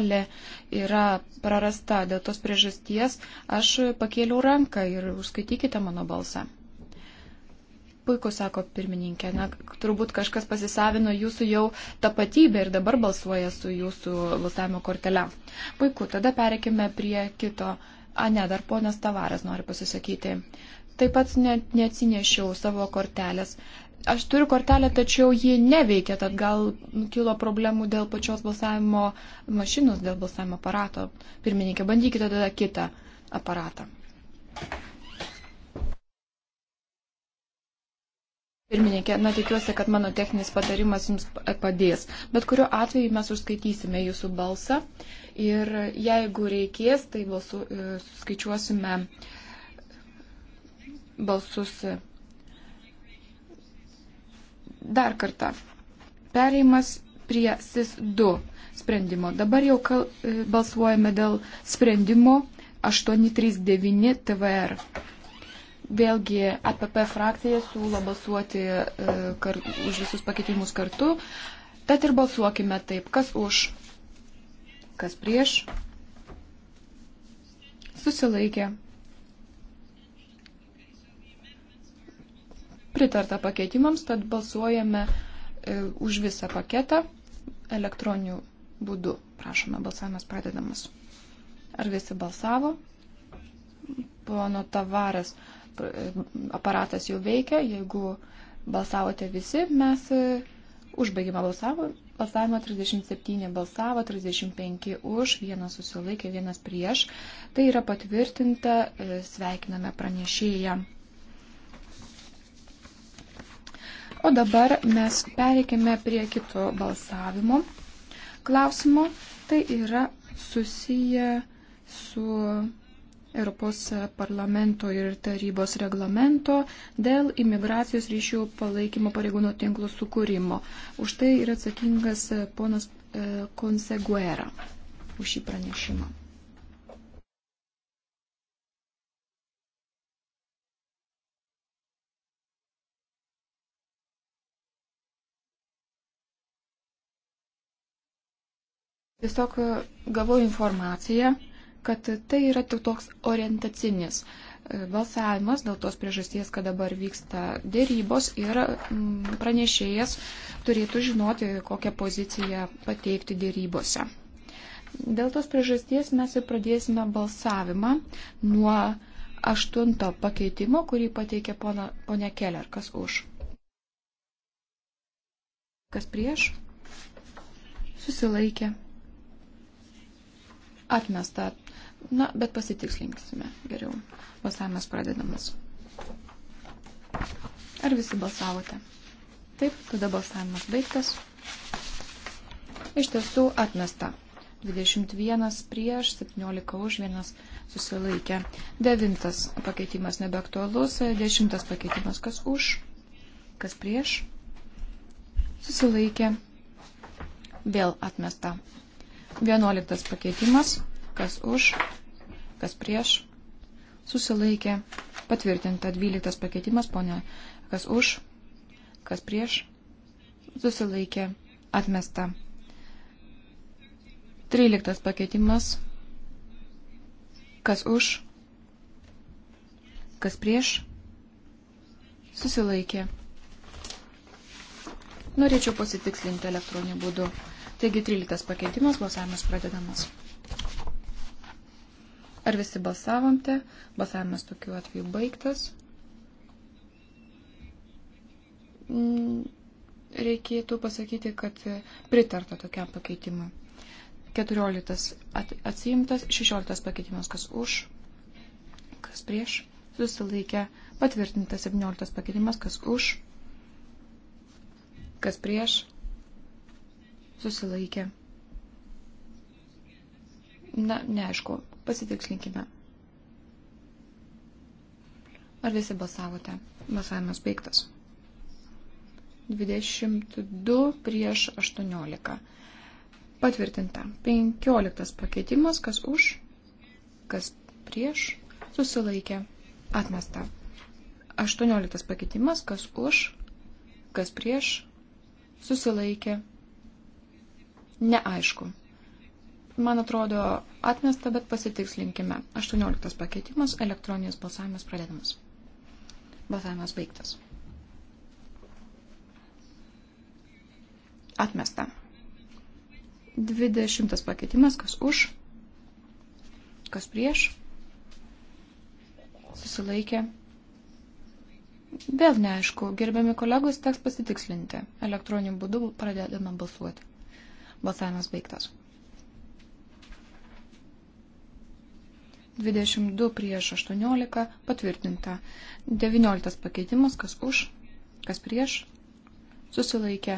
moralė yra prarasta. Dėl tos priežasties aš pakėliau ranką ir užskaitykite mano balsą. Puiku, sako pirmininkė, na, turbūt kažkas pasisavino jūsų jau tapatybę ir dabar balsuoja su jūsų balsavimo kortele. Puiku, tada pereikime prie kito. A, ne, dar ponas Tavaras nori pasisakyti. Taip pat net neatsinešiau savo kortelės. Aš turiu kortelę, tačiau ji neveikia, tad gal kilo problemų dėl pačios balsavimo mašinos, dėl balsavimo aparato. Pirmininkė, bandykite tada kitą aparatą. Pirmininkė, na tikiuosi, kad mano techninis patarimas jums padės. Bet kuriuo atveju mes užskaitysime jūsų balsą ir jeigu reikės, tai balsu, e, suskaičiuosime balsus Dar kartą. Pereimas prie SIS-2 sprendimo. Dabar jau kal, e, balsuojame dėl sprendimo 839 TVR. Vėlgi APP frakcija siūlo balsuoti e, kar, už visus pakeitimus kartu. Tad ir balsuokime taip, kas už, kas prieš. Susilaikė. pritarta pakeitimams, tad balsuojame e, už visą paketą elektroniniu būdu. Prašome, balsavimas pradedamas. Ar visi balsavo? Pono Tavaras e, aparatas jau veikia. Jeigu balsavote visi, mes e, užbaigime balsavimą. Balsavimo 37 balsavo, 35 už, vienas susilaikė, vienas prieš. Tai yra patvirtinta, sveikiname pranešėją. O dabar mes pereikime prie kito balsavimo klausimo. Tai yra susiję su Europos parlamento ir tarybos reglamento dėl imigracijos ryšių palaikymo pareigūnų tinklų sukūrimo. Už tai yra atsakingas ponas e, Konseguera už šį pranešimą. Tiesiog e, gavau informaciją, kad tai yra tik toks orientacinis e, balsavimas dėl tos priežasties, kad dabar vyksta dėrybos ir mm, pranešėjas turėtų žinoti, kokią poziciją pateikti dėrybose. Dėl tos priežasties mes ir pradėsime balsavimą nuo aštunto pakeitimo, kurį pateikė ponia Keller. Kas už? Kas prieš? Susilaikė. Atmesta. Na, bet pasitikslinsime geriau. Balsavimas pradedamas. Ar visi balsavote? Taip, tada balsavimas baigtas. Iš tiesų atmesta. 21 prieš, 17 už, 1 susilaikė. 9 pakeitimas nebeaktualus, 10 pakeitimas kas už, kas prieš, susilaikė, vėl atmesta. Vienuoliktas pakeitimas. Kas už, kas prieš, susilaikė. Patvirtinta. Dvyliktas pakeitimas, ponė. Kas už, kas prieš, susilaikė. Atmesta. Tryliktas pakeitimas. Kas už, kas prieš, susilaikė. Norėčiau pasitikslinti elektroniniu būdu. Taigi 13 pakeitimas, balsavimas pradedamas. Ar visi balsavomte? Balsavimas tokiu atveju baigtas. Mm, reikėtų pasakyti, kad pritarta tokiam pakeitimui. 14 atsiimtas, 16 pakeitimas kas už, kas prieš, susilaikė, patvirtintas 17 pakeitimas kas už, kas prieš, susilaikė. Na, neaišku, pasitikslinkime. Ar visi balsavote? Balsavimas baigtas. 22 prieš 18. Patvirtinta. 15 pakeitimas, kas už, kas prieš, susilaikė, atmesta. 18 pakeitimas, kas už, kas prieš, susilaikė, neaišku. Man atrodo atmesta, bet pasitikslinkime. 18 pakeitimas, elektroninis balsavimas pradedamas. Balsavimas baigtas. Atmesta. 20 pakeitimas, kas už, kas prieš, susilaikė. Vėl neaišku, gerbiami kolegos, teks pasitikslinti. Elektroniniu būdu pradedame balsuoti. Balsavimas baigtas. 22 prieš 18 patvirtinta. 19 pakeitimas, kas už, kas prieš, susilaikė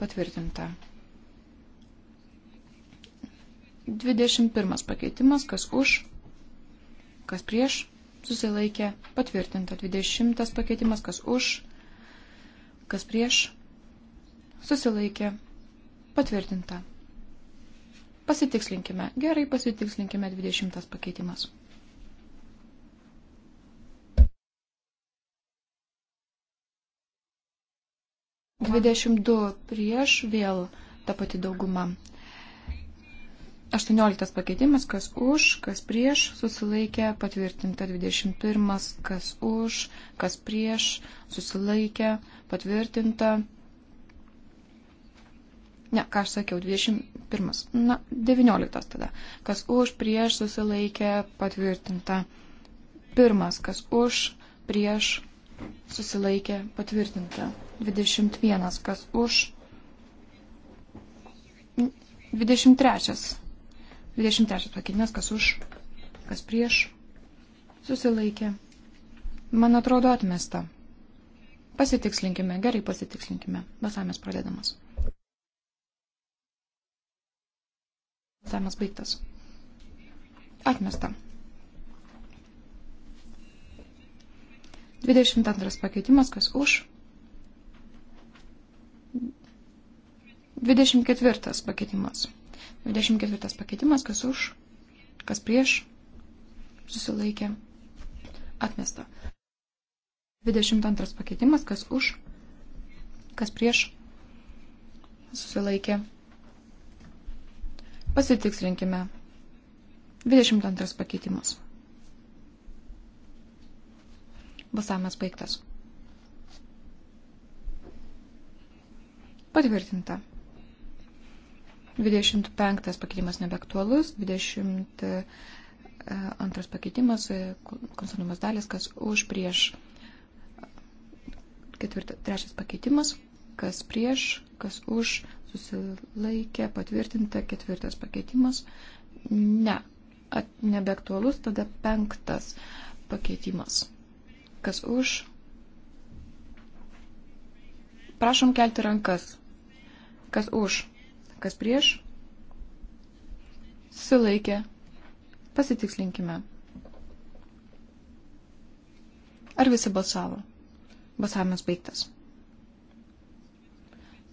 patvirtinta. 21 pakeitimas, kas už, kas prieš, susilaikė patvirtinta. 20 pakeitimas, kas už, kas prieš, susilaikė Patvirtinta. Pasitikslinkime. Gerai, pasitikslinkime 20 pakeitimas. Dvidešimt du prieš vėl ta pati dauguma. Aštuonioliktas pakeitimas, kas už, kas prieš, susilaikė, patvirtinta. Dvidešimt pirmas, kas už, kas prieš, susilaikė, patvirtinta. Ne, ką aš sakiau, 21. Na, 19 tada. Kas už, prieš susilaikė, patvirtinta. Pirmas, kas už, prieš susilaikė, patvirtinta. 21. Kas už. 23. 23 pakeitimas, kas už, kas prieš susilaikė. Man atrodo atmesta. Pasitikslinkime, gerai pasitikslinkime. Basamės pradedamas. Balsavimas baigtas. Atmesta. 22 pakeitimas, kas už. 24 pakeitimas. 24 pakeitimas, kas už, kas prieš, susilaikė, atmesta. 22 pakeitimas, kas už, kas prieš, susilaikė, atmesta Pasitikslinkime. 22 pakeitimas. Balsavimas baigtas. Patvirtinta. 25 pakeitimas nebeaktualus, 22 pakeitimas, konstatuojamas dalis, kas už prieš, ketvirtas, trečias pakeitimas, kas prieš, kas už, susilaikė, patvirtinta ketvirtas pakeitimas, ne, at, nebeaktualus, tada penktas pakeitimas. Kas už? Prašom kelti rankas. Kas už? Kas prieš? Susilaikė. Pasitikslinkime. Ar visi balsavo? Balsavimas baigtas.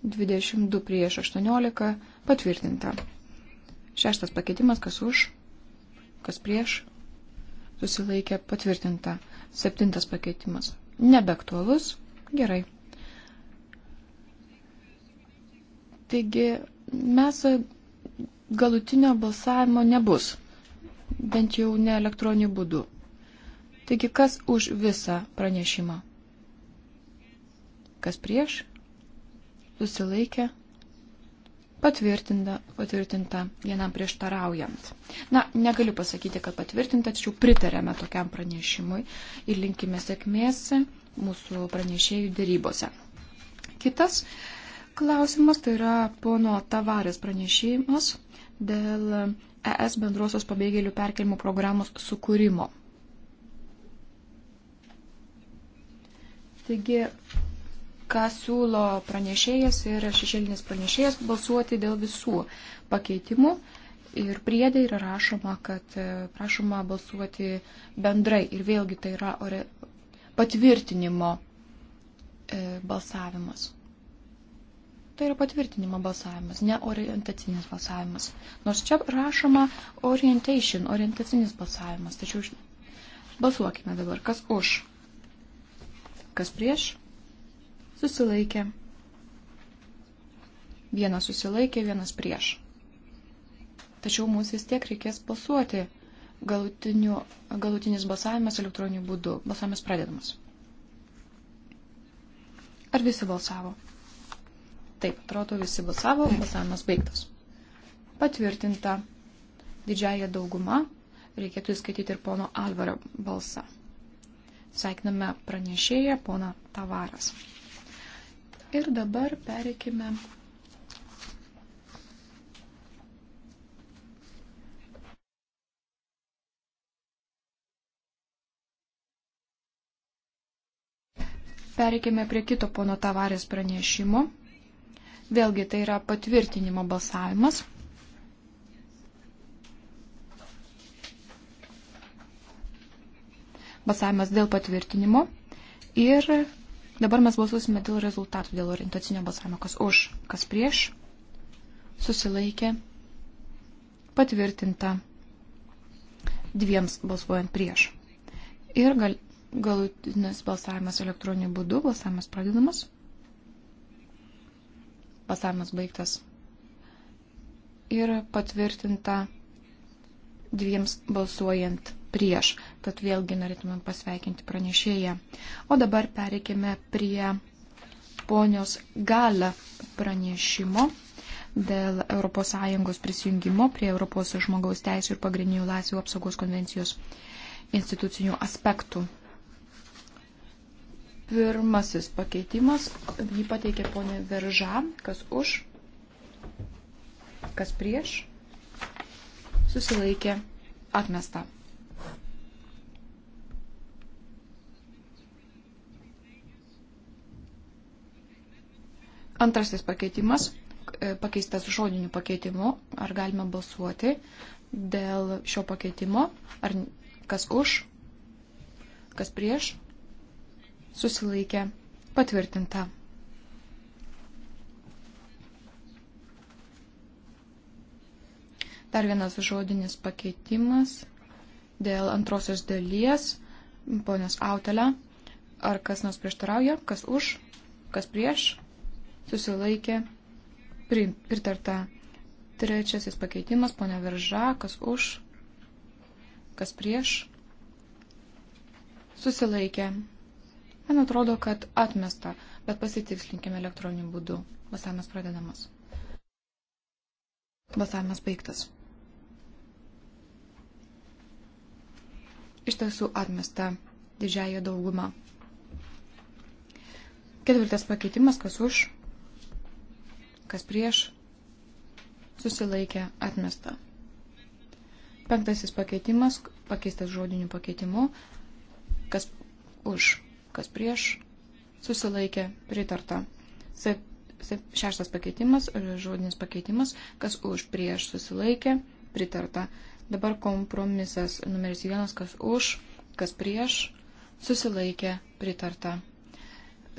22 prieš 18 patvirtinta. Šeštas pakeitimas, kas už, kas prieš, susilaikė patvirtinta. Septintas pakeitimas. Nebeaktualus, gerai. Taigi mes galutinio balsavimo nebus, bent jau ne elektroniniu būdu. Taigi kas už visą pranešimą? Kas prieš? susilaikė, patvirtinta, patvirtinta vienam prieštaraujant. Na, negaliu pasakyti, kad patvirtinta, tačiau pritarėme tokiam pranešimui ir linkime sėkmės mūsų pranešėjų dėrybose. Kitas klausimas tai yra pono Tavarės pranešimas dėl ES bendrosios pabėgėlių perkelimo programos sukūrimo. Taigi ką siūlo pranešėjas ir šešėlinis pranešėjas, balsuoti dėl visų pakeitimų. Ir priedai yra rašoma, kad e, prašoma balsuoti bendrai. Ir vėlgi tai yra ore... patvirtinimo e, balsavimas. Tai yra patvirtinimo balsavimas, ne orientacinis balsavimas. Nors čia rašoma orientation, orientacinis balsavimas. Tačiau balsuokime dabar, kas už, kas prieš susilaikė. Vienas susilaikė, vienas prieš. Tačiau mums vis tiek reikės balsuoti. Galutiniu, galutinis balsavimas elektroniniu būdu. Balsavimas pradedamas. Ar visi balsavo? Taip, atrodo, visi balsavo, balsavimas baigtas. Patvirtinta didžiaja dauguma, reikėtų įskaityti ir pono Alvaro balsą. Sveikiname pranešėją, pona Tavaras. Ir dabar pereikime Pereikime prie kito pono tavarės pranešimo. Vėlgi tai yra patvirtinimo balsavimas. Balsavimas dėl patvirtinimo. Ir Dabar mes balsuosime dėl rezultatų, dėl orientacinio balsavimo. Kas už, kas prieš, susilaikė, patvirtinta dviems balsuojant prieš. Ir gal, galutinis balsavimas elektroniniu būdu, balsavimas pradedamas, balsavimas baigtas ir patvirtinta dviems balsuojant prieš. Tad vėlgi norėtumėm pasveikinti pranešėją. O dabar pereikime prie ponios Gala pranešimo dėl ES prisijungimo prie ES žmogaus teisų ir pagrindinių laisvių apsaugos konvencijos institucinių aspektų. Pirmasis pakeitimas, jį pateikė ponė Verža, kas už, kas prieš, susilaikė, atmesta. Antrasis pakeitimas e, pakeistas žodiniu pakeitimu. Ar galime balsuoti dėl šio pakeitimo? Ar kas už? Kas prieš? Susilaikė. Patvirtinta. Dar vienas žodinis pakeitimas dėl antrosios dalies. Ponios Autelė. Ar kas nors prieštarauja? Kas už? Kas prieš? susilaikė, pritarta. Trečiasis pakeitimas, ponia Virža, kas už, kas prieš, susilaikė. Man atrodo, kad atmesta, bet pasitikslinkime elektroniniu būdu. Balsavimas pradedamas. Balsavimas baigtas. Iš tiesų atmesta didžiąją daugumą. Ketvirtas pakeitimas, kas už, kas prieš, susilaikė atmesta. Penktasis pakeitimas, pakeistas žodiniu pakeitimu, kas už, kas prieš, susilaikė pritarta. Se, se, šeštas pakeitimas, e, žodinis pakeitimas, kas už, prieš, susilaikė pritarta. Dabar kompromisas numeris vienas, kas už, kas prieš, susilaikė pritarta.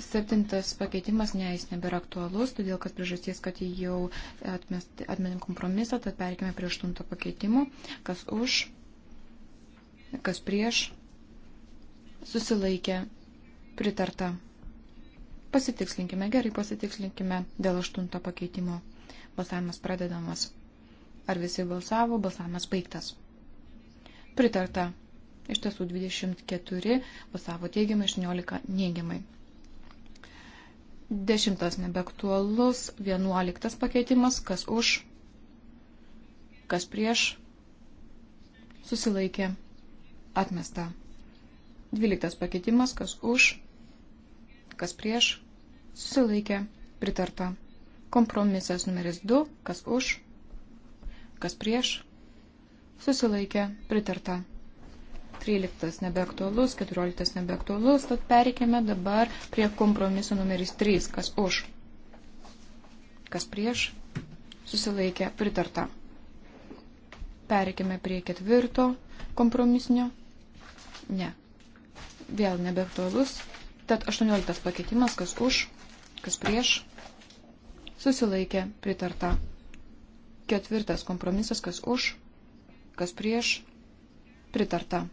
Septintas pakeitimas neįs nebėra aktualus, todėl kad priežasties, kad jau atmenim kompromisą, tad perkime prie aštunto pakeitimo. Kas už, kas prieš, susilaikė, pritarta. Pasitikslinkime, gerai pasitikslinkime dėl aštunto pakeitimo. Balsavimas pradedamas. Ar visi balsavo, balsavimas baigtas. Pritarta. Iš tiesų 24 balsavo teigiamai, 18 neigiamai. Dešimtas nebeaktualus, vienuoliktas pakeitimas, kas už, kas prieš, susilaikė, atmesta. Dvyliktas pakeitimas, kas už, kas prieš, susilaikė, pritarta. Kompromisas numeris 2, kas už, kas prieš, susilaikė, pritarta. 13 nebeaktualus, 14 nebeaktualus, tad pereikime dabar prie kompromiso numeris 3, kas už, kas prieš, susilaikė pritarta. Pereikime prie ketvirto kompromisinio, ne, vėl nebeaktualus, tad 18 pakeitimas, kas už, kas prieš, susilaikė pritarta. Ketvirtas kompromisas, kas už, kas prieš, pritarta.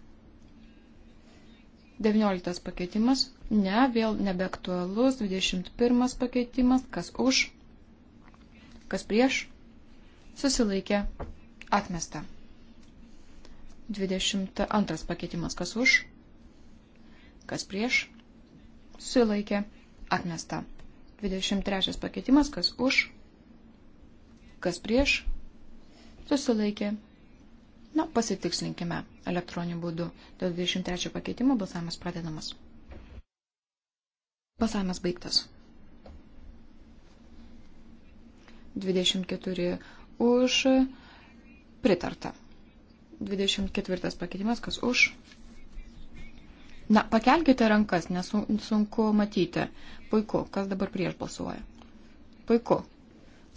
19 pakeitimas. Ne, vėl nebeaktualus. 21 pakeitimas. Kas už? Kas prieš? Susilaikė. Atmesta. 22 pakeitimas. Kas už? Kas prieš? Susilaikė. Atmesta. 23 pakeitimas. Kas už? Kas prieš? Susilaikė. Na, pasitikslinkime elektroniniu būdu. Dėl 23 pakeitimo balsavimas pradedamas. Balsavimas baigtas. 24 už pritarta. 24 pakeitimas, kas už. Na, pakelkite rankas, nes sunku matyti. Puiku, kas dabar prieš balsuoja. Puiku,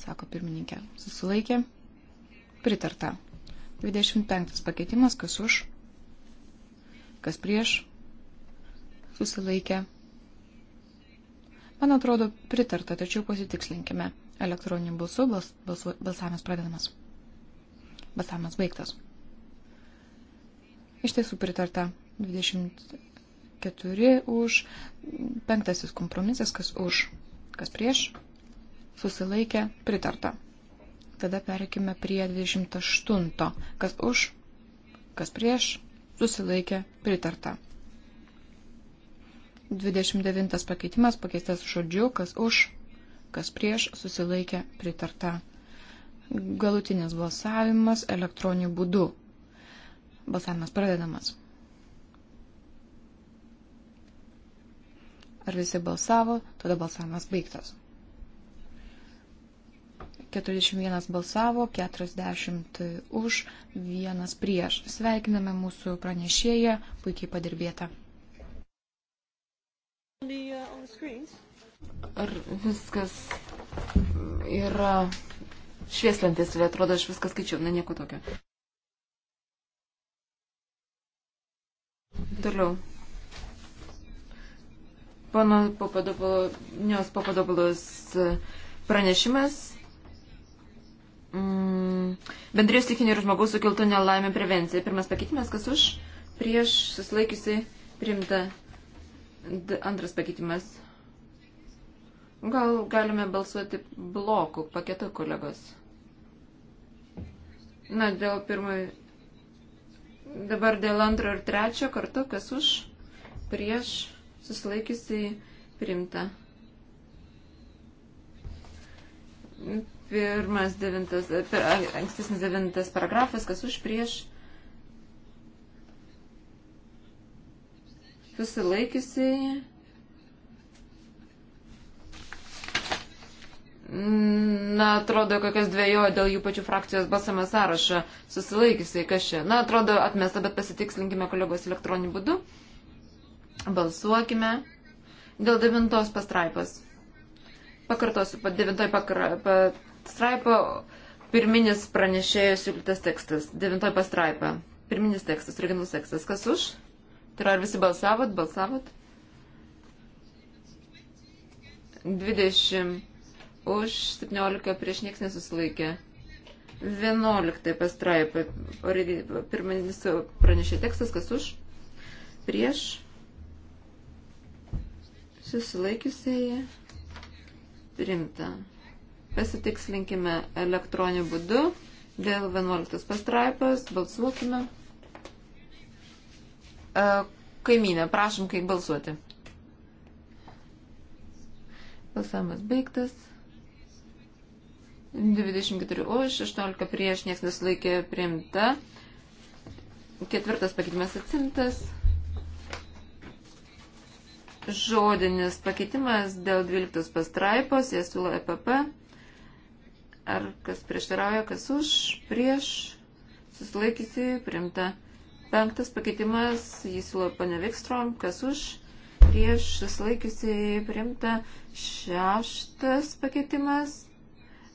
sako pirmininkė. Susilaikė. Pritarta. 25 pakeitimas, kas už, kas prieš, susilaikė. Man atrodo, pritarta, tačiau pasitikslinkime. Elektroniniu balsu bals, bals, balsavimas pradedamas. Balsavimas baigtas. Iš tiesų pritarta 24 už, penktasis kompromisas, kas už, kas prieš, susilaikė, pritarta. Tada perkime prie 28. Kas už, kas prieš, susilaikė, pritarta. 29 pakeitimas pakeistas žodžiu, kas už, kas prieš, susilaikė, pritarta. Galutinis balsavimas elektroniniu būdu. Balsavimas pradedamas. Ar visi balsavo, tada balsavimas baigtas. 41 balsavo, 40 už, 1 prieš. Sveikiname mūsų pranešėją, puikiai padirbėta. Ar viskas yra švieslentės, tai atrodo, aš viską skaičiau, na nieko tokio. Toliau. Pono Papadopoulos pranešimas mm, bendrijos tikinių ir žmogaus sukeltų nelaimė prevencija. Pirmas pakeitimas, kas už, prieš susilaikiusi primta. Antras pakeitimas. Gal galime balsuoti blokų paketo kolegos. Na, dėl pirmojo. Dabar dėl antro ir trečio kartu, kas už, prieš, susilaikiusi primta. Pirmas devintas, e, per, ankstesnis devintas paragrafas, kas už prieš susilaikiusiai. Na, atrodo, kokias dviejoja dėl jų pačių frakcijos balsame sąrašą susilaikiusiai, kas čia. Na, atrodo, atmesta, bet pasitikslinkime kolegos elektroniniu būdu. Balsuokime dėl devintos pastraipos. Pakartosiu, pat devintoj pakra, pat pastraipa, pirminis pranešėjo siūlytas tekstas, devintoji pastraipa, pirminis tekstas, originalus tekstas. Kas už? Tai yra, ar visi balsavot, balsavot? 20 už 17 prieš nieks nesusilaikė. 11 pastraipa, pirminis pranešė tekstas, kas už? Prieš susilaikiusieji rimta. Pasitikslinkime elektroniniu būdu dėl 11 pastraipos. Balsuokime. E, kaimynė, prašom, kaip balsuoti. Balsavimas baigtas. 24 už, 16 prieš, nieks nesilaikė priimta. Ketvirtas pakeitimas atsimtas. Žodinis pakeitimas dėl 12 pastraipos, jas siūlo EPP. Ar kas prieštarauja, kas už, prieš, susilaikysi, primta. Penktas pakeitimas, jis siūlo panevikstrom, kas už, prieš, susilaikysi, primta. Šeštas pakeitimas,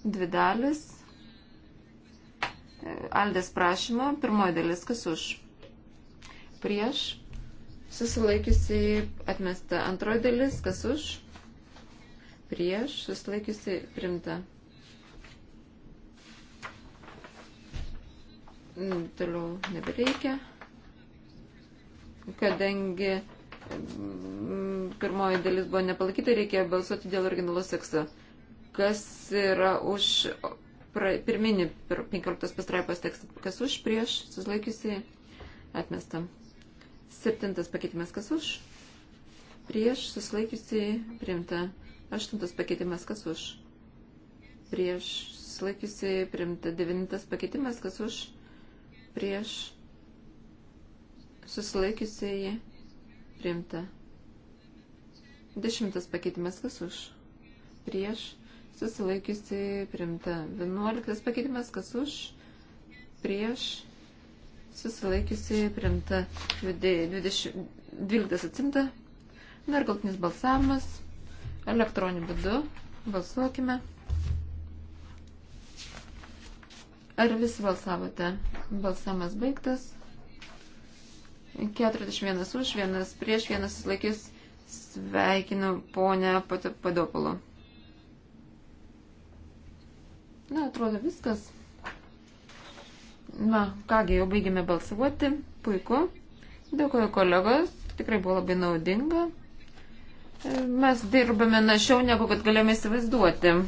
dvi dalis. Aldės prašymo, pirmoji dalis, kas už, prieš, susilaikiusi atmesta antroji dalis, kas už, prieš, susilaikiusi primta. Mm, toliau nebereikia, kadangi mm, pirmoji dalis buvo nepalaikyta, reikėjo balsuoti dėl originalos teksto. Kas yra už pra, pirminį 15 pastraipos tekstą, kas už, prieš, susilaikiusi, atmesta. Septintas pakeitimas, kas už, prieš, susilaikiusi, primta. Aštuntas pakeitimas, kas už, prieš, susilaikiusi, primta. Devintas pakeitimas, kas už, prieš susilaikiusieji priimta. Dešimtas pakeitimas kas už prieš susilaikiusiai priimta. Vienuoliktas pakeitimas kas už prieš susilaikiusiai priimta. Dvyliktas atsimta. Dar galtinis balsavimas elektroniniu būdu. Balsuokime. Ar visi balsavote? Balsamas baigtas. 41 už, 1 prieš, 1 susilaikys. Sveikinu ponę Padopolo. Na, atrodo viskas. Na, kągi, jau baigėme balsuoti. Puiku. Dėkuoju kolegos. Tikrai buvo labai naudinga. Mes dirbame našiau, negu kad galėjome įsivaizduoti.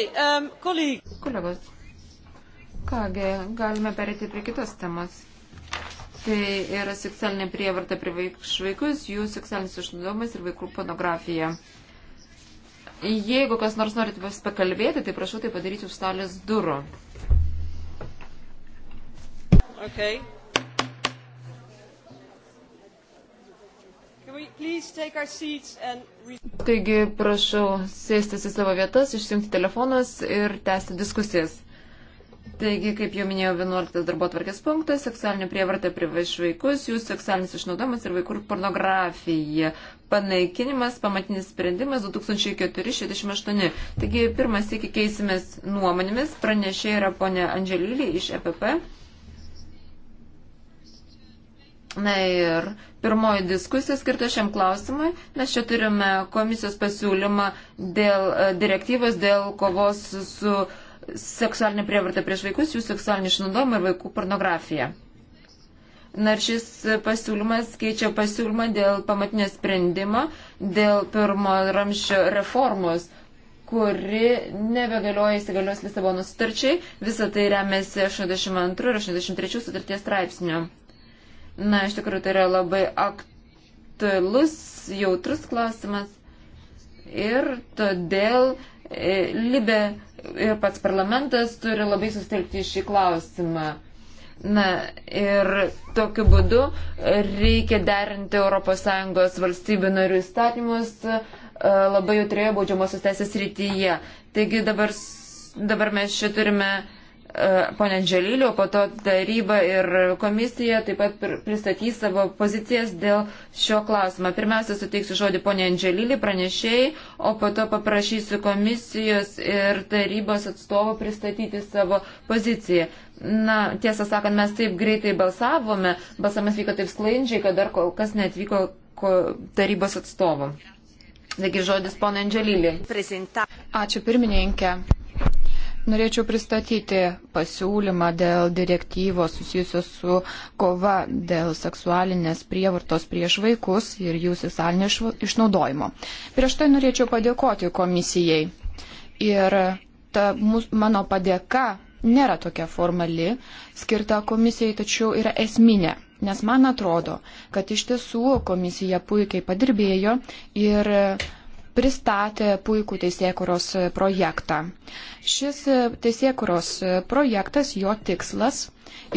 Okay, um, Kolegos, kągi, galime perėti prie kitos temos. Tai yra seksualinė prievarta prie vaikus, jų seksualinis išnaudojimas ir vaikų pornografija. Jeigu kas nors norite pakalbėti, tai prašau tai padaryti už salės durų. Okay. Taigi prašau sėstis į savo vietas, išsijungti telefonus ir tęsti diskusijas. Taigi, kaip jau minėjau, 11 darbo tvarkės punktas - seksualinė prievarta prieš vaikus, jų seksualinis išnaudojimas ir vaikų pornografija. Panaikinimas, pamatinis sprendimas 2468. Taigi, pirmas iki keisimės nuomonėmis, pranešė yra ponė Andželylė iš EPP. Na ir Pirmoji diskusija skirta šiam klausimui. Mes čia turime komisijos pasiūlymą dėl e, direktyvos dėl kovos su seksualinė prievarta prieš vaikus, jų seksualinį išnaudojimą ir vaikų pornografiją. Naršys pasiūlymas keičia pasiūlymą dėl pamatinio sprendimo, dėl pirmo ramščio reformos, kuri nebegalioja įsigalios Lisabono sutarčiai. Visą tai remiasi 82 ir 83 sutarties straipsnio. Na, iš tikrųjų, tai yra labai aktualus, jautrus klausimas. Ir todėl e, Libė ir pats parlamentas turi labai sustelkti šį klausimą. Na ir tokiu būdu reikia derinti ES valstybių narių įstatymus e, labai jautrioje baudžiamosios teisės rytyje. Taigi dabar, dabar mes čia turime ponė Andželylio, po to taryba ir komisija taip pat pristatys savo pozicijas dėl šio klausimo. Pirmiausia, suteiksiu žodį ponė Andželylį pranešėjai, o po to paprašysiu komisijos ir tarybos atstovo pristatyti savo poziciją. Na, tiesą sakant, mes taip greitai balsavome, balsamas vyko taip sklandžiai, kad dar kol kas netvyko tarybos atstovų. Taigi žodis ponė Andželylį. Ačiū pirmininkė. Norėčiau pristatyti pasiūlymą dėl direktyvos susijusios su kova dėl seksualinės prievartos prieš vaikus ir jų seksualinio išnaudojimo. Prieš tai norėčiau padėkoti komisijai. Ir ta mūs, mano padėka nėra tokia formali, skirta komisijai, tačiau yra esminė. Nes man atrodo, kad iš tiesų komisija puikiai padirbėjo ir pristatė puikų teisėkuros projektą. Šis e, teisėkuros e, projektas, jo tikslas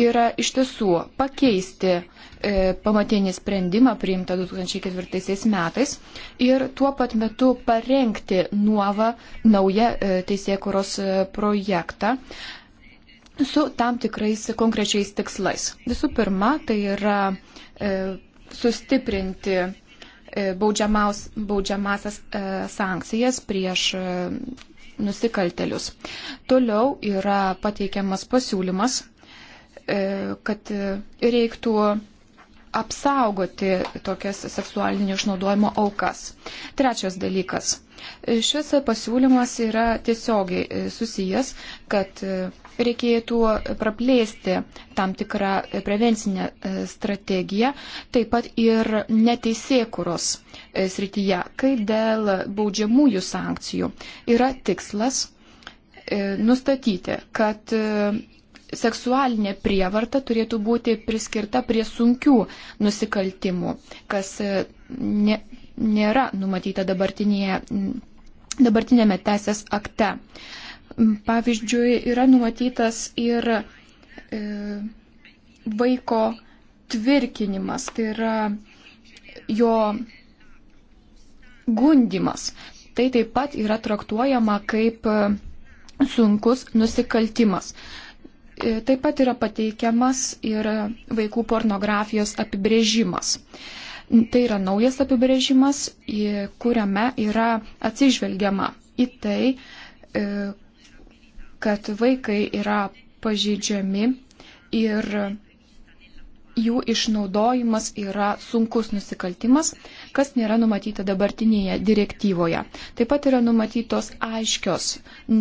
yra iš tiesų pakeisti e, pamatinį sprendimą priimtą 2004 metais ir tuo pat metu parengti nuovą naują e, teisėkuros e, projektą su tam tikrais konkrečiais tikslais. Visų pirma, tai yra e, sustiprinti E, baudžiamasias e, sankcijas prieš e, nusikaltelius. Toliau yra pateikiamas pasiūlymas, kad reiktų apsaugoti tokias seksualinio išnaudojimo aukas. Trečias dalykas. Šis pasiūlymas yra tiesiogiai susijęs, kad reikėtų praplėsti tam tikrą prevencinę e, strategiją, taip pat ir neteisėkuros e, srityje, kai dėl baudžiamųjų sankcijų yra tikslas e, nustatyti, kad seksualinė prievarta turėtų būti priskirta prie sunkių nusikaltimų, kas ne, nėra numatyta dabartinėje, dabartinėme teisės akte. E, Pavyzdžiui, yra numatytas ir e, vaiko tvirkinimas, tai yra jo gundimas. Tai taip pat yra traktuojama kaip e, sunkus nusikaltimas. E, taip pat yra pateikiamas ir vaikų pornografijos apibrėžimas. Tai yra naujas apibrėžimas, kuriame yra atsižvelgiama į tai, e, kad vaikai yra pažeidžiami ir jų išnaudojimas yra sunkus nusikaltimas, kas nėra numatyta dabartinėje direktyvoje. Taip pat yra numatytos aiškios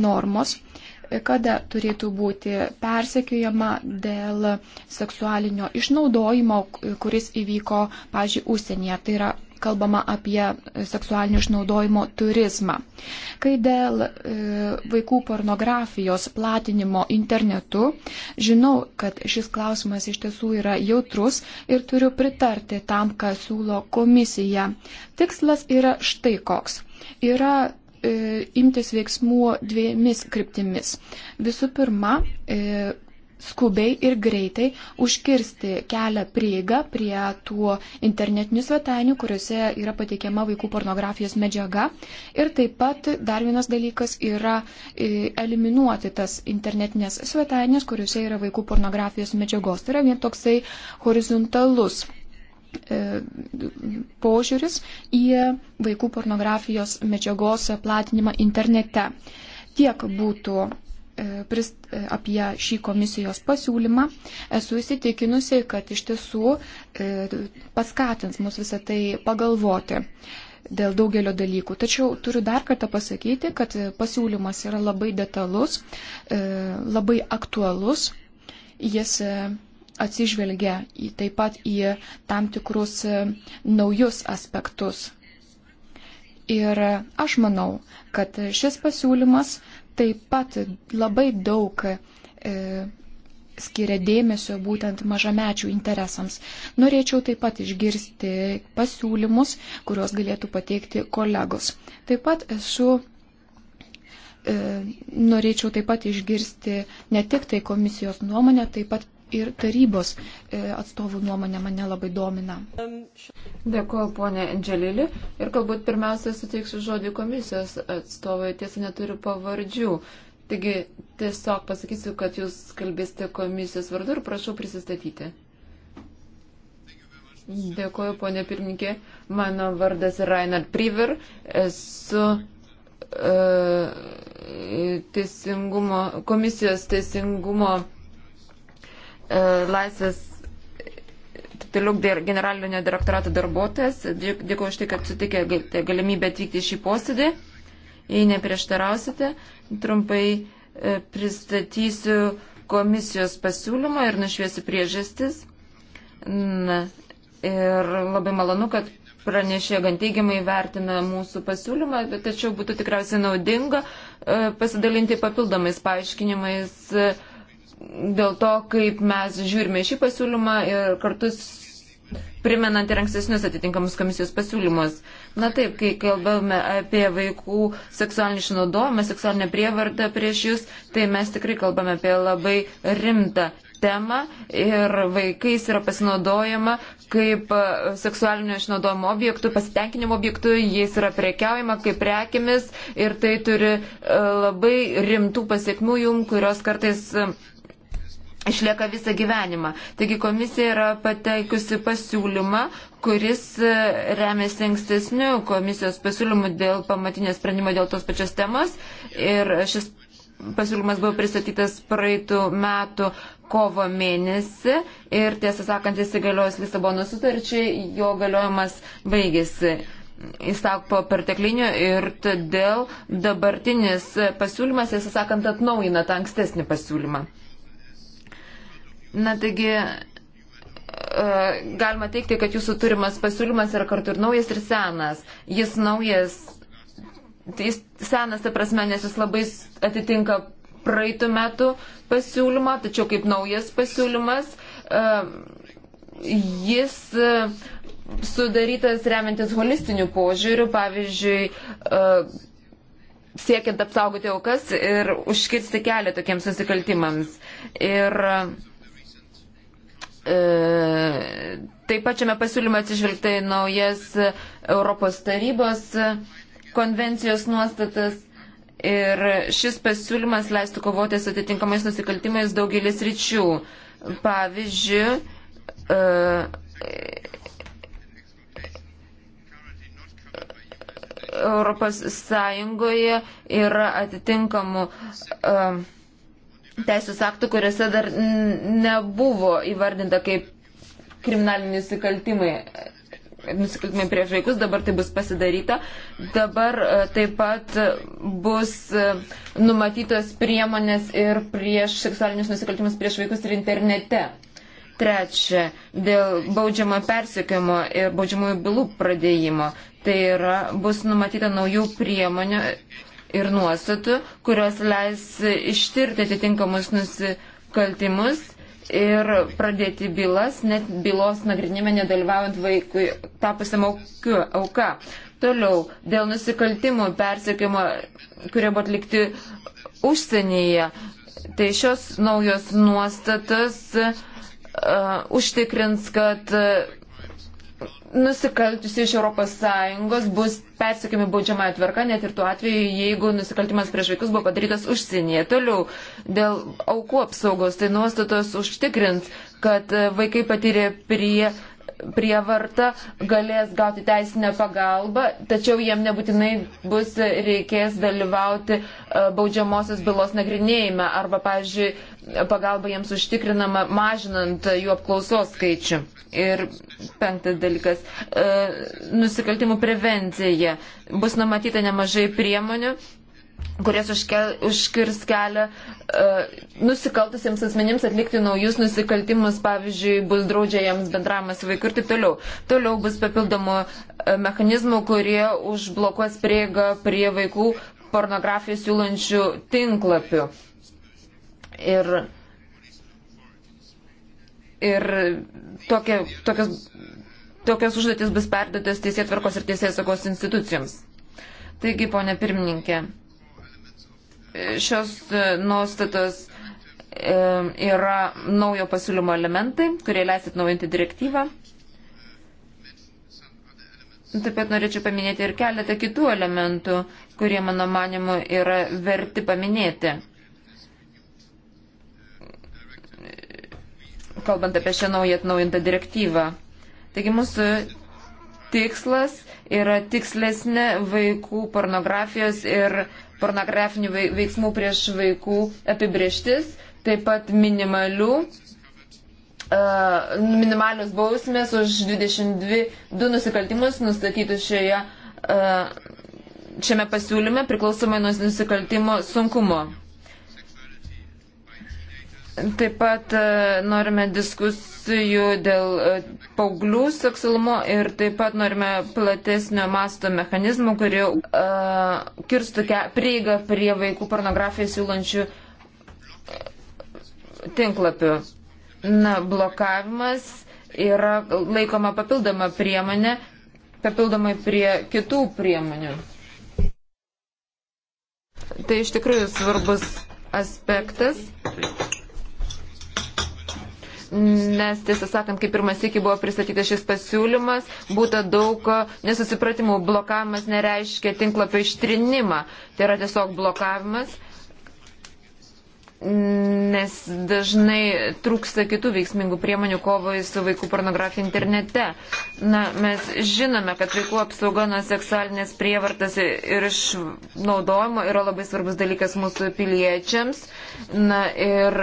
normos, kada turėtų būti persekiojama dėl seksualinio išnaudojimo, kuris įvyko, pažiūrėjau, užsienyje. Tai yra kalbama apie seksualinio išnaudojimo turizmą. Kai dėl e, vaikų pornografijos platinimo internetu, žinau, kad šis klausimas iš tiesų yra jautrus ir turiu pritarti tam, ką siūlo komisija. Tikslas yra štai koks. Yra e, imtis veiksmų dviemis kryptimis. Visų pirma, e, skubiai ir greitai užkirsti kelią prieigą prie tų internetinių svetainių, kuriuose yra pateikiama vaikų pornografijos medžiaga. Ir taip pat dar vienas dalykas yra e, eliminuoti tas internetinės svetainės, kuriuose yra vaikų pornografijos medžiagos. Tai yra vien toksai horizontalus e, požiūris į vaikų pornografijos medžiagos platinimą internete. Tiek būtų E, prist, e, apie šį komisijos pasiūlymą, esu įsitikinusi, kad iš tiesų e, paskatins mus visą tai pagalvoti dėl daugelio dalykų. Tačiau turiu dar kartą pasakyti, kad pasiūlymas yra labai detalus, labai aktualus. Jis atsižvelgia į, taip pat į tam tikrus naujus aspektus. Ir aš manau, kad šis pasiūlymas taip pat labai daug e, skiria dėmesio būtent mažamečių interesams. Norėčiau taip pat išgirsti pasiūlymus, kuriuos galėtų pateikti kolegos. Taip pat esu. E, norėčiau taip pat išgirsti ne tik tai komisijos nuomonę, taip pat ir tarybos e, atstovų nuomonė mane labai domina. Dėkuoju, ponė Andželili. Ir galbūt pirmiausia suteiksiu žodį komisijos atstovai, tiesa neturiu pavardžių. Taigi tiesiog pasakysiu, kad jūs kalbėsite komisijos vardu ir prašau prisistatyti. Dėkuoju, ponė pirmininkė. Mano vardas Reinhard Priver. Esu e, teisingumo, komisijos teisingumo E, laisvės toliau generalinio direktorato darbuotojas. Dėkuoju už tai, kad sutikė tai galimybę atvykti į šį posėdį. Jei neprieštarausite, trumpai e, pristatysiu komisijos pasiūlymą ir nušviesiu priežastis. Na, ir labai malonu, kad pranešė gan teigiamai vertina mūsų pasiūlymą, tačiau būtų tikriausiai naudinga e, pasidalinti papildomais paaiškinimais dėl to, kaip mes žiūrime šį pasiūlymą ir kartus primenant ir ankstesnius atitinkamus komisijos pasiūlymus. Na taip, kai kalbame apie vaikų seksualinį išnaudojimą, seksualinę prievartą prieš jūs, tai mes tikrai kalbame apie labai rimtą temą ir vaikais yra pasinaudojama kaip e, seksualinio išnaudojimo objektų, pasitenkinimo objektų, jais yra prekiaujama kaip prekiamis ir tai turi e, labai rimtų pasiekmių jum, kurios kartais e, išlieka visą gyvenimą. Taigi komisija yra pateikusi pasiūlymą, kuris e, remiasi ankstesniu komisijos pasiūlymu dėl pamatinio sprendimo dėl tos pačios temos. Ir šis pasiūlymas buvo pristatytas praeitų metų kovo mėnesį ir tiesą sakant įsigaliojus Lisabono sutarčiai jo galiojimas baigėsi. Jis tapo pertekliniu ir todėl dabartinis pasiūlymas, tiesą sakant, atnaujina tą ankstesnį pasiūlymą. Na taigi, e, galima teikti, kad jūsų turimas pasiūlymas yra kartu ir naujas, ir senas. Jis naujas, jis senas, ta prasme, nes jis labai atitinka praeitų metų pasiūlymą, tačiau kaip naujas pasiūlymas, e, jis e, sudarytas remiantis holistiniu požiūriu, pavyzdžiui, siekiant apsaugoti aukas ir užkirsti kelią tokiems nusikaltimams. Ir uh, E, taip pat šiame pasiūlyme atsižvelgta į naujas Europos tarybos konvencijos nuostatas ir šis pasiūlymas leistų kovoti su atitinkamais nusikaltimais daugelis ryčių. Pavyzdžiui, e, Europos Sąjungoje yra atitinkamų uh, teisės aktų, kuriuose dar nebuvo įvardinta kaip kriminaliniai nusikaltimai nusikaltimai prieš vaikus, dabar tai bus pasidaryta. Dabar e, taip pat bus e, numatytos priemonės ir prieš seksualinius nusikaltimus prieš vaikus ir internete. Trečia, dėl baudžiamo persiekimo ir baudžiamųjų bylų pradėjimo. Tai yra, bus numatyta naujų priemonių ir nuostatų, kurios leis ištirti atitinkamus nusikaltimus ir pradėti bylas, net bylos nagrinime nedalyvaujant vaikui tapusiam auka. Toliau, dėl nusikaltimų persiekimo, kurie buvo atlikti užsienyje, tai šios naujos nuostatos uh, užtikrins, kad uh, nusikaltusi iš ES bus persiekimi baudžiamąją tvarką, net ir tuo atveju, jeigu nusikaltimas prieš vaikus buvo padarytas užsienyje. Toliau, dėl aukų apsaugos, tai nuostatos užtikrins, kad vaikai patyrė prie prievarta galės gauti teisinę pagalbą, tačiau jiem nebūtinai bus reikės dalyvauti e, baudžiamosios bylos nagrinėjime arba, pavyzdžiui, pagalba jiems užtikrinama mažinant jų apklausos skaičių. Ir penktas dalykas e, - nusikaltimų prevencija. Bus numatyta nemažai priemonių kurias užkel, užkirs kelią uh, nusikaltusiems asmenims atlikti naujus nusikaltimus, pavyzdžiui, bus draudžia jiems bendramas vaikų ir taip toliau. Toliau bus papildomų uh, mechanizmų, kurie užblokuos prieigą prie vaikų pornografiją siūlančių tinklapių. Ir, ir tokie, tokios, tokios užduotis bus perduotas teisėtvarkos ir teisėsaugos institucijoms. Taigi, ponė pirmininkė, šios nuostatos yra naujo pasiūlymo elementai, kurie leis atnaujinti direktyvą. Taip pat norėčiau paminėti ir keletą kitų elementų, kurie, mano manimu, yra verti paminėti. Kalbant apie šią naują atnaujintą direktyvą. Taigi mūsų tikslas yra tikslesnė vaikų pornografijos ir pornografinių veiksmų prieš vaikų apibrieštis, taip pat minimalių minimalios bausmės už 22 nusikaltimus nustatytus šioje, šiame pasiūlyme priklausomai nuo nusikaltimo sunkumo. Taip pat e, norime diskusijų dėl e, paauglių seksualumo ir taip pat norime platesnio masto mechanizmų, kurie uh, kirstų prieigą prie vaikų pornografiją siūlančių tinklapių. Na, blokavimas yra laikoma papildoma priemonė, papildomai prie kitų priemonių. Tai iš tikrųjų svarbus aspektas. Taip nes tiesą sakant, kai pirmas iki buvo pristatytas šis pasiūlymas, būta daug e, nesusipratimų. Blokavimas nereiškia tinklapio ištrinimą, tai yra tiesiog blokavimas nes dažnai trūksta kitų veiksmingų priemonių kovai su vaikų pornografija internete. Na, mes žinome, kad vaikų apsauga nuo seksualinės prievartas ir išnaudojimo yra labai svarbus dalykas mūsų piliečiams. Na ir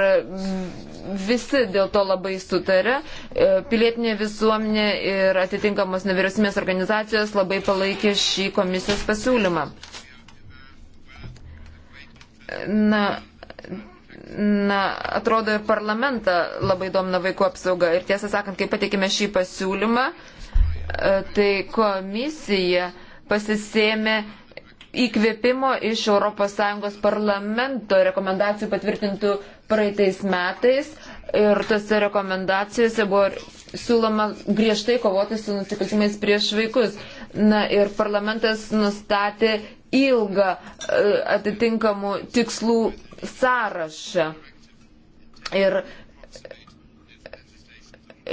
visi dėl to labai sutarė. E, pilietinė visuomenė ir atitinkamos nevyriausybės organizacijos labai palaikė šį komisijos pasiūlymą. Na, na, atrodo ir parlamentą labai domina vaikų apsauga. Ir tiesą sakant, kai pateikime šį pasiūlymą, e, tai komisija pasisėmė įkvėpimo iš ES parlamento rekomendacijų patvirtintų praeitais metais. Ir tose rekomendacijose buvo siūloma griežtai kovoti su nusikaltimais prieš vaikus. Na ir parlamentas nustatė ilgą e, atitinkamų tikslų sąrašą. Ir,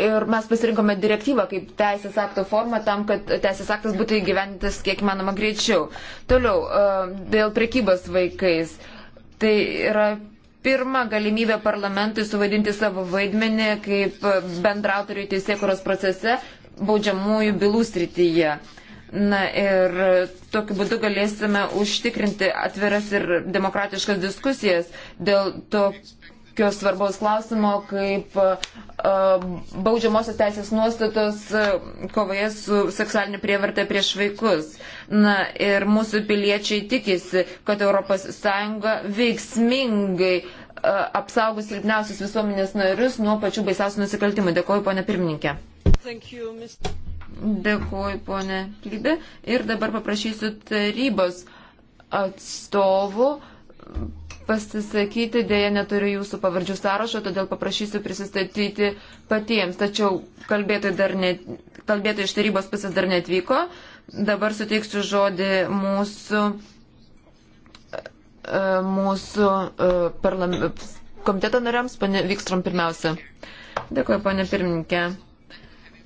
ir mes pasirinkome direktyvą kaip teisės akto formą tam, kad teisės aktas būtų įgyventas kiek manoma greičiau. Toliau, e, dėl prekybos vaikais. Tai yra pirmą galimybę parlamentui suvaidinti savo vaidmenį kaip bendrautoriui teisėkuros procese baudžiamųjų bylų srityje. Uh, Na ir tokiu būdu galėsime užtikrinti atviras ir demokratiškas diskusijas dėl tokio svarbaus klausimo, kaip uh, baudžiamosios teisės nuostatos uh, kovoje su seksualinė prievarta prieš vaikus. Na ir mūsų piliečiai tikisi, kad ES veiksmingai uh, apsaugus silpniausius visuomenės narius nuo pačių baisiausių nusikaltimų. Dėkuoju, ponė pirmininkė. Thank you, Mr. Dėkuoju, ponė Klybė. Ir dabar paprašysiu tarybos atstovų pasisakyti, dėja neturiu jūsų pavardžių sąrašo, todėl paprašysiu prisistatyti patiems. Tačiau kalbėtojai ne, kalbėtoj iš tarybos pusės dar netvyko. Dabar suteiksiu žodį mūsų, e, mūsų e, parlam, komiteto nariams, ponė Vikstrom pirmiausia. Dėkuoju, ponė pirmininkė.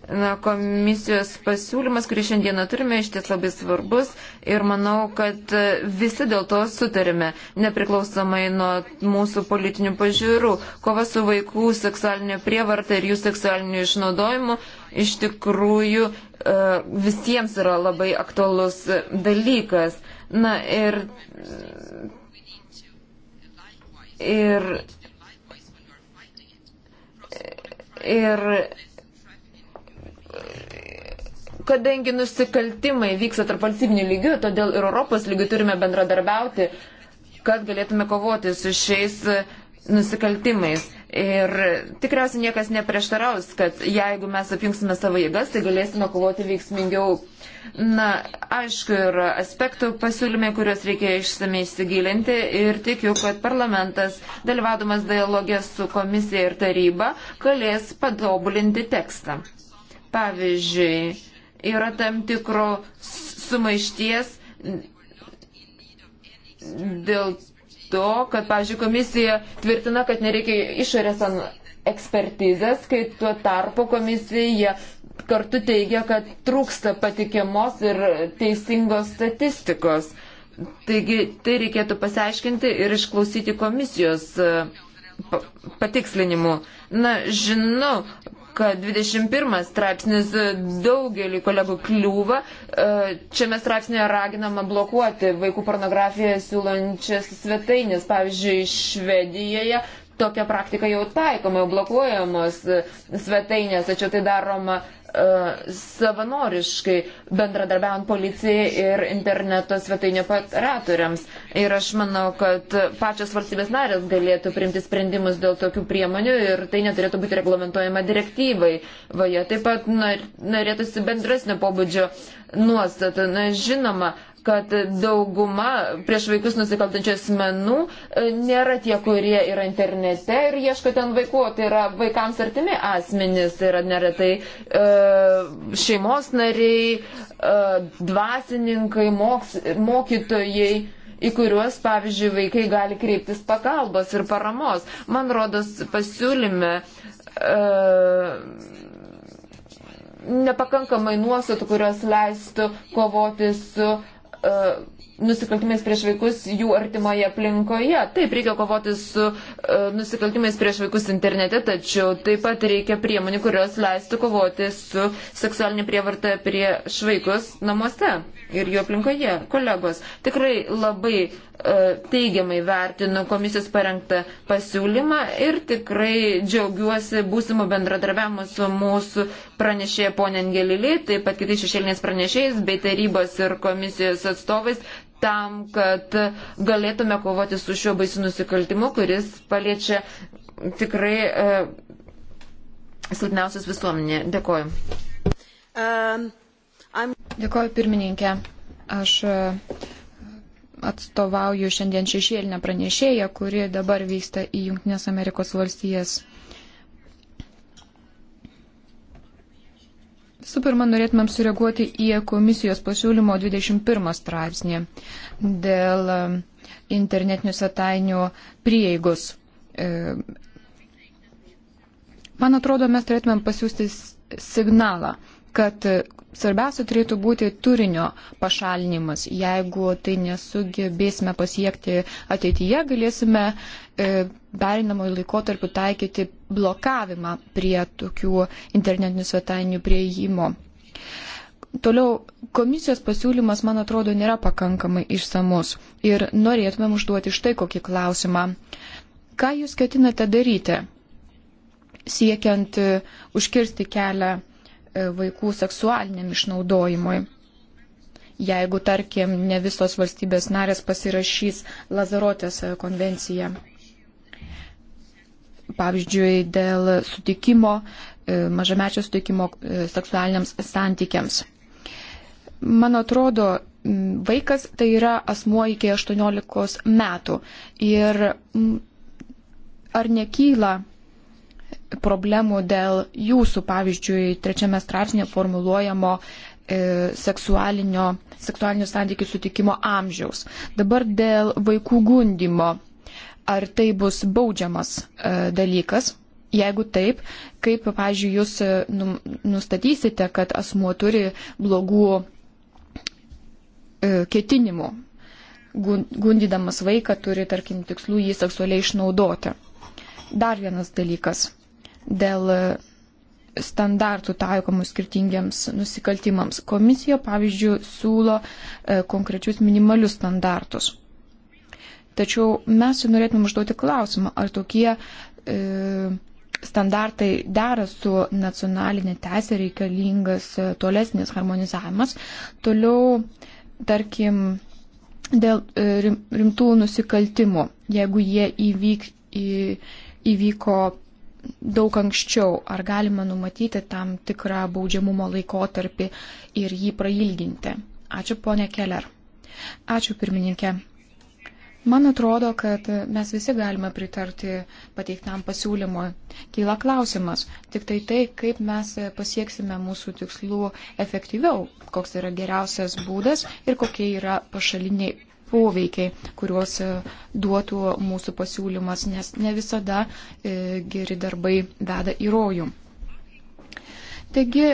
Na, komisijos pasiūlymas, kurį šiandieną turime, iš ties labai svarbus ir manau, kad e, visi dėl to sutarime, nepriklausomai nuo mūsų politinių pažiūrų. Kova su vaikų seksualinė prievarta ir jų seksualiniu išnaudojimu iš tikrųjų e, visiems yra labai aktualus dalykas. Na ir. ir Ir Kadangi nusikaltimai vyksta tarp valstybinių lygių, todėl ir Europos lygių turime bendradarbiauti, kad galėtume kovoti su šiais e, nusikaltimais. Ir tikriausiai niekas neprieštaraus, kad jeigu mes apjungsime savo jėgas, tai galėsime kovoti veiksmingiau. Na, aišku, yra aspektų pasiūlymai, kuriuos reikia išsamei įsigilinti ir tikiu, kad parlamentas, dalyvaudamas dialogė su komisija ir taryba, galės patobulinti tekstą. Pavyzdžiui, yra tam tikro sumaišties dėl to, kad, pavyzdžiui, komisija tvirtina, kad nereikia išorės ekspertizės, kai tuo tarpu komisija kartu teigia, kad trūksta patikimos ir teisingos statistikos. Taigi tai reikėtų pasiaiškinti ir išklausyti komisijos e, patikslinimų. Na, žinau, kad 21 straipsnis daugelį kolegų kliūva. E, šiame straipsnėje raginama blokuoti vaikų pornografiją siūlančias svetainės. Pavyzdžiui, Švedijoje tokia praktika jau taikoma, jau blokuojamos e, svetainės, tačiau tai daroma E, savanoriškai bendradarbiaujant policijai ir interneto svetainio operatoriams. Ir aš manau, kad pačios valstybės narės galėtų priimti sprendimus dėl tokių priemonių ir tai neturėtų būti reglamentojama direktyvai. Vaja taip pat norėtųsi bendresnio pobūdžio nuostatų. Na, žinoma, kad dauguma prieš vaikus nusikaltančių asmenų e, nėra tie, kurie yra internete ir ieško ten vaikų, tai yra vaikams artimi asmenys, tai yra neretai e, šeimos nariai, e, dvasininkai, moks, mokytojai į kuriuos, pavyzdžiui, vaikai gali kreiptis pagalbos ir paramos. Man rodos, pasiūlyme e, nepakankamai nuostatų, kurios leistų kovoti su e, uh, nusikaltimais prieš vaikus jų artimoje aplinkoje. Taip, reikia kovoti su uh, nusikaltimais prieš vaikus internete, tačiau taip pat reikia priemonių, kurios leistų kovoti su seksualinė prievarta prieš vaikus namuose ir jo aplinkoje. Kolegos, tikrai labai e, teigiamai vertinu komisijos parengtą pasiūlymą ir tikrai džiaugiuosi būsimo bendradarbiavimo su mūsų pranešėja ponė Angelilė, taip pat kitais šešėlinės pranešėjais bei tarybos ir komisijos atstovais tam, kad galėtume kovoti su šiuo baisiu nusikaltimu, kuris paliečia tikrai e, silpniausias visuomenė. Dėkoju. Um. Dėkoju pirmininkė. Aš e, atstovauju šiandien šešėlinę pranešėją, kuri dabar vyksta į Junktinės Amerikos valstijas. Visų pirma, norėtumėm sureaguoti į komisijos pasiūlymo 21 straipsnį dėl e, internetinių svetainių prieigos. E, man atrodo, mes turėtumėm pasiūsti signalą kad svarbiausia turėtų būti turinio pašalinimas. Jeigu tai nesugebėsime pasiekti ateityje, galėsime e, perinamojo laikotarpiu taikyti blokavimą prie tokių internetinių svetainių prieimo. Toliau, komisijos pasiūlymas, man atrodo, nėra pakankamai išsamus ir norėtumėm užduoti štai kokį klausimą. Ką jūs ketinate daryti, siekiant e, užkirsti kelią E, vaikų seksualiniam išnaudojimui. Jeigu, tarkim, ne visos valstybės narės pasirašys Lazarotės e, konvenciją. Pavyzdžiui, dėl sutikimo, e, mažamečio sutikimo seksualiniams santykiams. Man atrodo, vaikas tai yra asmuo iki 18 metų. Ir ar nekyla problemų dėl jūsų, pavyzdžiui, trečiame straipsnėje formuluojamo e, seksualinio, seksualinių santykių sutikimo amžiaus. Dabar dėl vaikų gundimo. Ar tai bus baudžiamas e, dalykas? Jeigu taip, kaip, pavyzdžiui, jūs e, nustatysite, kad asmuo turi blogų ketinimų, gundydamas vaiką turi, tarkim, tikslų jį seksualiai išnaudoti. Dar vienas dalykas dėl standartų taikomų skirtingiems nusikaltimams. Komisija, pavyzdžiui, siūlo e, konkrečius minimalius standartus. Tačiau mes norėtume užduoti klausimą, ar tokie e, standartai dera su nacionalinė teisė reikalingas e, tolesnis harmonizavimas. Toliau, tarkim, dėl e, rimtų nusikaltimų, jeigu jie įvyk, į, įvyko daug anksčiau. Ar galima numatyti tam tikrą baudžiamumo laikotarpį ir jį prailginti? Ačiū, ponė Keller. Ačiū, pirmininkė. Man atrodo, kad mes visi galime pritarti pateiktam pasiūlymui. Kyla klausimas, tik tai tai, kaip mes pasieksime mūsų tikslų efektyviau, koks yra geriausias būdas ir kokie yra pašaliniai poveikiai, kuriuos e, duotų mūsų pasiūlymas, nes ne visada e, geri darbai veda į rojų. Taigi,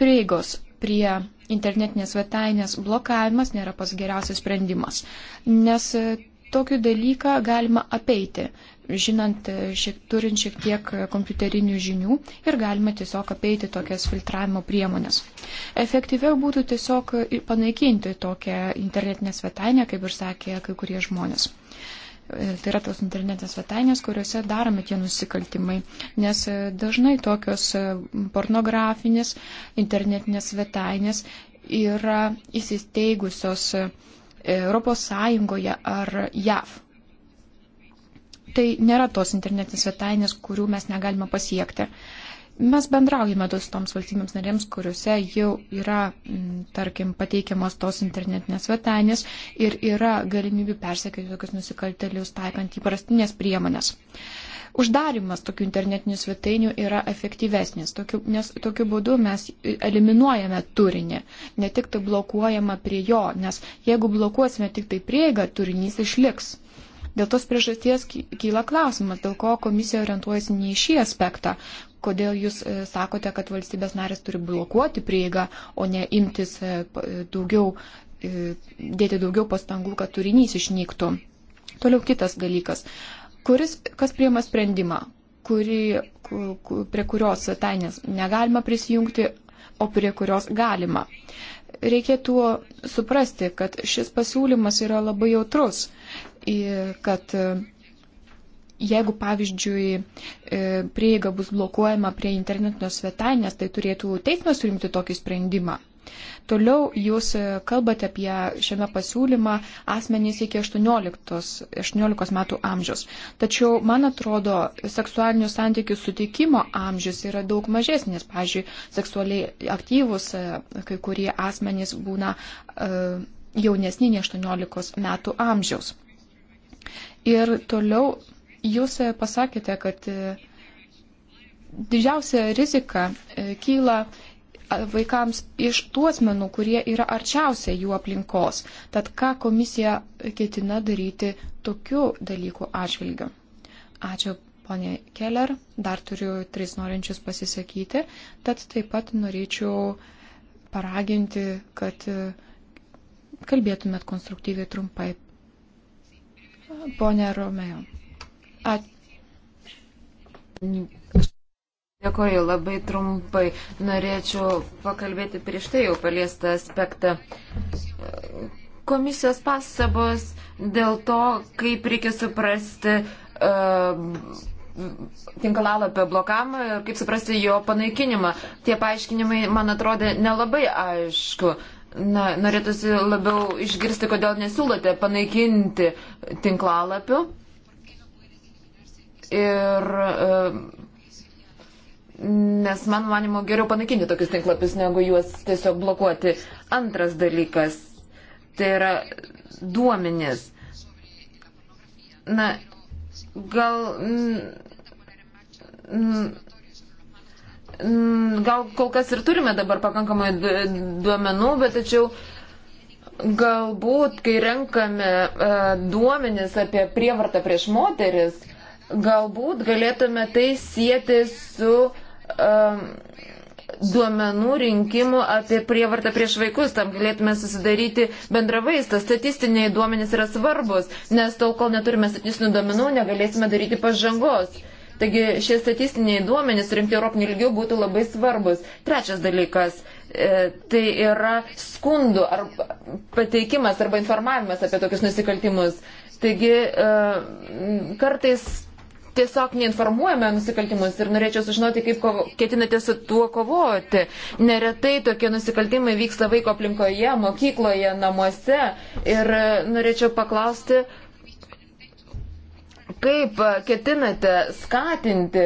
prieigos prie internetinės svetainės blokavimas nėra pas geriausias sprendimas, nes e, tokį dalyką galima apeiti žinant, e, šiek, turint šiek tiek kompiuterinių žinių ir galima tiesiog apeiti tokias filtravimo priemonės. Efektyviau būtų tiesiog panaikinti tokią internetinę svetainę, kaip ir sakė kai kurie žmonės. E, tai yra tos internetinės svetainės, kuriuose daromi tie nusikaltimai, nes e, dažnai tokios pornografinės internetinės svetainės yra įsisteigusios Europos Sąjungoje ar JAV tai nėra tos internetinės svetainės, kurių mes negalime pasiekti. Mes bendraujame su toms valstybėms narėms, kuriuose jau yra, m, tarkim, pateikiamos tos internetinės svetainės ir yra galimybių persekioti tokius nusikaltelius taikant įprastinės priemonės. Uždarimas tokių internetinių svetainių yra efektyvesnis, tokiu, nes tokiu būdu mes eliminuojame turinį, ne tik tai blokuojama prie jo, nes jeigu blokuosime tik tai prieigą, turinys išliks. Dėl tos priežasties kyla klausimas, dėl ko komisija orientuojasi ne į šį aspektą, kodėl jūs e, sakote, kad valstybės narės turi blokuoti prieigą, o ne imtis e, e, daugiau, dėti daugiau pastangų, kad turinys išnyktų. Toliau kitas dalykas. Kuris, kas priema sprendimą, kuri, prie kurios tainės negalima prisijungti, o prie kurios galima. Reikėtų suprasti, kad šis pasiūlymas yra labai jautrus kad e, jeigu, pavyzdžiui, e, prieiga bus blokuojama prie internetinio svetainės, tai turėtų teismas surimti tokį sprendimą. Toliau jūs e, kalbate apie šiame pasiūlymą asmenys iki 18, 18 metų amžiaus. Tačiau, man atrodo, seksualinių santykių sutikimo amžius yra daug mažesnis. Pavyzdžiui, seksualiai aktyvus kai kurie asmenys būna jaunesni nei 18 metų amžiaus. Ir toliau jūs e, pasakėte, kad e, didžiausia rizika e, kyla vaikams iš tų asmenų, kurie yra arčiausia jų aplinkos. Tad ką komisija ketina daryti tokių dalykų atžvilgiu? Ačiū, ponė Keller. Dar turiu tris norinčius pasisakyti. Tad taip pat norėčiau paraginti, kad kalbėtumėt konstruktyviai trumpai Pone Romeo. Ačiū. Dėkoju labai trumpai. Norėčiau pakalbėti prieš tai jau paliestą aspektą. Komisijos pasabos dėl to, kaip reikia suprasti uh, um, tinkalalapio blokavimą ir kaip suprasti jo panaikinimą. Tie paaiškinimai, man atrodo, nelabai aišku. Uh, Na, norėtųsi labiau išgirsti, kodėl nesiūlote panaikinti tinklalapių ir e, nes man manimo geriau panaikinti tokius tinklapius, negu juos tiesiog blokuoti. Antras dalykas, tai yra duomenis. Na, gal. N, n, Mm, gal kol kas ir turime dabar pakankamai duomenų, bet tačiau galbūt, kai renkame e, duomenis apie prievartą prieš moteris, galbūt galėtume tai sieti su um, duomenų rinkimu apie prievartą prieš vaikus, tam galėtume susidaryti bendrą vaizdą. Statistiniai duomenys yra svarbus, nes tol, kol neturime statistinių duomenų, negalėsime daryti pažangos. Uh, Taigi šie statistiniai duomenys rinkti Europinių lygių būtų labai svarbus. Trečias dalykas e, tai yra skundų ar pateikimas arba informavimas apie tokius nusikaltimus. Taigi e, kartais tiesiog neinformuojame nusikaltimus ir norėčiau sužinoti, kaip kovo, ketinate su tuo kovoti. Neretai tokie nusikaltimai vyksta vaiko aplinkoje, mokykloje, namuose ir e, norėčiau paklausti, Kaip ketinate skatinti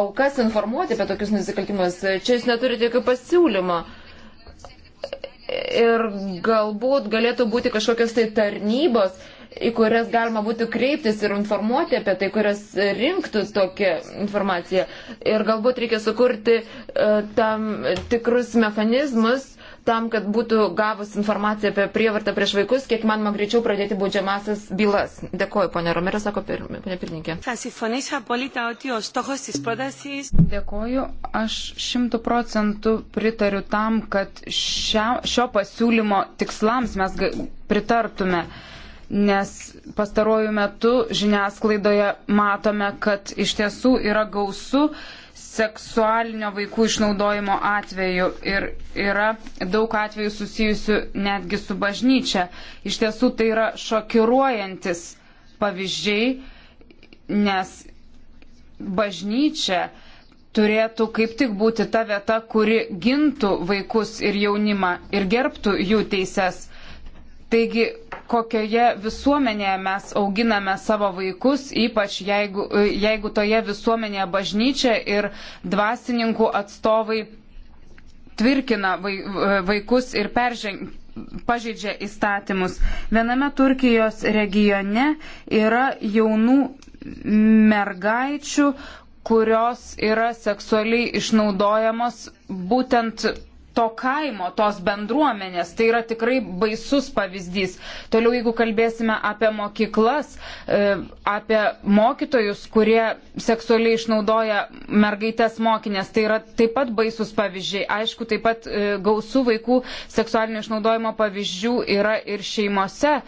aukas informuoti apie tokius nusikaltimus? Čia jūs neturite jokių pasiūlymų. Ir galbūt galėtų būti kažkokios tai tarnybos, į kurias galima būtų kreiptis ir informuoti apie tai, kurias rinktų tokią informaciją. Ir galbūt reikia sukurti uh, tam tikrus mechanizmus, tam, kad būtų gavus informaciją apie prievartą prieš vaikus, kiek manoma greičiau pradėti baudžiamasis bylas. Dėkuoju, ponė Romero, sako pir, ponė pirmininkė. Dėkuoju, aš šimtų procentų pritariu tam, kad šio, šio pasiūlymo tikslams mes pritartume nes pastaruoju metu žiniasklaidoje matome, kad iš tiesų yra gausu seksualinio vaikų išnaudojimo atveju ir yra daug atvejų susijusių netgi su bažnyčia. Iš tiesų tai yra šokiruojantis pavyzdžiai, nes bažnyčia turėtų kaip tik būti ta vieta, kuri gintų vaikus ir jaunimą ir gerbtų jų teises. Taigi, kokioje visuomenėje mes auginame savo vaikus, ypač jeigu, jeigu toje visuomenėje bažnyčia ir dvasininkų atstovai tvirkina vaikus ir peržengia pažeidžia įstatymus. Viename Turkijos regione yra jaunų mergaičių, kurios yra seksualiai išnaudojamos būtent to kaimo, tos bendruomenės. Tai yra tikrai baisus pavyzdys. Toliau, jeigu kalbėsime apie mokyklas, e, apie mokytojus, kurie seksualiai išnaudoja mergaitės mokinės, tai yra taip pat baisus pavyzdžiai. Aišku, taip pat e, gausų vaikų seksualinio išnaudojimo pavyzdžių yra ir šeimose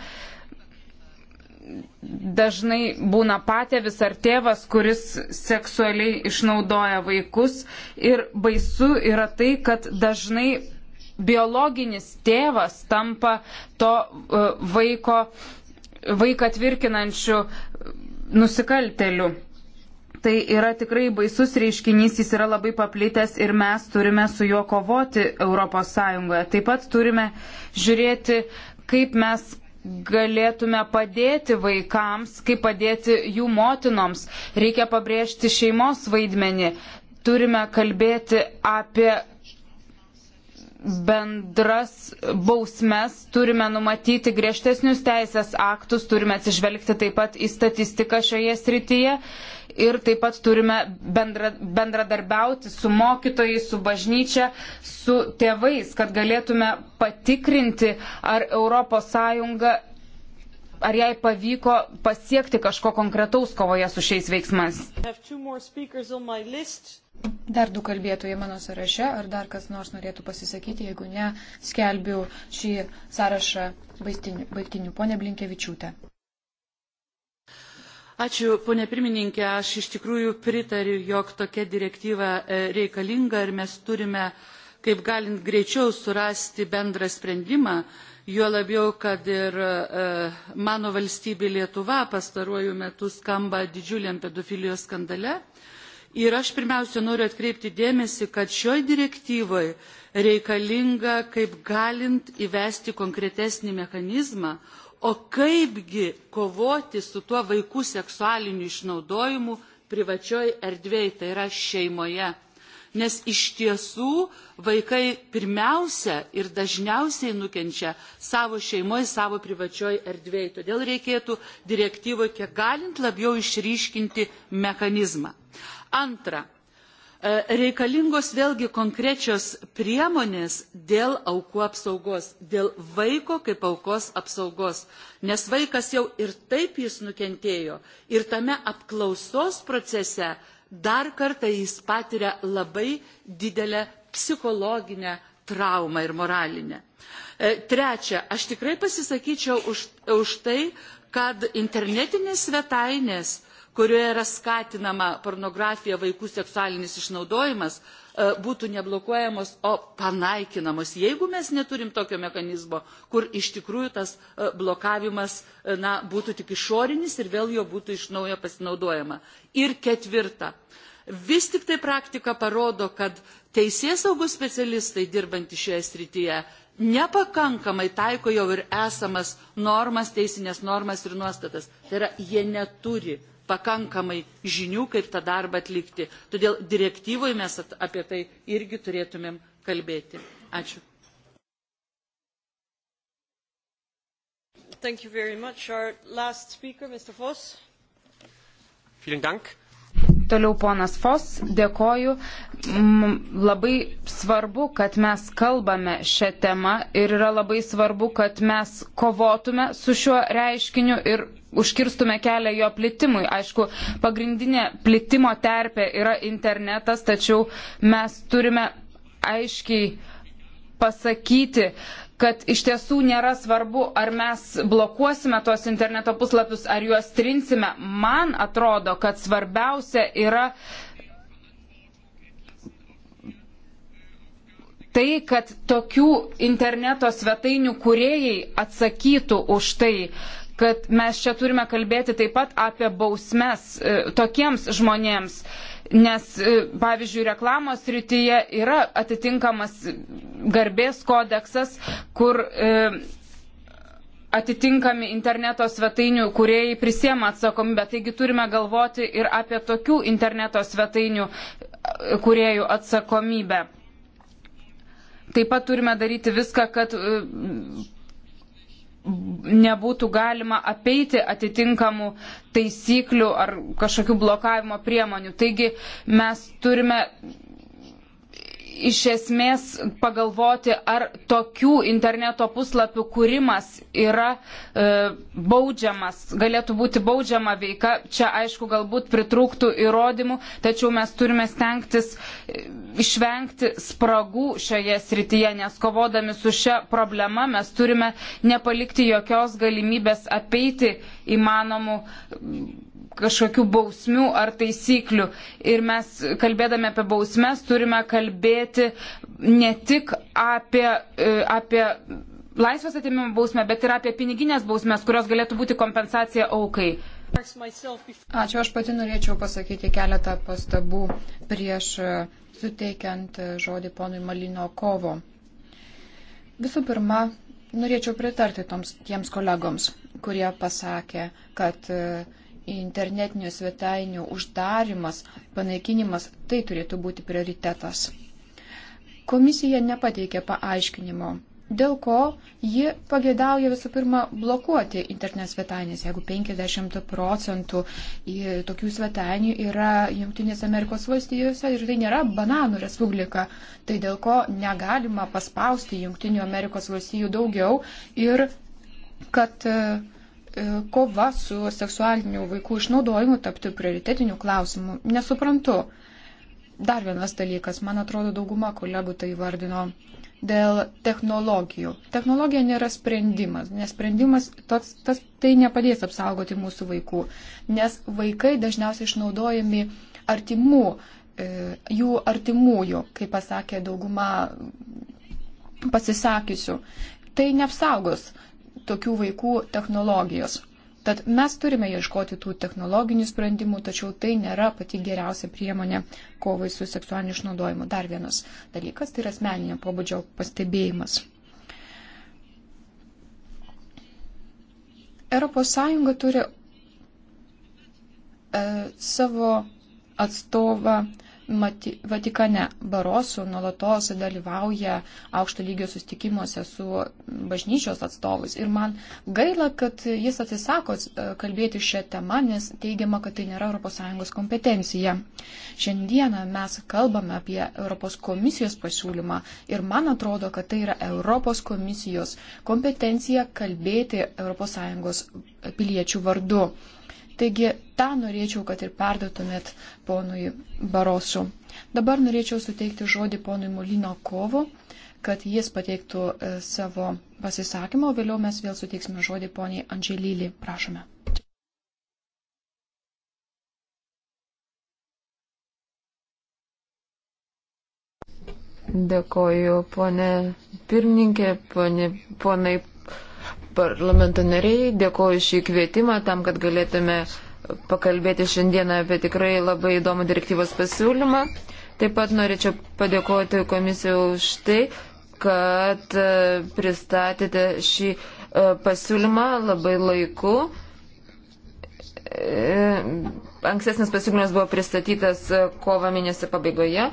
dažnai būna patėvis ar tėvas, kuris seksualiai išnaudoja vaikus. Ir baisu yra tai, kad dažnai biologinis tėvas tampa to e, vaiko, vaiką atvirkinančių e, nusikaltelių. Tai yra tikrai baisus reiškinys, jis yra labai paplitęs ir mes turime su juo kovoti ES. Taip pat turime žiūrėti, kaip mes galėtume padėti vaikams, kaip padėti jų motinoms. Reikia pabrėžti šeimos vaidmenį. Turime kalbėti apie bendras bausmes, turime numatyti griežtesnius teisės aktus, turime atsižvelgti taip pat į statistiką šioje srityje ir taip pat turime bendra, bendradarbiauti su mokytojais, su bažnyčia, su tėvais, kad galėtume patikrinti, ar ES, ar jai pavyko pasiekti kažko konkretaus kovoje su šiais veiksmais. Dar du kalbėtojai mano sąraše, ar dar kas nors norėtų pasisakyti, jeigu ne, skelbiu šį sąrašą baigtiniu. Pone Blinkevičiūtė. Ačiū, ponė pirmininkė, aš iš tikrųjų pritariu, jog tokia direktyva e, reikalinga ir mes turime kaip galint greičiau surasti bendrą sprendimą, juo labiau, kad ir e, mano valstybė Lietuva pastaruoju metu skamba didžiuliam pedofilijos skandale Ir aš pirmiausia noriu atkreipti dėmesį, kad šioj direktyvoj reikalinga kaip galint įvesti konkretesnį mechanizmą, o kaipgi kovoti su tuo vaikų seksualiniu išnaudojimu privačioj erdvėj, tai yra šeimoje. Nes iš tiesų vaikai pirmiausia ir dažniausiai nukenčia savo šeimoje, savo privačioj erdvėj. Todėl reikėtų direktyvoje kiek galint labiau išryškinti mechanizmą. Antra, e, reikalingos vėlgi konkrečios priemonės dėl aukų apsaugos, dėl vaiko kaip aukos apsaugos, nes vaikas jau ir taip jis nukentėjo ir tame apklausos procese dar kartą jis patiria labai didelę psichologinę traumą ir moralinę. E, trečia, aš tikrai pasisakyčiau už, už tai, kad internetinės svetainės kurioje yra skatinama pornografija vaikų seksualinis išnaudojimas, e, būtų neblokuojamos, o panaikinamos, jeigu mes neturim tokio mechanizmo, kur iš tikrųjų tas e, blokavimas e, na, būtų tik išorinis ir vėl jo būtų iš naujo pasinaudojama. Ir ketvirta. Vis tik tai praktika parodo, kad teisės saugos specialistai dirbantys šioje srityje nepakankamai taiko jau ir esamas normas, teisinės normas ir nuostatas. Tai yra, jie neturi pakankamai žinių, kaip tą darbą atlikti. Todėl direktyvoje mes apie tai irgi turėtumėm kalbėti. Ačiū. Thank you very much. Our last speaker, Mr. Voss. Vielen Dank. Toliau ponas Fos, dėkoju. Labai svarbu, kad mes kalbame šią temą ir yra labai svarbu, kad mes kovotume su šiuo reiškiniu ir užkirstume kelią jo plitimui. Aišku, pagrindinė plitimo terpė yra internetas, tačiau mes turime aiškiai pasakyti, kad iš tiesų nėra svarbu, ar mes blokuosime tuos interneto puslapius, ar juos trinsime. Man atrodo, kad svarbiausia yra tai, kad tokių interneto svetainių kuriejai atsakytų už tai, kad mes čia turime kalbėti taip pat apie bausmes e, tokiems žmonėms. Nes, e, pavyzdžiui, reklamos rytyje yra atitinkamas garbės kodeksas, kur e, atitinkami interneto svetainių kuriejai prisiema atsakomybę. Taigi turime galvoti ir apie tokių interneto svetainių e, kuriejų atsakomybę. Taip pat turime daryti viską, kad e, nebūtų galima apeiti atitinkamų taisyklių ar kažkokių blokavimo priemonių. Taigi mes turime iš esmės pagalvoti, ar tokių interneto puslapių kūrimas yra e, baudžiamas, galėtų būti baudžiama veika. Čia aišku, galbūt pritrūktų įrodymų, tačiau mes turime stengtis e, išvengti spragų šioje srityje, nes kovodami su šia problema mes turime nepalikti jokios galimybės apeiti įmanomų kažkokių bausmių ar taisyklių. Ir mes, kalbėdami apie bausmes, turime kalbėti ne tik apie, e, apie laisvės atimimo bausmę, bet ir apie piniginės bausmės, kurios galėtų būti kompensacija aukai. Ačiū, aš pati norėčiau pasakyti keletą pastabų prieš e, suteikiant e, žodį ponui Malino kovo. Visų pirma, norėčiau pritarti toms, tiems kolegoms, kurie pasakė, kad uh, internetinių svetainių uždarimas, panaikinimas, tai turėtų būti prioritetas. Komisija nepateikė paaiškinimo, dėl ko ji pagėdauja visų pirma blokuoti internet svetainės, jeigu 50 procentų tokių svetainių yra Junktinės Amerikos valstijose ir tai nėra bananų respublika, tai dėl ko negalima paspausti Junktinių Amerikos valstijų daugiau ir kad uh, E, kova su seksualiniu vaikų išnaudojimu tapti prioritetiniu klausimu. Nesuprantu. Dar vienas dalykas, man atrodo, dauguma kolegų tai vardino dėl technologijų. Technologija nėra sprendimas, nes sprendimas toks, tas, tai nepadės apsaugoti mūsų vaikų, nes vaikai dažniausiai išnaudojami artimų, e, jų artimųjų, kaip pasakė dauguma pasisakysiu. Tai neapsaugos tokių vaikų technologijos. Tad mes turime ieškoti tų technologinių sprendimų, tačiau tai nėra pati geriausia priemonė kovai su seksualiniu išnaudojimu. Dar vienas dalykas tai yra asmeninio pobūdžio pastebėjimas. ES turi e, savo atstovą e, Mati, Vatikane Barosu nuolatos dalyvauja aukšto lygio sustikimuose su bažnyčios atstovais ir man gaila, kad jis atsisako e, kalbėti šią temą, nes teigiama, kad tai nėra ES kompetencija. Šiandieną mes kalbame apie ES komisijos pasiūlymą ir man atrodo, kad tai yra ES komisijos kompetencija kalbėti ES piliečių vardu. Taigi tą norėčiau, kad ir perdotumėt ponui Barosu. Dabar norėčiau suteikti žodį ponui Mulino Kovo, kad jis pateiktų e, savo pasisakymą, o vėliau mes vėl suteiksime žodį poniai Andželylį. Prašome. Dėkoju, ponė pirmininkė, ponė, ponai parlamento nariai, dėkoju šį kvietimą tam, kad galėtume pakalbėti šiandieną apie tikrai labai įdomų direktyvos pasiūlymą. Taip pat norėčiau padėkoti komisijai už tai, kad e, pristatėte šį e, pasiūlymą labai laiku. E, Anksesnis pasiūlymas buvo pristatytas kovo mėnesio pabaigoje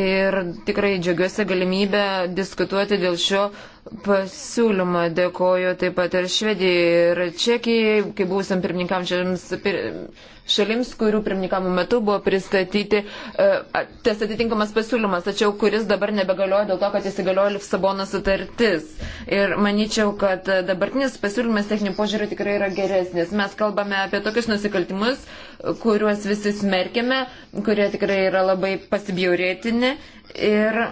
ir tikrai džiaugiuosi galimybę diskutuoti dėl šio uh, pasiūlymą. Dėkoju taip pat ir Švedijai ir Čekijai, kaip būsim pirmininkams pir, šalims, kurių pirmininkavimo metu buvo pristatyti uh, tas atitinkamas pasiūlymas, tačiau kuris dabar nebegalioja dėl to, kad įsigalioja Lisabono sutartis. Ir manyčiau, kad dabartinis pasiūlymas techninių požiūrių tikrai yra geresnis. Mes kalbame apie tokius nusikaltimus, kuriuos visi smerkime, kurie tikrai yra labai pasibjaurėtini. Ir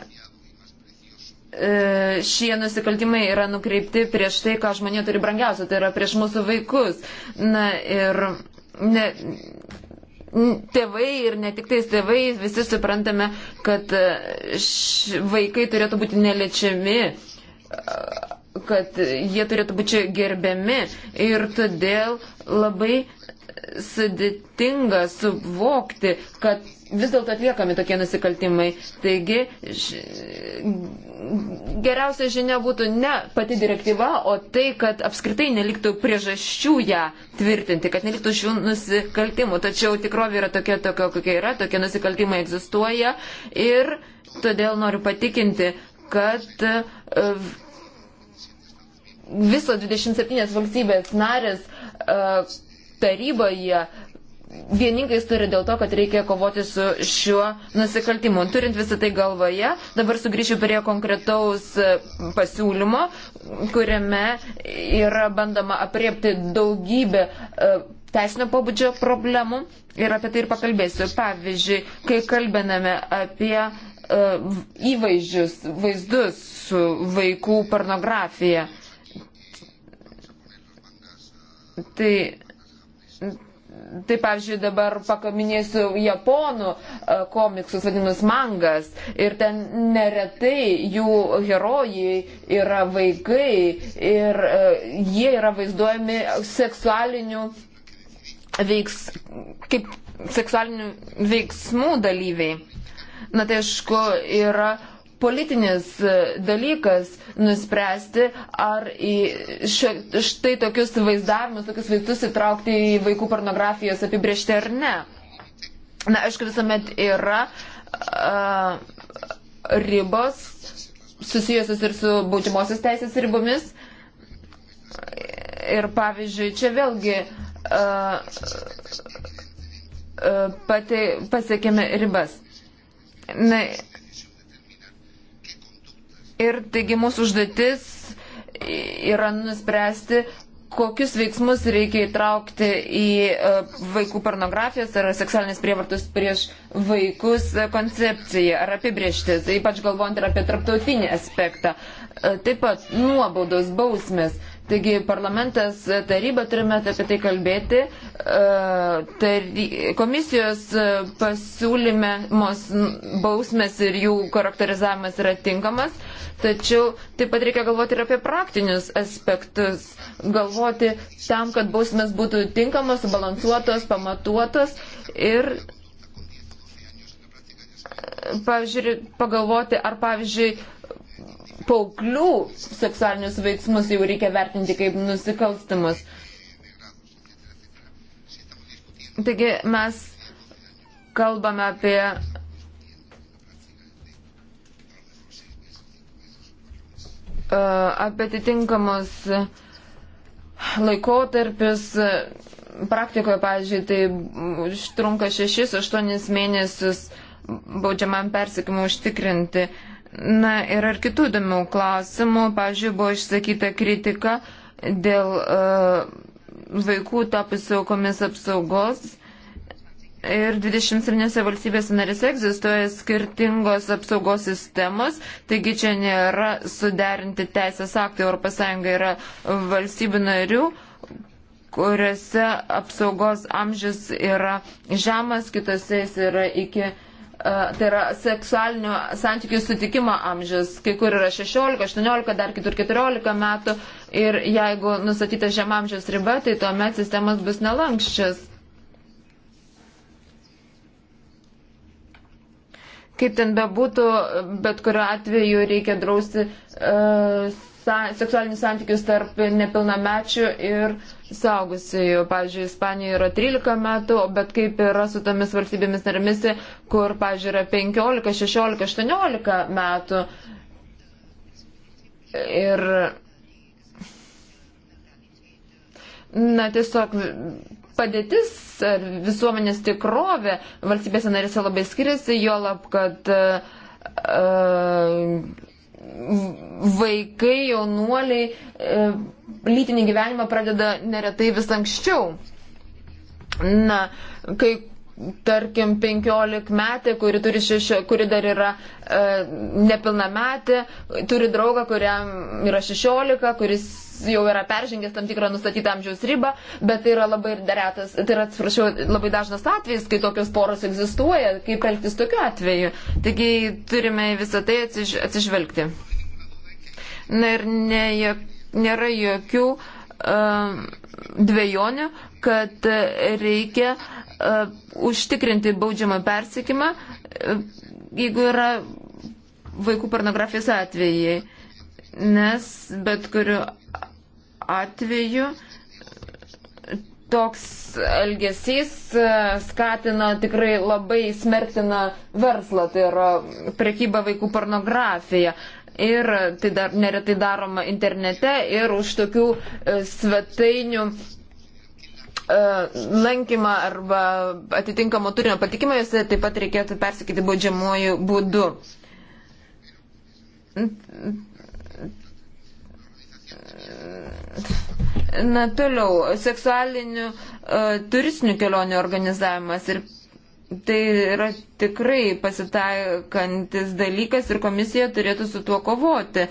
E, šie nusikaltimai yra nukreipti prieš tai, ką žmonė turi brangiausio, tai yra prieš mūsų vaikus. Na ir ne, tėvai ir ne tik tais tėvai, visi suprantame, kad e, š, vaikai turėtų būti neliečiami e, kad jie turėtų būti gerbiami ir todėl labai sudėtinga suvokti, kad vis dėlto atliekami tokie nusikaltimai. Taigi geriausia žinia būtų ne pati direktyva, o tai, kad apskritai neliktų priežasčių ją tvirtinti, kad neliktų šių nusikaltimų. Tačiau tikrovė yra tokia, tokia kokia yra, tokie nusikaltimai egzistuoja ir todėl noriu patikinti, kad e, visos 27 valstybės narės e, taryboje vieningais turi dėl to, kad reikia kovoti su šiuo nusikaltimu. Turint visą tai galvoje, dabar sugrįšiu prie konkretaus e, pasiūlymo, kuriame yra bandoma apriepti daugybę e, teisinio pobūdžio problemų ir apie tai ir pakalbėsiu. Pavyzdžiui, kai kalbėme apie e, įvaizdžius, vaizdus su vaikų pornografija. Tai Tai pavyzdžiui, dabar pakaminėsiu japonų e, komiksus, vadinus mangas, ir ten neretai jų herojai yra vaikai ir e, jie yra vaizduojami seksualinių veiks, kaip seksualinių veiksmų dalyviai. Na tai aišku, yra politinis e, dalykas nuspręsti, ar į štai tokius vaizdavimus, tokius vaizdus įtraukti į vaikų pornografijos apibriežti ar ne. Na, aišku, visuomet yra uh, ribos susijusios ir su baudžiamosios teisės ribomis. Ir pavyzdžiui, čia vėlgi uh, uh, pati pasiekėme ribas. Na, Ir taigi mūsų užduotis yra nuspręsti, kokius veiksmus reikia įtraukti į e, vaikų pornografijos ar seksualinės prievartus prieš vaikus koncepciją ar apibriežtį, ypač galvojant ir apie tarptautinį aspektą. E, taip pat nuobaudos, bausmės. Taigi parlamentas, taryba turime apie tai kalbėti. E, komisijos pasiūlyme bausmės ir jų charakterizavimas yra tinkamas, tačiau taip pat reikia galvoti ir apie praktinius aspektus. Galvoti tam, kad bausmės būtų tinkamos, subalansuotos, pamatuotos ir pavyzdžiui, pagalvoti, ar, pavyzdžiui, paauglių seksualinius veiksmus jau reikia vertinti kaip nusikalstamus. Taigi mes kalbame apie e, apie atitinkamus laikotarpius. Praktikoje, pavyzdžiui, tai užtrunka 6-8 mėnesius baudžiamam persikimui užtikrinti. Uh, Na ir ar kitų įdomių klausimų, pažiūrėjau, buvo išsakyta kritika dėl uh, vaikų tapusių aukomis apsaugos. Ir 27 valstybės narėse egzistuoja skirtingos apsaugos sistemos, taigi čia nėra suderinti teisės aktai, ES yra valstybių narių, kuriuose apsaugos amžius yra žemas, kitose jis yra iki E, tai yra seksualinių santykių sutikimo amžius, kai kur yra 16, 18, dar kitur 14 metų ir jeigu nustatyta žemamžiaus riba, tai tuomet sistemas bus nelankščias. Kaip ten bebūtų, bet kuriu atveju reikia drausti uh, sa seksualinius santykius tarp nepilnamečių ir saugusiųjų. Pavyzdžiui, Ispanijoje yra 13 metų, bet kaip yra su tomis valstybėmis narėmis, kur, pavyzdžiui, yra 15, 16, 18 metų. Ir. Na, tiesiog padėtis visuomenės tikrovė valstybėse narėse labai skiriasi, juolab, kad uh, vaikai, jaunuoliai e, lytinį gyvenimą pradeda neretai vis anksčiau. Na, kai tarkim, 15 metė, kuri, turi šeši, kuri dar yra e, nepilnametė, turi draugą, kuriam yra 16, kuris jau yra peržengęs tam tikrą nustatytą amžiaus ribą, bet tai yra labai retas, tai yra, atsiprašau, labai dažnas atvejis, kai tokios poros egzistuoja, kaip elgtis tokiu atveju. Taigi turime visą tai atsiž, atsižvelgti. Na ir ne, nėra jokių um, uh, dviejonių, kad reikia uh, užtikrinti baudžiamą persikimą, uh, jeigu yra vaikų pornografijos atvejai. Nes bet kuriu atveju toks elgesys uh, skatina tikrai labai smertina verslą, tai yra prekyba vaikų pornografija ir tai dar neretai daroma internete ir už tokių e, svetainių e, lankymą arba atitinkamo turinio patikimą juose taip pat reikėtų persikyti baudžiamuoju būdu. Na toliau, seksualinių uh, turistinių kelionių organizavimas ir Tai yra tikrai pasitaikantis dalykas ir komisija turėtų su tuo kovoti.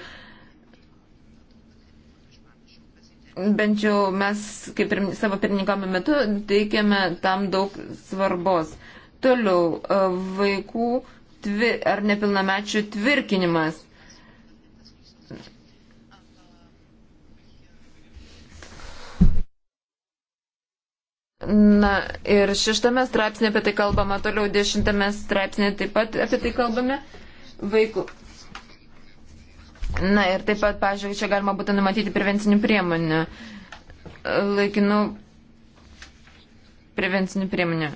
Bent jau mes, kaip ir savo pirmininkamo metu, teikiame tam daug svarbos. Toliau, e, vaikų tvi, ar nepilnamečių tvirkinimas. Na ir šeštame straipsnė apie tai kalbama, toliau dešimtame straipsnė taip pat apie tai kalbame vaikų. Na ir taip pat, pažiūrėjau, čia galima būtų numatyti prevencinių priemonių, laikinų prevencinių priemonių.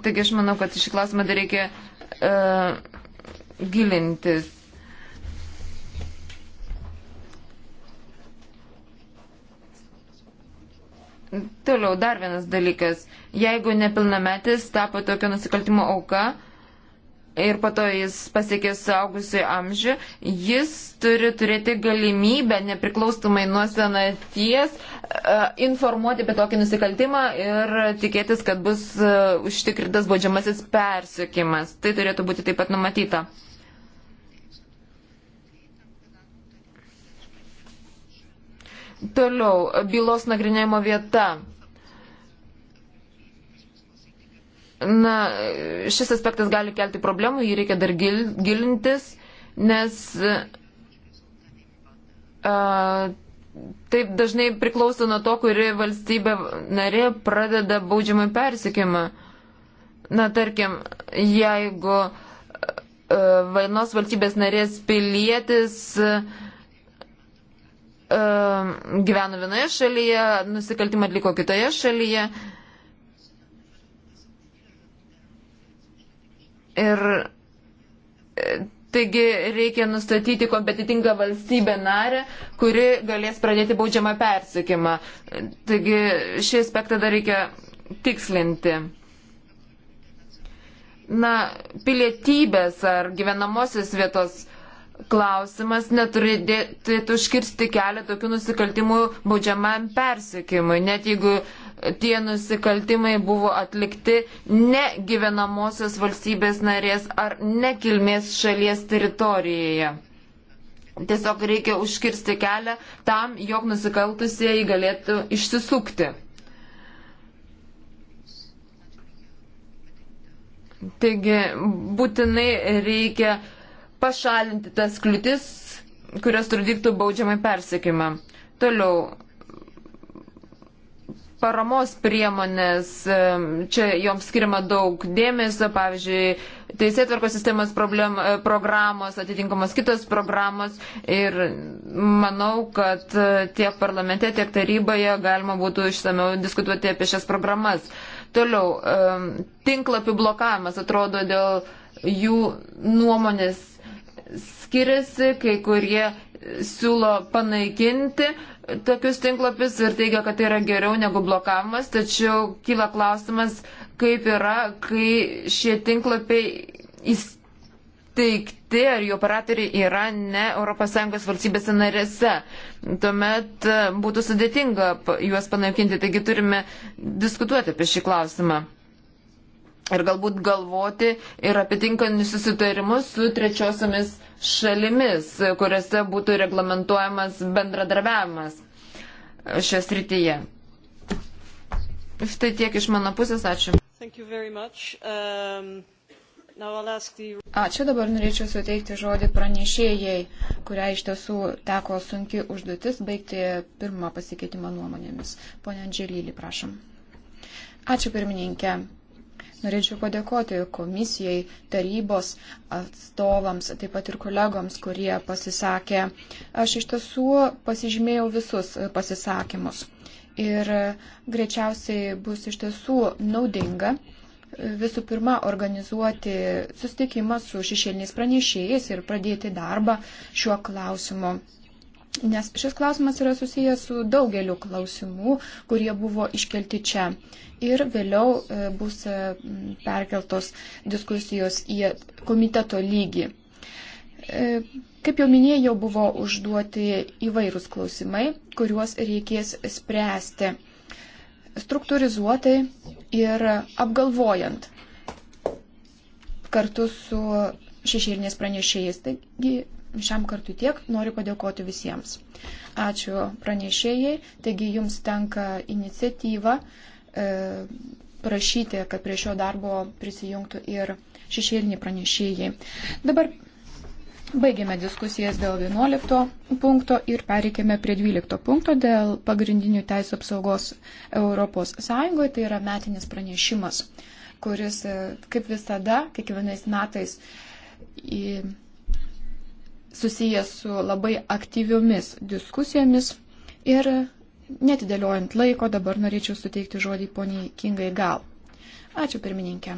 Taigi aš manau, kad šį klausimą dar reikia uh, gilintis. Toliau dar vienas dalykas. Jeigu nepilnametis tapo tokio nusikaltimo auka ir po to jis pasiekė suaugusiai amžių, jis turi turėti galimybę nepriklausomai nuo senaties e, informuoti apie tokį nusikaltimą ir tikėtis, kad bus e, užtikrintas baudžiamasis persiekimas. Tai turėtų būti taip pat numatyta. Toliau, bylos nagrinėjimo vieta. Na, šis aspektas gali kelti problemų, jį reikia dar gil, gilintis, nes a, taip dažnai priklauso nuo to, kuri valstybė narė pradeda baudžiamą persikimą. Na, tarkim, jeigu a, vainos valstybės narės pilietis a, Ehm, gyveno vienoje šalyje, nusikaltimą atliko kitoje šalyje. Ir e, taigi reikia nustatyti kompetitingą valstybę narę, kuri galės pradėti baudžiamą persikimą. Taigi šį aspektą dar reikia tikslinti. Na, pilietybės ar gyvenamosios vietos klausimas neturėtų užkirsti kelią tokių nusikaltimų baudžiamam persekimui, net jeigu tie nusikaltimai buvo atlikti ne gyvenamosios valstybės narės ar nekilmės šalies teritorijoje. Tiesiog reikia užkirsti kelią tam, jog nusikaltusieji galėtų išsisukti. Taigi būtinai reikia pašalinti tas kliūtis, kurios trukdytų baudžiamai persekimą. Toliau. Paramos priemonės, čia joms skiriama daug dėmesio, pavyzdžiui, teisėtvarkos sistemos problem, e, programos, atitinkamos kitos programos ir manau, kad e, tiek parlamente, tiek taryboje galima būtų išsameu diskutuoti apie šias programas. Toliau, tinklapių blokavimas atrodo dėl jų nuomonės skiriasi, kai kurie siūlo panaikinti tokius tinklapius ir teigia, kad tai yra geriau negu blokavimas, tačiau kyla klausimas, kaip yra, kai šie tinklapiai įsteigti ar jų operatoriai yra ne ES valstybėse narėse. Tuomet e, būtų sudėtinga juos panaikinti, taigi turime diskutuoti apie šį klausimą ir galbūt galvoti ir apie tinkamus susitarimus su trečiosiamis šalimis, kuriuose būtų reglamentuojamas bendradarbiavimas e, šios rytyje. Štai tiek iš mano pusės, ačiū. Um, the... Ačiū, dabar norėčiau suteikti žodį pranešėjai, kuriai iš tiesų teko sunki užduotis baigti pirmą pasikeitimą nuomonėmis. Pone Andželylį, prašom. Ačiū pirmininkė. Norėčiau padėkoti komisijai, tarybos atstovams, taip pat ir kolegoms, kurie pasisakė. Aš iš tiesų pasižymėjau visus pasisakymus. Ir greičiausiai bus iš tiesų naudinga visų pirma organizuoti sustikimą su šešėliniais pranešėjais ir pradėti darbą šiuo klausimu. Nes šis klausimas yra susijęs su daugeliu klausimų, kurie buvo iškelti čia ir vėliau e, bus e, perkeltos diskusijos į komiteto lygį. E, kaip jau minėjau, buvo užduoti įvairūs klausimai, kuriuos reikės spręsti struktūrizuotai ir apgalvojant kartu su šešėlinės pranešėjais. Taigi šiam kartu tiek, noriu padėkoti visiems. Ačiū pranešėjai, taigi jums tenka iniciatyva E, prašyti, kad prie šio darbo prisijungtų ir šešėliniai pranešėjai. Dabar Baigėme diskusijas dėl 11 punkto ir pereikėme prie 12 punkto dėl pagrindinių teisų apsaugos Europos Sąjungoje. Tai yra metinis pranešimas, kuris, e, kaip visada, kiekvienais metais susijęs su labai aktyviomis diskusijomis ir Netidėliojant laiko, dabar norėčiau suteikti žodį poniai Kingai Gal. Ačiū pirmininkė.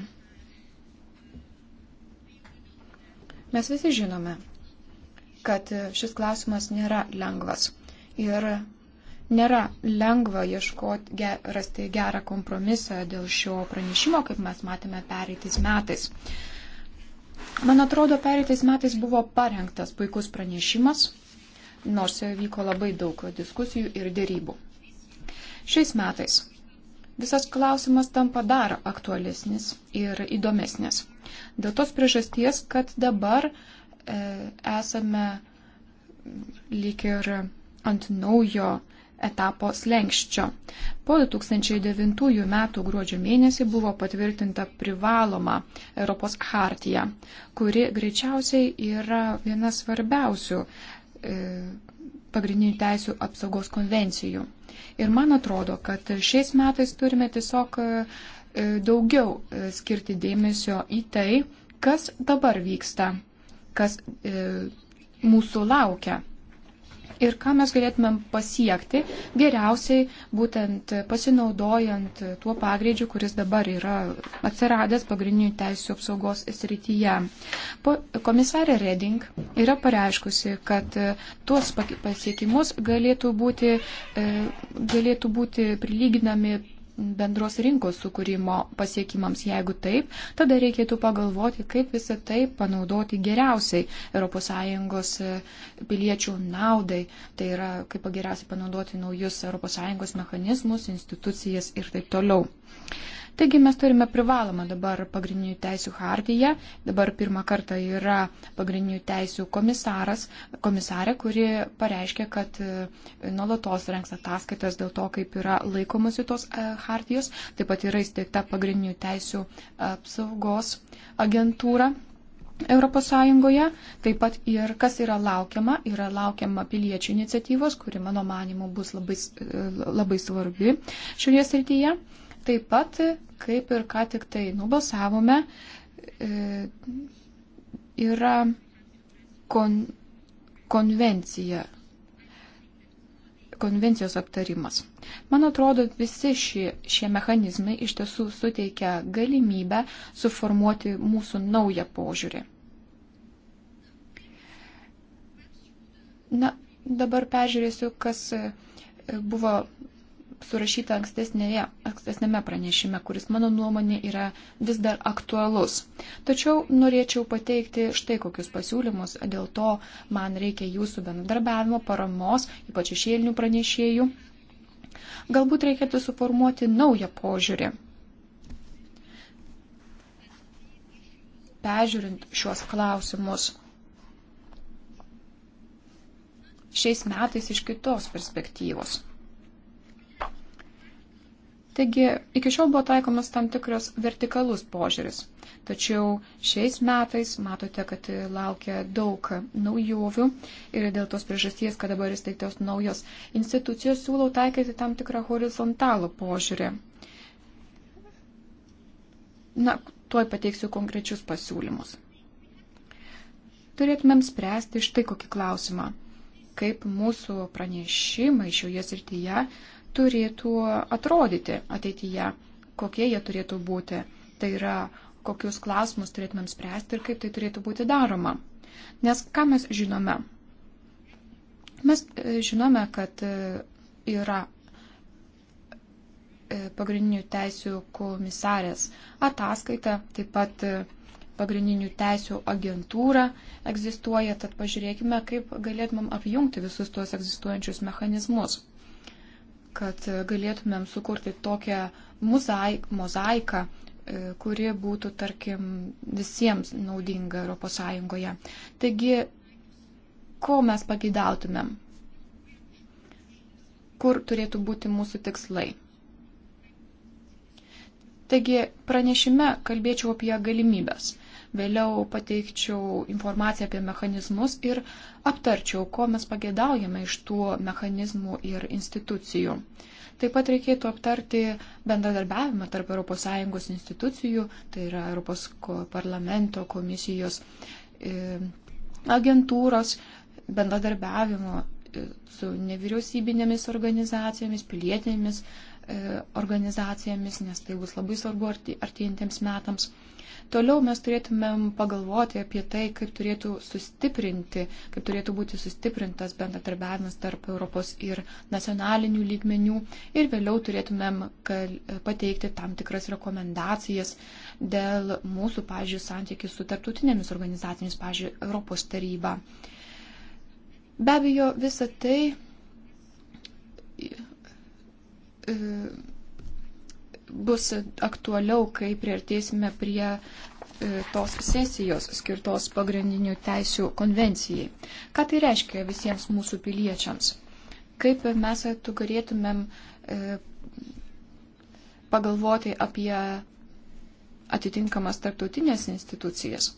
Mes visi žinome, kad šis klausimas nėra lengvas ir nėra lengva ieškoti, ge, rasti gerą kompromisą dėl šio pranešimo, kaip mes matėme pereitais metais. Man atrodo, pereitais metais buvo parengtas puikus pranešimas, nors vyko labai daug diskusijų ir dėrybų. Šiais metais visas klausimas tampa dar aktualesnis ir įdomesnis. Dėl tos priežasties, kad dabar e, esame lyg ir ant naujo etapo slengščio. Po 2009 metų gruodžio mėnesį buvo patvirtinta privaloma Europos hartija, kuri greičiausiai yra viena svarbiausių E, pagrindinių teisų apsaugos konvencijų. Ir man atrodo, kad šiais metais turime tiesiog e, e, daugiau skirti dėmesio į tai, kas dabar vyksta, kas mūsų laukia ir ką mes galėtumėm pasiekti geriausiai būtent pasinaudojant tuo pagreidžiu, kuris dabar yra atsiradęs pagrindinių teisų apsaugos srityje. Po, komisarė Reding yra pareiškusi, kad tuos pasiekimus galėtų būti, e, galėtų būti prilyginami bendros rinkos sukūrimo pasiekimams. Jeigu taip, tada reikėtų pagalvoti, kaip visą tai panaudoti geriausiai ES piliečių naudai. Tai yra, kaip geriausiai panaudoti naujus ES mechanizmus, institucijas ir taip toliau. Taigi mes turime privalomą dabar pagrindinių teisų hartiją, dabar pirmą kartą yra pagrindinių teisų komisaras, komisarė, kuri pareiškia, kad e, nuolatos renks ataskaitas dėl to, kaip yra laikomasi tos e, hartijos, taip pat yra įsteigta pagrindinių teisų apsaugos agentūra. Europos Sąjungoje. Taip pat ir kas yra laukiama, yra laukiama piliečių iniciatyvos, kuri mano manimu bus labai, e, labai svarbi šioje srityje. Taip pat, kaip ir ką tik tai nubalsavome, e, yra kon, konvencija, konvencijos aptarimas. Man atrodo, visi šie, šie mechanizmai iš tiesų suteikia galimybę suformuoti mūsų naują požiūrį. Na, dabar peržiūrėsiu, kas e, buvo surašyta ankstesnėme pranešime, kuris mano nuomonė yra vis dar aktualus. Tačiau norėčiau pateikti štai kokius pasiūlymus, dėl to man reikia jūsų bendradarbiavimo, paramos, ypač išėlinių pranešėjų. Galbūt reikėtų suformuoti naują požiūrį. Pežiūrint šiuos klausimus šiais metais iš kitos perspektyvos. Taigi iki šiol buvo taikomas tam tikras vertikalus požiūris. Tačiau šiais metais matote, kad laukia daug naujovių ir dėl tos priežasties, kad dabar įsteigtos naujos institucijos, siūlau taikyti tam tikrą horizontalų požiūrį. Na, tuoj pateiksiu konkrečius pasiūlymus. Turėtumėm spręsti štai kokį klausimą. Kaip mūsų pranešimai šioje srityje turėtų atrodyti ateityje, kokie jie turėtų būti. Tai yra, kokius klausimus turėtumėm spręsti ir kaip tai turėtų būti daroma. Nes ką mes žinome? Mes e, žinome, kad e, yra e, pagrindinių teisių komisarės ataskaita, taip pat pagrindinių teisių agentūra egzistuoja, tad pažiūrėkime, kaip galėtumėm apjungti visus tuos egzistuojančius mechanizmus kad e, galėtumėm sukurti tokią mozaiką, e, kuri būtų, tarkim, visiems naudinga ES. Taigi, ko mes pagidautumėm? Kur turėtų būti mūsų tikslai? Taigi, pranešime kalbėčiau apie galimybės. Vėliau pateikčiau informaciją apie mechanizmus ir aptarčiau, ko mes pagėdaujame iš tų mechanizmų ir institucijų. Taip pat reikėtų aptarti bendradarbiavimą tarp ES institucijų, tai yra ES parlamento komisijos e, agentūros bendradarbiavimo e, su nevyriausybinėmis organizacijomis, pilietinėmis E, organizacijomis, nes tai bus labai svarbu artėjantiems metams. Toliau mes turėtumėm pagalvoti apie tai, kaip turėtų sustiprinti, kaip turėtų būti sustiprintas bendradarbiavimas tarp Europos ir nacionalinių lygmenių ir vėliau turėtumėm e, pateikti tam tikras rekomendacijas dėl mūsų, pažiūrėjau, santykių su tarptautinėmis organizacijomis, pažiūrėjau, Europos taryba. Be abejo, visa tai E, bus aktualiau, kai priartėsime prie e, tos sesijos skirtos pagrindinių teisių konvencijai. Ką tai reiškia visiems mūsų piliečiams? Kaip mes galėtumėm e, pagalvoti apie atitinkamas tarptautinės institucijas,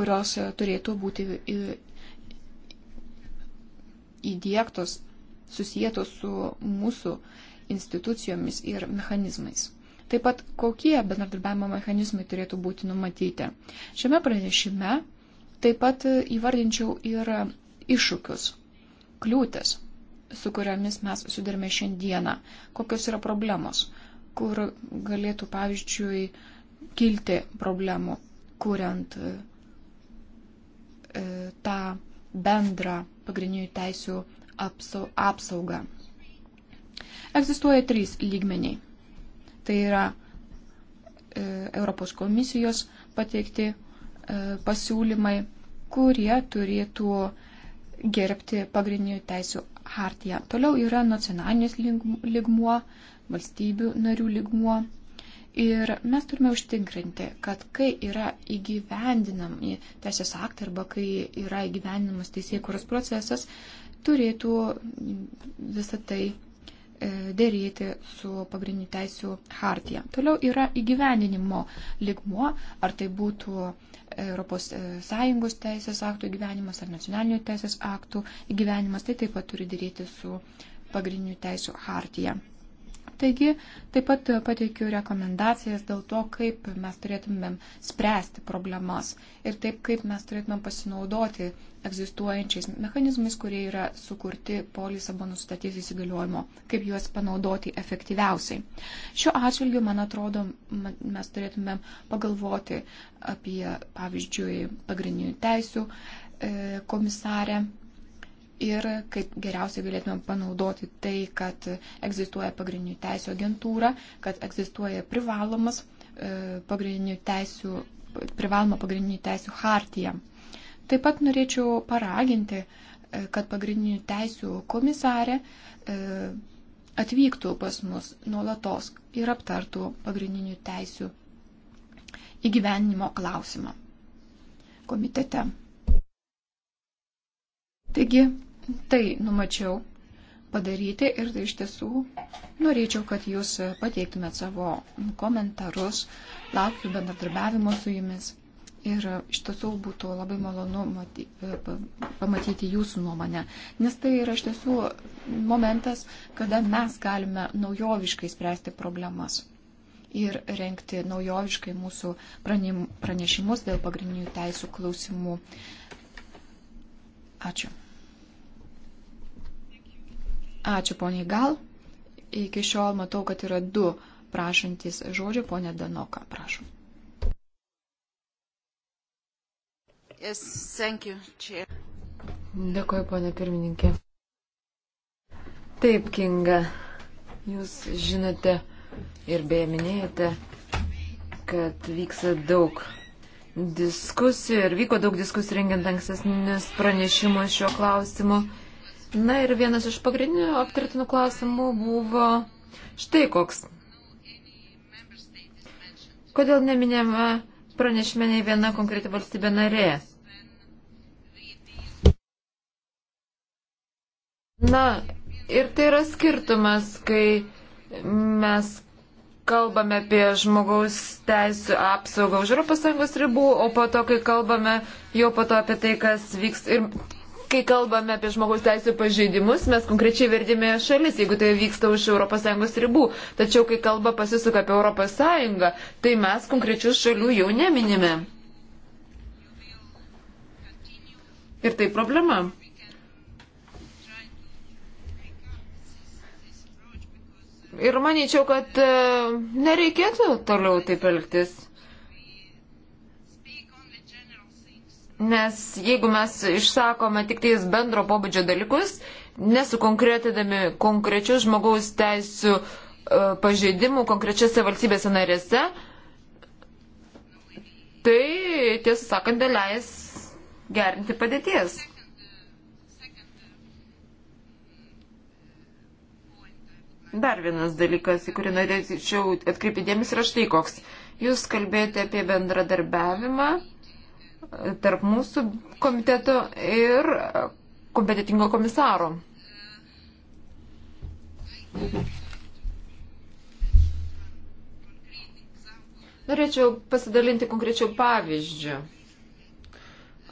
kurios turėtų būti įdėktos, susijėtos su mūsų uh, institucijomis ir mechanizmais. Taip pat kokie bendradarbiavimo mechanizmai turėtų būti numatyti. Šiame pranešime taip pat įvardinčiau ir iššūkius, kliūtis, su kuriomis mes sudarėme šiandieną, kokios yra problemos, kur galėtų, pavyzdžiui, kilti problemų, kuriant e, tą bendrą pagrindinių teisių apsaugą Egzistuoja trys lygmeniai. Tai yra e, Europos komisijos pateikti e, pasiūlymai, kurie turėtų gerbti pagrindinių teisų hartiją. Toliau yra nacionalinis lygmuo, valstybių narių lygmuo. Ir mes turime užtikrinti, kad kai yra įgyvendinami teisės aktai arba kai yra įgyvendinamas teisėkuros procesas, turėtų visą tai E, dėrėti su pagrindinių teisų hartija. Toliau yra įgyvendinimo ligmuo, ar tai būtų ES e, teisės aktų įgyvenimas ar nacionalinių teisės aktų įgyvenimas, tai taip pat turi dėrėti su pagrindinių teisų hartija. Taigi taip pat pateikiu rekomendacijas dėl to, kaip mes turėtumėm spręsti problemas ir taip, kaip mes turėtumėm pasinaudoti egzistuojančiais mechanizmais, kurie yra sukurti po Lisabono sutarties įsigaliojimo, kaip juos panaudoti efektyviausiai. Šiuo atžvilgiu, man atrodo, mes turėtumėm pagalvoti apie, pavyzdžiui, pagrindinių teisių e, komisarę ir kaip geriausiai galėtume panaudoti tai, kad egzistuoja pagrindinių teisų agentūra, kad egzistuoja privalomas e, pagrindinių teisų, privaloma pagrindinių teisų hartija. Taip pat norėčiau paraginti, e, kad pagrindinių teisų komisarė e, atvyktų pas mus nuolatos ir aptartų pagrindinių teisų įgyvenimo klausimą komitete. Taigi, Tai numačiau padaryti ir tai iš tiesų norėčiau, kad jūs pateiktumėt savo komentarus, laukiu bendradarbiavimo su jumis ir iš tiesų būtų labai malonu maty, pamatyti jūsų nuomonę, nes tai yra iš tiesų momentas, kada mes galime naujoviškai spręsti problemas ir renkti naujoviškai mūsų pranešimus dėl pagrindinių teisų klausimų. Ačiū. Ačiū poniai Gal. Iki šiol matau, kad yra du prašantis žodžio, ponė Danoka, prašom. Yes, thank you, chair. Dėkuoju, ponė pirmininkė. Taip, Kinga, jūs žinote ir beje minėjote, kad vyksta daug diskusijų ir vyko daug diskusijų rengiant ankstesnius pranešimus šio klausimu. Na ir vienas iš pagrindinių aptartinų klausimų buvo štai koks. Kodėl neminėma pranešime nei viena konkreti valstybė narė? Na, ir tai yra skirtumas, kai mes kalbame apie žmogaus teisų apsaugą už ES ribų, o po to, kai kalbame jau po to apie tai, kas vyks ir kai kalbame apie žmogaus teisų pažeidimus, mes konkrečiai verdime šalis, jeigu tai vyksta už ES ribų. Tačiau, kai kalba pasisuka apie ES, tai mes konkrečių šalių jau neminime. Ir tai problema. Ir manyčiau, kad e, nereikėtų toliau taip elgtis. Nes jeigu mes išsakome tik tais bendro pobūdžio dalykus, nesukonkretidami konkrečius žmogaus teisų e, pažeidimų konkrečiose valstybėse narėse, tai tiesą sakant, leis gerinti padėties. Dar vienas dalykas, į kurį norėčiau atkreipti dėmesį, yra štai koks. Jūs kalbėjote apie bendradarbiavimą tarp mūsų komiteto ir kompetitingo komisaro. Norėčiau pasidalinti konkrečių pavyzdžių,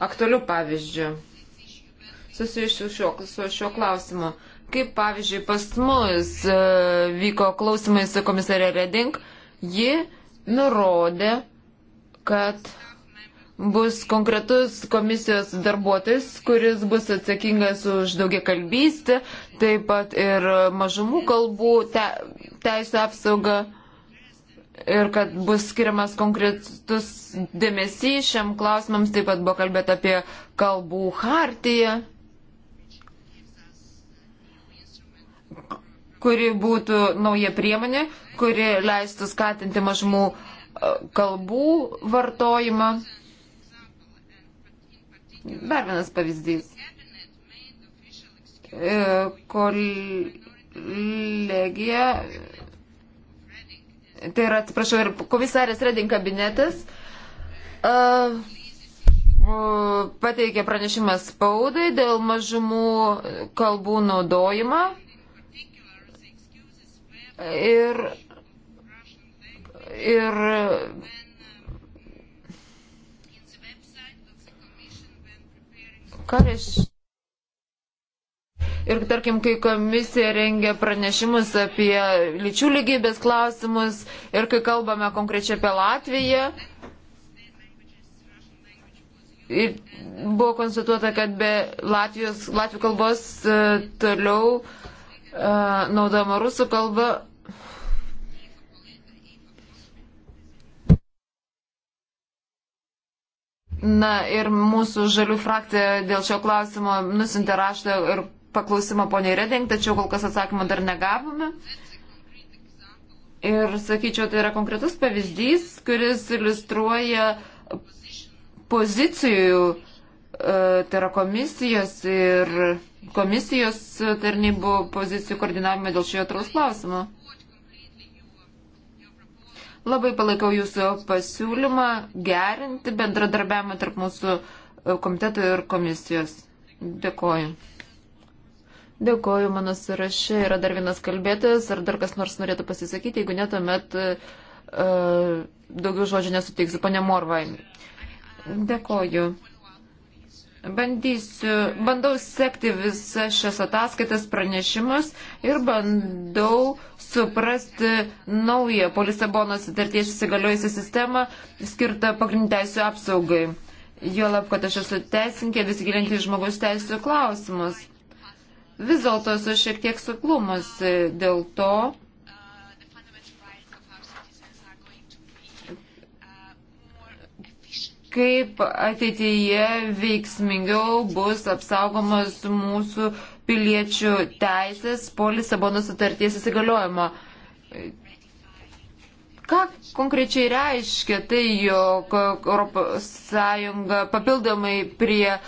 aktualių pavyzdžių susijusių šio, su šiuo klausimu. Kaip pavyzdžiui, pas mus e, vyko klausimai su komisarė Reding, ji nurodė, kad bus konkretus komisijos darbuotojas, kuris bus atsakingas už daugiakalbystę, taip pat ir mažumų kalbų te, teisų apsaugą ir kad bus skiriamas konkretus dėmesys šiam klausimams, taip pat buvo kalbėta apie kalbų hartiją, kuri būtų nauja priemonė, kuri leistų skatinti mažumų e, kalbų vartojimą. Dar vienas pavyzdys. E, kolegija, tai yra, atsiprašau, ir komisarės Reding kabinetas e, pateikė pranešimą spaudai dėl mažumų kalbų naudojimą. Ir, ir Ką reiškia? Ir tarkim, kai komisija rengia pranešimus apie lyčių lygybės klausimus ir kai kalbame konkrečiai apie Latviją, ir buvo konstatuota, kad be Latvijos, Latvijos kalbos e, toliau e, naudojama rusų kalba, Na ir mūsų žalių frakcija dėl šio klausimo nusintė raštą ir paklausimą poniai Reding, tačiau kol kas atsakymą dar negavome. Ir sakyčiau, tai yra konkretus pavyzdys, kuris iliustruoja pozicijų, e, tai yra komisijos ir komisijos tarnybų pozicijų koordinavimą dėl šio atraus klausimo. Labai palaikau jūsų pasiūlymą gerinti bendradarbiavimą tarp mūsų e, komiteto ir komisijos. Dėkoju. Dėkoju, mano sąraše yra dar vienas kalbėtojas, ar dar kas nors norėtų pasisakyti, jeigu ne, tuomet uh, daugiau žodžių nesuteiksiu. Pane Morvai. Dėkoju. Bandysiu, bandau sekti visas šias ataskaitas pranešimus ir bandau suprasti naują po Lisabonos sutarties įsigaliojusią sistemą skirtą pagrindteisių apsaugai. Juolab, kad aš esu teisinkė vis gilinti žmogus teisų klausimus. Vis dėlto esu šiek tiek suklumusi dėl to, kaip ateityje veiksmingiau bus apsaugomas mūsų piliečių teisės po Lisabono sutarties įsigaliojimo. Ką konkrečiai reiškia tai, jog ES papildomai prie e,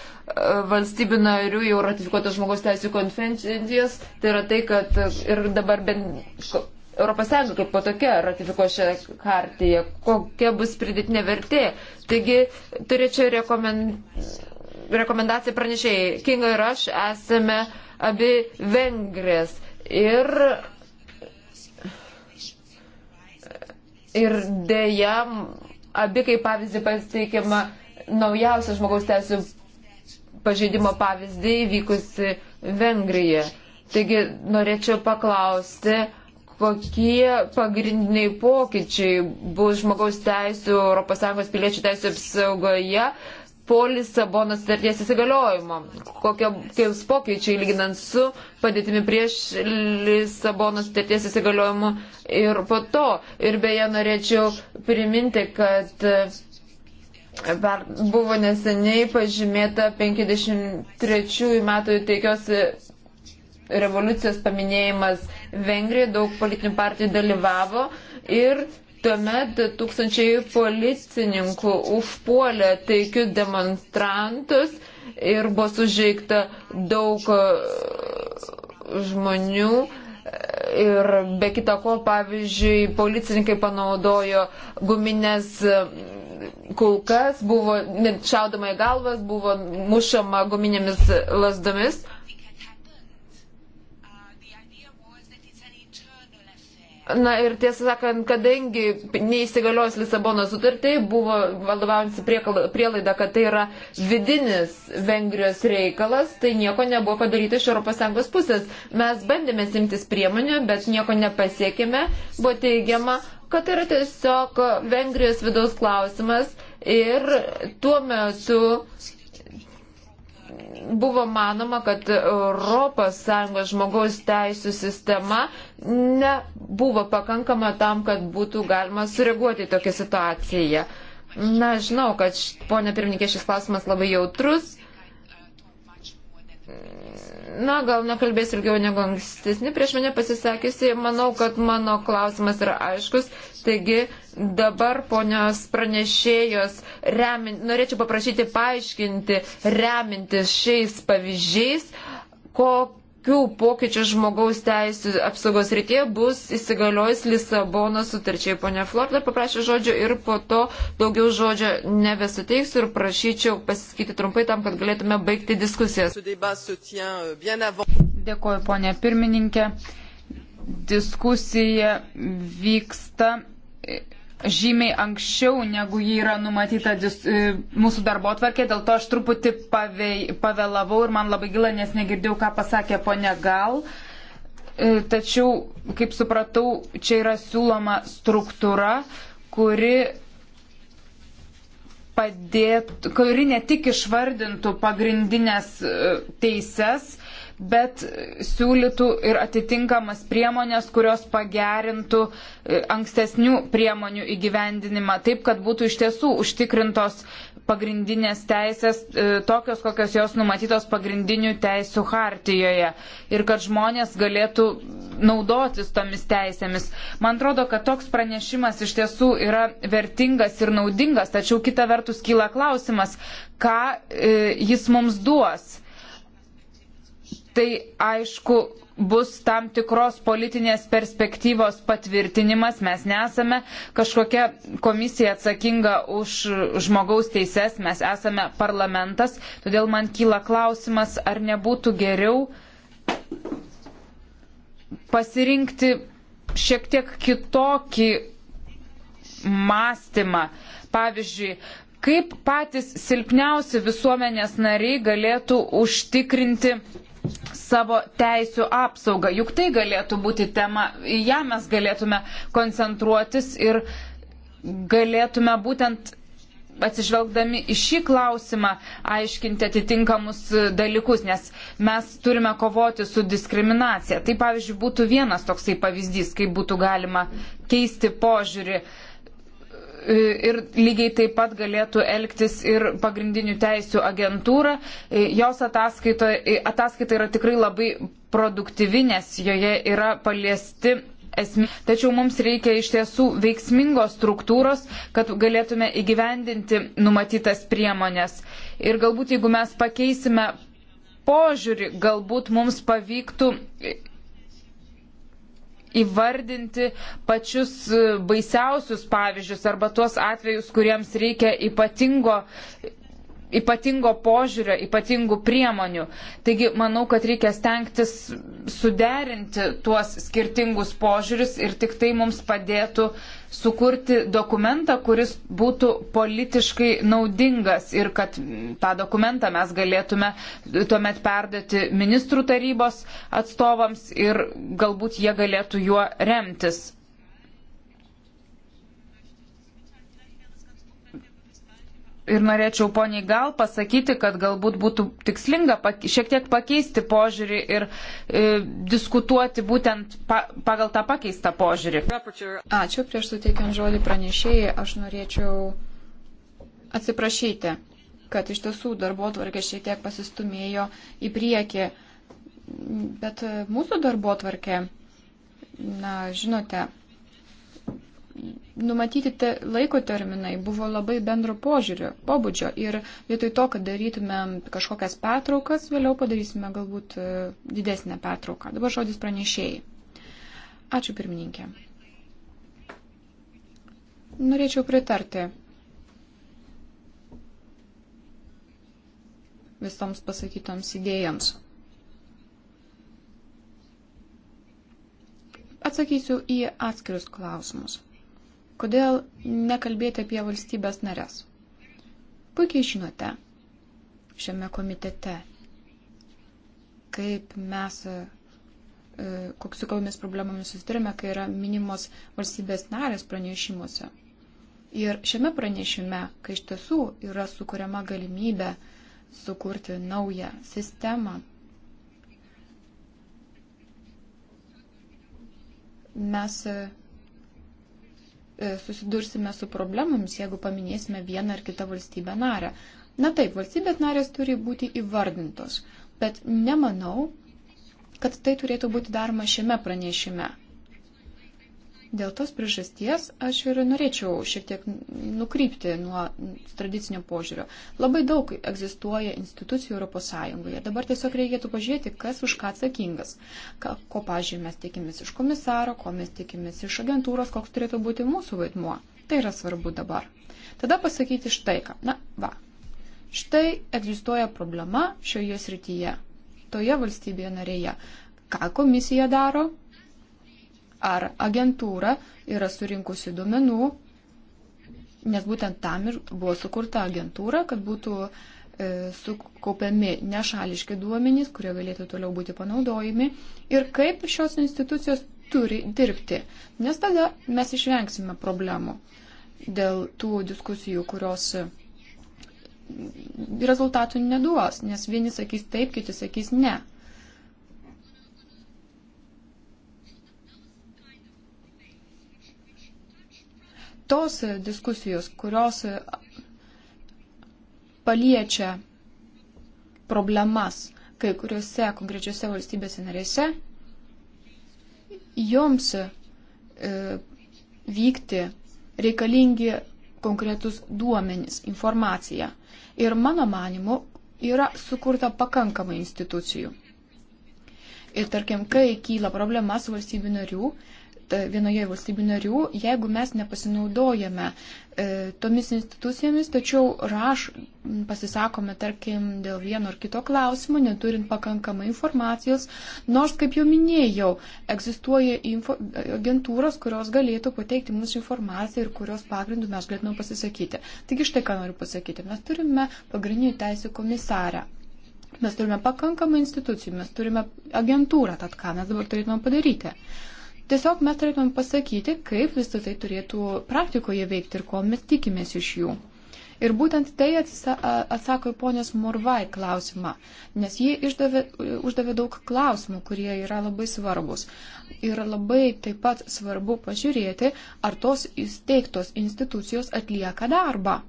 valstybių narių jau ratifikuotos žmogaus teisų konvencijos, tai yra tai, kad ir dabar ben, Europos Sąjunga kaip po tokia ratifikuo šią kartiją, kokia bus pridėtinė vertė. Taigi turėčiau rekomend... rekomendaciją pranešėjai. Kinga ir aš esame abi vengrės. Ir Ir dėja, abi kaip pavyzdį pasiteikiama naujausia žmogaus teisų pažeidimo pavyzdį įvykusi Vengrijoje. Taigi norėčiau paklausti, kokie pagrindiniai pokyčiai bus žmogaus teisų, ES piliečių teisų apsaugoje po Lisabono sutarties įsigaliojimo. Kokie kils pokyčiai lyginant su padėtimi prieš Lisabono sutarties įsigaliojimu ir po to. Ir beje, norėčiau priminti, kad Buvo neseniai pažymėta 53 metų taikios revoliucijos paminėjimas Vengrijoje, daug politinių partijų dalyvavo ir tuomet tūkstančiai policininkų užpuolė taikius demonstrantus ir buvo sužeikta daug e, žmonių. Ir be kita ko, pavyzdžiui, policininkai panaudojo guminės e, kulkas, buvo net šaudama į galvas, buvo mušama guminėmis lasdomis. Na ir tiesą sakant, kadangi neįsigalios Lisabono sutartai, buvo vadovaujantis prielaida, kad tai yra vidinis Vengrijos reikalas, tai nieko nebuvo padaryta iš ES pusės. Mes bandėme simtis priemonių, bet nieko nepasiekėme. Buvo teigiama, kad tai yra tiesiog Vengrijos vidaus klausimas ir tuo metu buvo manoma, kad ES žmogaus teisų sistema nebuvo pakankama tam, kad būtų galima sureaguoti į tokią situaciją. Na, žinau, kad, ponė pirmininkė, šis klausimas labai jautrus. Na, gal nekalbės ilgiau negu ankstesni prieš mane pasisakysi. Manau, kad mano klausimas yra aiškus. Taigi, Dabar ponios pranešėjos remin, norėčiau paprašyti paaiškinti, remintis šiais pavyzdžiais, kokių pokyčių žmogaus teisų apsaugos rytie bus įsigaliojus Lisabono sutarčiai. Pone Florida paprašė žodžio ir po to daugiau žodžio nebesuteiksiu ir prašyčiau pasisakyti trumpai tam, kad galėtume baigti diskusijas. Dėkuoju, ponė pirmininkė. Diskusija vyksta žymiai anksčiau, negu jį yra numatyta dis, e, mūsų darbo atvarkė, dėl to aš truputį pavei, pavėlavau ir man labai gila, nes negirdėjau, ką pasakė ponia Gal. E, tačiau, kaip supratau, čia yra siūloma struktūra, kuri, padėt, kuri ne tik išvardintų pagrindinės e, teises, bet siūlytų ir atitinkamas priemonės, kurios pagerintų e, ankstesnių priemonių įgyvendinimą, taip, kad būtų iš tiesų užtikrintos pagrindinės teisės, e, tokios, kokios jos numatytos pagrindinių teisų hartijoje ir kad žmonės galėtų naudotis tomis teisėmis. Man atrodo, kad toks pranešimas iš tiesų yra vertingas ir naudingas, tačiau kita vertus kyla klausimas, ką e, jis mums duos tai aišku bus tam tikros politinės perspektyvos patvirtinimas. Mes nesame kažkokia komisija atsakinga už žmogaus teises, mes esame parlamentas. Todėl man kyla klausimas, ar nebūtų geriau pasirinkti šiek tiek kitokį mąstymą. Pavyzdžiui, kaip patys silpniausi visuomenės nariai galėtų užtikrinti savo teisų apsaugą. Juk tai galėtų būti tema, į ją mes galėtume koncentruotis ir galėtume būtent atsižvelgdami į šį klausimą aiškinti atitinkamus dalykus, nes mes turime kovoti su diskriminacija. Tai pavyzdžiui būtų vienas toksai pavyzdys, kaip būtų galima keisti požiūrį uh, E, ir lygiai taip pat galėtų elgtis ir pagrindinių teisų agentūra. E, jos ataskaita, e, ataskaita yra tikrai labai produktyvi, nes joje yra paliesti esmė. Tačiau mums reikia iš tiesų veiksmingos struktūros, kad galėtume įgyvendinti numatytas priemonės. Ir galbūt jeigu mes pakeisime požiūrį, galbūt mums pavyktų įvardinti pačius e, baisiausius pavyzdžius arba tuos atvejus, kuriems reikia ypatingo ypatingo požiūrio, ypatingų priemonių. Taigi manau, kad reikia stengtis suderinti tuos skirtingus požiūrius ir tik tai mums padėtų sukurti dokumentą, kuris būtų politiškai naudingas ir kad tą dokumentą mes galėtume tuomet perduoti ministrų tarybos atstovams ir galbūt jie galėtų juo remtis. ir norėčiau poniai gal pasakyti, kad galbūt būtų tikslinga šiek tiek pakeisti požiūrį ir e, diskutuoti būtent pa, pagal tą pakeistą požiūrį. Ačiū, prieš suteikiant žodį pranešėjai, aš norėčiau atsiprašyti, kad iš tiesų darbo tvarkė šiek tiek pasistumėjo į priekį, bet mūsų darbo tvarkė, na, žinote, numatyti te, laiko terminai buvo labai bendro požiūrio, pobūdžio ir vietoj to, kad darytumėm kažkokias pertraukas, vėliau padarysime galbūt e, didesnę pertrauką. Dabar žodis pranešėjai. Ačiū pirmininkė. Norėčiau pritarti visoms pasakytoms idėjams. Atsakysiu į atskirius klausimus. Kodėl nekalbėti apie valstybės narės? Puikiai žinote šiame komitete, kaip mes, e, koks su kokiamis problemomis susitarėme, kai yra minimos valstybės narės pranešimuose. Ir šiame pranešime, kai iš tiesų yra sukuriama galimybė sukurti naują sistemą, mes e, E, susidursime su problemomis, jeigu paminėsime vieną ar kitą valstybę narę. Na taip, valstybės narės turi būti įvardintos, bet nemanau, kad tai turėtų būti daroma šiame pranešime. Dėl tos priežasties aš ir norėčiau šiek tiek nukrypti nuo tradicinio požiūrio. Labai daug egzistuoja institucijų ES. Dabar tiesiog reikėtų pažiūrėti, kas už ką atsakingas. Ka, ko, pažiūrėjau, mes tikimės iš komisaro, ko mes tikimės iš agentūros, koks turėtų būti mūsų vaidmuo. Tai yra svarbu dabar. Tada pasakyti štai ką. Na, va. Štai egzistuoja problema šioje srityje, toje valstybėje narėje. Ką komisija daro, ar agentūra yra surinkusi duomenų, nes būtent tam ir buvo sukurta agentūra, kad būtų e, sukaupiami nešališki duomenys, kurie galėtų toliau būti panaudojami ir kaip šios institucijos turi dirbti, nes tada mes išvengsime problemų dėl tų diskusijų, kurios rezultatų neduos, nes vieni sakys taip, kiti sakys ne. tos diskusijos, kurios paliečia problemas kai kuriuose konkrečiose valstybėse narėse, joms e, vykti reikalingi konkretus duomenys, informacija. Ir mano manimu, yra sukurta pakankamai institucijų. Ir tarkim, kai kyla problema su valstybių narių, E, vienoje valstybių narių, jeigu mes nepasinaudojame e, tomis institucijomis, tačiau raš pasisakome, tarkim, dėl vieno ar kito klausimo, neturint pakankamai informacijos, nors, kaip jau minėjau, egzistuoja info, agentūros, kurios galėtų pateikti mums informaciją ir kurios pagrindų mes galėtume pasisakyti. Taigi štai ką noriu pasakyti. Mes turime pagrindinių teisų komisarę. Mes turime pakankamą institucijų, mes turime agentūrą, tad ką mes dabar turėtume padaryti. Tiesiog mes turėtumėm pasakyti, kaip visą tai turėtų praktikoje veikti ir ko mes tikimės iš jų. Ir būtent tai atsako į ponios Morvai klausimą, nes ji išdavė, uždavė daug klausimų, kurie yra labai svarbus. Ir labai taip pat svarbu pažiūrėti, ar tos įsteigtos institucijos atlieka darbą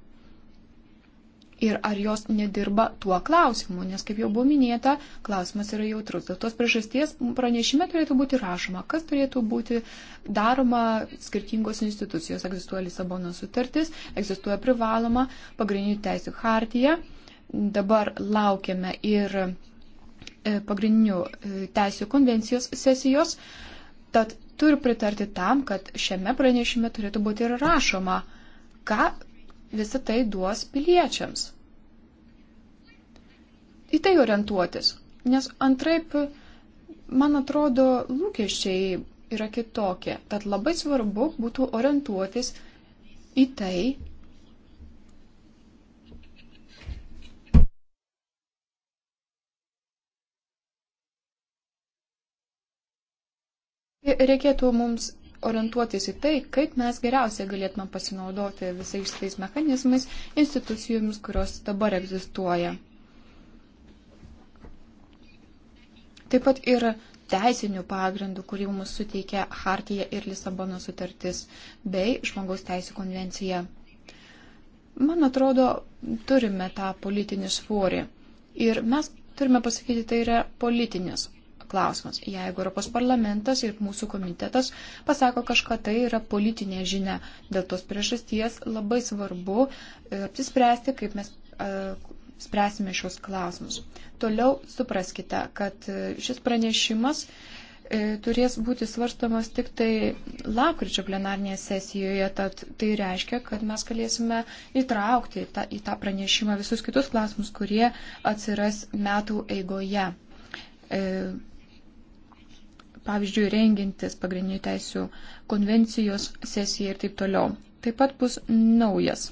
ir ar jos nedirba tuo klausimu, nes, kaip jau buvo minėta, klausimas yra jautrus. Dėl tos priežasties pranešime turėtų būti rašoma, kas turėtų būti daroma skirtingos institucijos. Egzistuoja Lisabono sutartis, egzistuoja privaloma pagrindinių teisų hartija. Dabar laukiame ir e, pagrindinių e, teisų konvencijos sesijos. Tad turiu pritarti tam, kad šiame pranešime turėtų būti ir rašoma, ką visą tai duos piliečiams į tai orientuotis, nes antraip, man atrodo, lūkesčiai yra kitokie. Tad labai svarbu būtų orientuotis į tai, Reikėtų mums orientuotis į tai, kaip mes geriausiai galėtume pasinaudoti visais tais mechanizmais, institucijomis, kurios dabar egzistuoja. taip pat ir teisinių pagrindų, kurį mums suteikia Hartija ir Lisabono sutartis bei Žmogaus teisų konvencija. Man atrodo, turime tą politinį svorį ir mes turime pasakyti, tai yra politinis klausimas. Jeigu Europos parlamentas ir mūsų komitetas pasako kažką, tai yra politinė žinia. Dėl tos priežasties labai svarbu e, apsispręsti, kaip mes e, spręsime šios klausimus. Toliau supraskite, kad e, šis pranešimas e, turės būti svarstamas tik tai lapkričio plenarnėje sesijoje, tad tai reiškia, kad mes galėsime įtraukti tą, į tą pranešimą visus kitus klausimus, kurie atsiras metų eigoje. E, pavyzdžiui, rengintis pagrindinių teisų konvencijos sesijai ir taip toliau. Taip pat bus naujas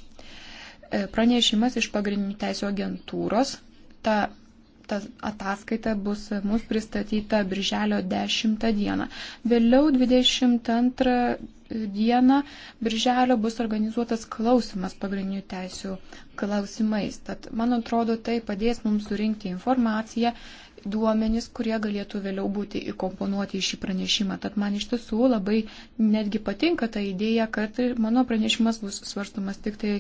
pranešimas iš pagrindinių teisų agentūros. Ta, ta ataskaita bus mums pristatyta birželio 10 dieną. Vėliau 22 dieną birželio bus organizuotas klausimas pagrindinių teisų klausimais. Tad, man atrodo, tai padės mums surinkti informaciją duomenys, kurie galėtų vėliau būti įkomponuoti į šį pranešimą. Tad man iš tiesų labai netgi patinka ta idėja, kad mano pranešimas bus svarstamas tik tai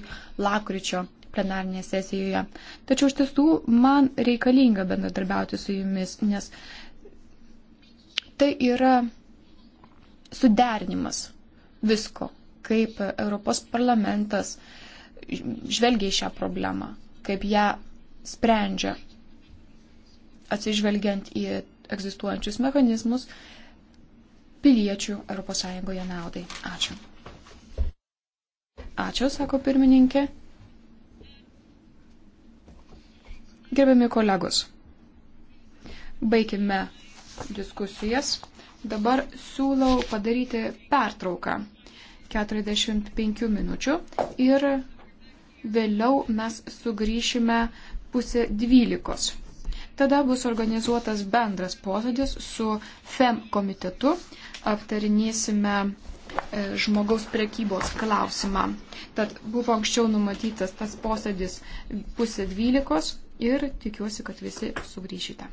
lakryčio plenarnėje sesijoje. Tačiau iš tiesų man reikalinga bendradarbiauti su jumis, nes tai yra suderinimas visko, kaip Europos parlamentas žvelgia į šią problemą, kaip ją sprendžia atsižvelgiant į egzistuojančius mechanizmus piliečių ES naudai. Ačiū. Ačiū, sako pirmininkė. Gerbiami kolegos, baigime diskusijas. Dabar siūlau padaryti pertrauką 45 minučių ir vėliau mes sugrįšime pusė dvylikos. Tada bus organizuotas bendras posėdis su FEM komitetu. Aptarinėsime e, žmogaus prekybos klausimą. Tad buvo anksčiau numatytas tas posėdis pusė dvylikos ir tikiuosi, kad visi sugrįšite.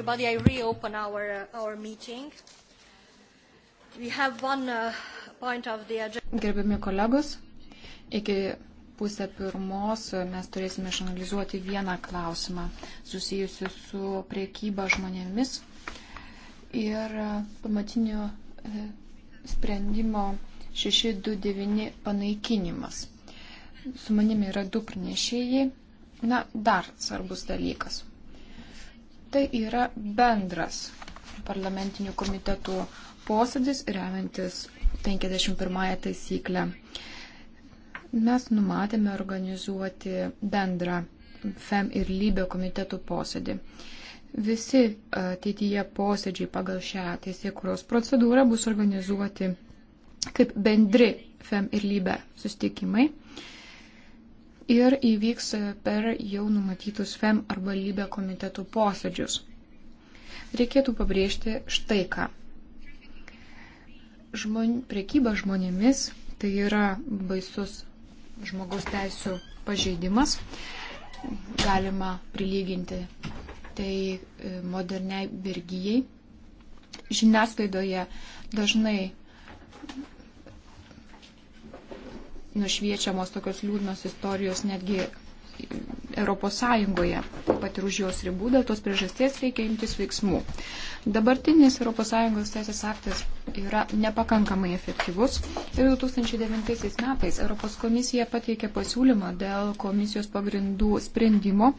everybody. I reopen our, uh, our meeting. We have one uh, point of the agenda. Gerbiami kolegos, iki pusę pirmos uh, mes turėsime išanalizuoti vieną klausimą susijusiu su priekyba žmonėmis ir uh, pamatinio uh, sprendimo 629 panaikinimas. Su manimi yra du pranešėjai. Na, dar svarbus dalykas. Tai yra bendras parlamentinių komitetų posėdis remiantis 51 taisyklę. Mes numatėme organizuoti bendrą FEM ir lybio e komitetų posėdį. Visi ateityje posėdžiai pagal šią teisėkuros procedūrą bus organizuoti kaip bendri FEM ir lybė e sustikimai. Uh, ir įvyks per jau numatytus FEM arba lybę komitetų posėdžius. Reikėtų pabrėžti štai ką. Žmon, prekyba žmonėmis tai yra baisus žmogaus teisų pažeidimas. Galima prilyginti tai e, moderniai vergyjai. Žiniasklaidoje dažnai nušviečiamos tokios liūdnos istorijos netgi Europos Sąjungoje, taip pat ir už jos ribų, dėl tos priežasties reikia imtis veiksmų. Dabartinis ES teisės aktas yra nepakankamai efektyvus ir 2009 metais Europos komisija pateikė pasiūlymą dėl komisijos pagrindų sprendimo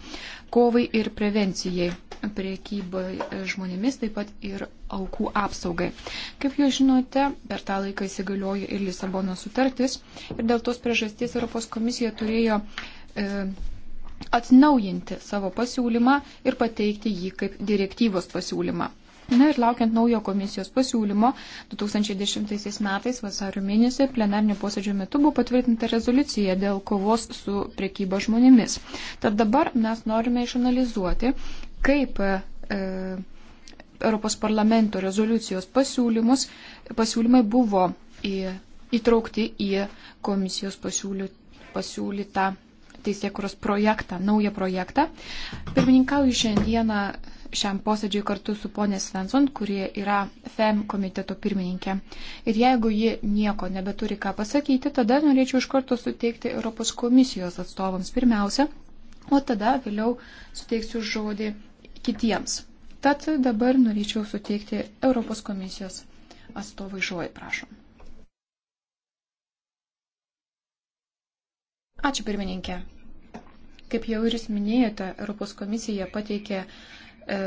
kovai ir prevencijai priekybai žmonėmis, taip pat ir aukų apsaugai. Kaip jūs žinote, per tą laiką įsigaliojo ir Lisabono sutartis ir dėl tos priežasties Europos komisija turėjo e, atnaujinti savo pasiūlymą ir pateikti jį kaip direktyvos pasiūlymą. Na ir laukiant naujo komisijos pasiūlymo, 2010 metais vasario mėnesį plenarnio posėdžio metu buvo patvirtinta rezoliucija dėl kovos su priekyba žmonėmis. Tad dabar mes norime išanalizuoti, kaip e, Europos parlamento rezoliucijos pasiūlymus, pasiūlymai buvo į, įtraukti į komisijos pasiūly, pasiūlytą teisėkuros projektą, naują projektą. Pirmininkauju šiandieną šiam posėdžiui kartu su ponė Svensson, kurie yra FEM komiteto pirmininkė. Ir jeigu ji nieko nebeturi ką pasakyti, tada norėčiau iš karto suteikti Europos komisijos atstovams pirmiausia, o tada vėliau suteiksiu žodį kitiems. Tad dabar norėčiau suteikti Europos komisijos atstovai žodį, prašom. Ačiū pirmininkė. Kaip jau ir jūs minėjote, Europos komisija pateikė E,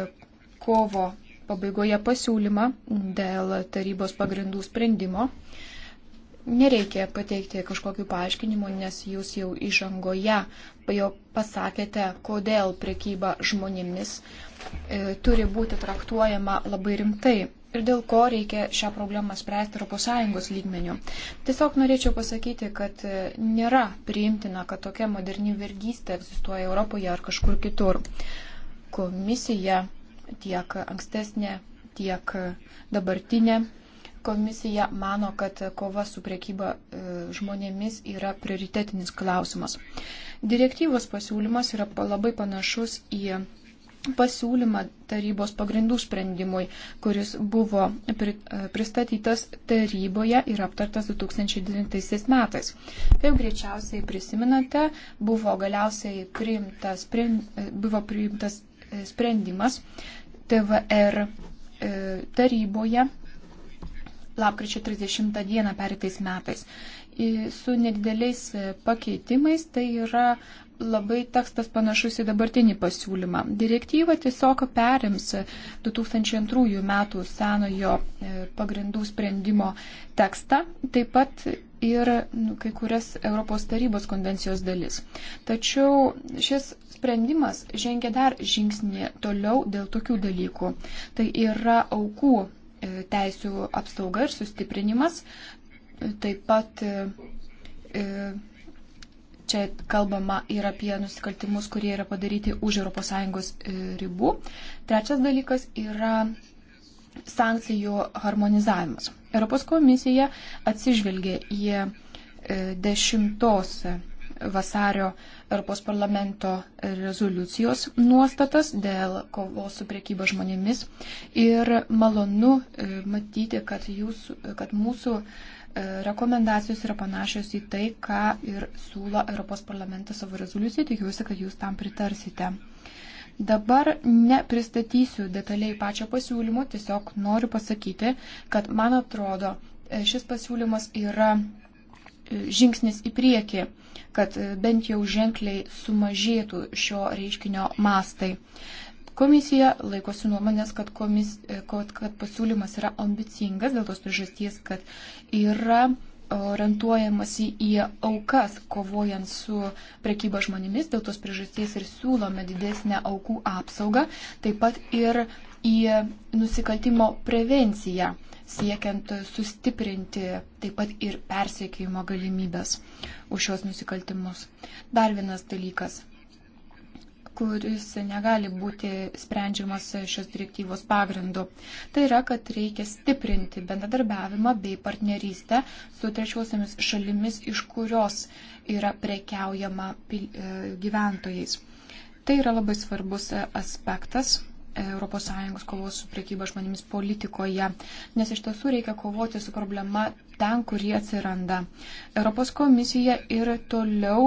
kovo pabaigoje pasiūlymą dėl tarybos pagrindų sprendimo. Nereikia pateikti kažkokių paaiškinimų, nes jūs jau įžangoje jau pasakėte, kodėl prekyba žmonėmis e, turi būti traktuojama labai rimtai ir dėl ko reikia šią problemą spręsti ES lygmeniu. Tiesiog norėčiau pasakyti, kad e, nėra priimtina, kad tokia moderni vergystė egzistuoja Europoje ar kažkur kitur. E, komisija, tiek ankstesnė, tiek dabartinė komisija mano, kad kova su priekyba e, žmonėmis yra prioritetinis klausimas. Direktyvos pasiūlymas yra labai panašus į pasiūlymą tarybos pagrindų sprendimui, kuris buvo e, pristatytas taryboje ir aptartas 2009 metais. Kaip greičiausiai prisiminate, buvo galiausiai priimtas, prim, e, buvo priimtas sprendimas TVR e, taryboje lapkričio 30 dieną pereitais metais. Su nedideliais e, pakeitimais tai yra labai tekstas panašus į dabartinį pasiūlymą. Direktyva tiesiog perims 2002 metų senojo e, pagrindų sprendimo tekstą, taip pat ir nu, kai kurias Europos tarybos konvencijos dalis. Tačiau šis sprendimas žengia dar žingsnį toliau dėl tokių dalykų. Tai yra aukų e, teisų apsauga ir sustiprinimas, taip pat e, čia kalbama ir apie nusikaltimus, kurie yra padaryti už ES e, ribų. Trečias dalykas yra sankcijų harmonizavimas. Europos komisija atsižvelgė į 10 e, vasario Europos parlamento rezoliucijos nuostatas dėl kovos su priekyba žmonėmis ir malonu e, matyti, kad, jūs, kad mūsų e, rekomendacijos yra panašios į tai, ką ir siūlo Europos parlamentas savo rezoliuciją, tikiuosi, kad jūs tam pritarsite. Dabar nepristatysiu detaliai pačio pasiūlymo, tiesiog noriu pasakyti, kad man atrodo, e, šis pasiūlymas yra e, žingsnis į priekį, kad e, bent jau ženkliai sumažėtų šio reiškinio mastai. Komisija laikosi nuomonės, kad, komis, kad, kad pasiūlymas yra ambicingas dėl tos priežasties, kad yra orientuojamasi į aukas, kovojant su prekyba žmonėmis, dėl tos priežasties ir siūlome didesnę aukų apsaugą, taip pat ir į nusikaltimo prevenciją, siekiant sustiprinti taip pat ir persiekėjimo galimybės už šios nusikaltimus. Dar vienas dalykas kuris negali būti sprendžiamas šios direktyvos pagrindu. Tai yra, kad reikia stiprinti bendradarbiavimą bei partnerystę su trečiosiamis šalimis, iš kurios yra prekiaujama e, gyventojais. Tai yra labai svarbus e, aspektas ES kovos su priekyba žmonėmis politikoje, nes iš tiesų reikia kovoti su problema ten, kur jie atsiranda. Europos komisija ir toliau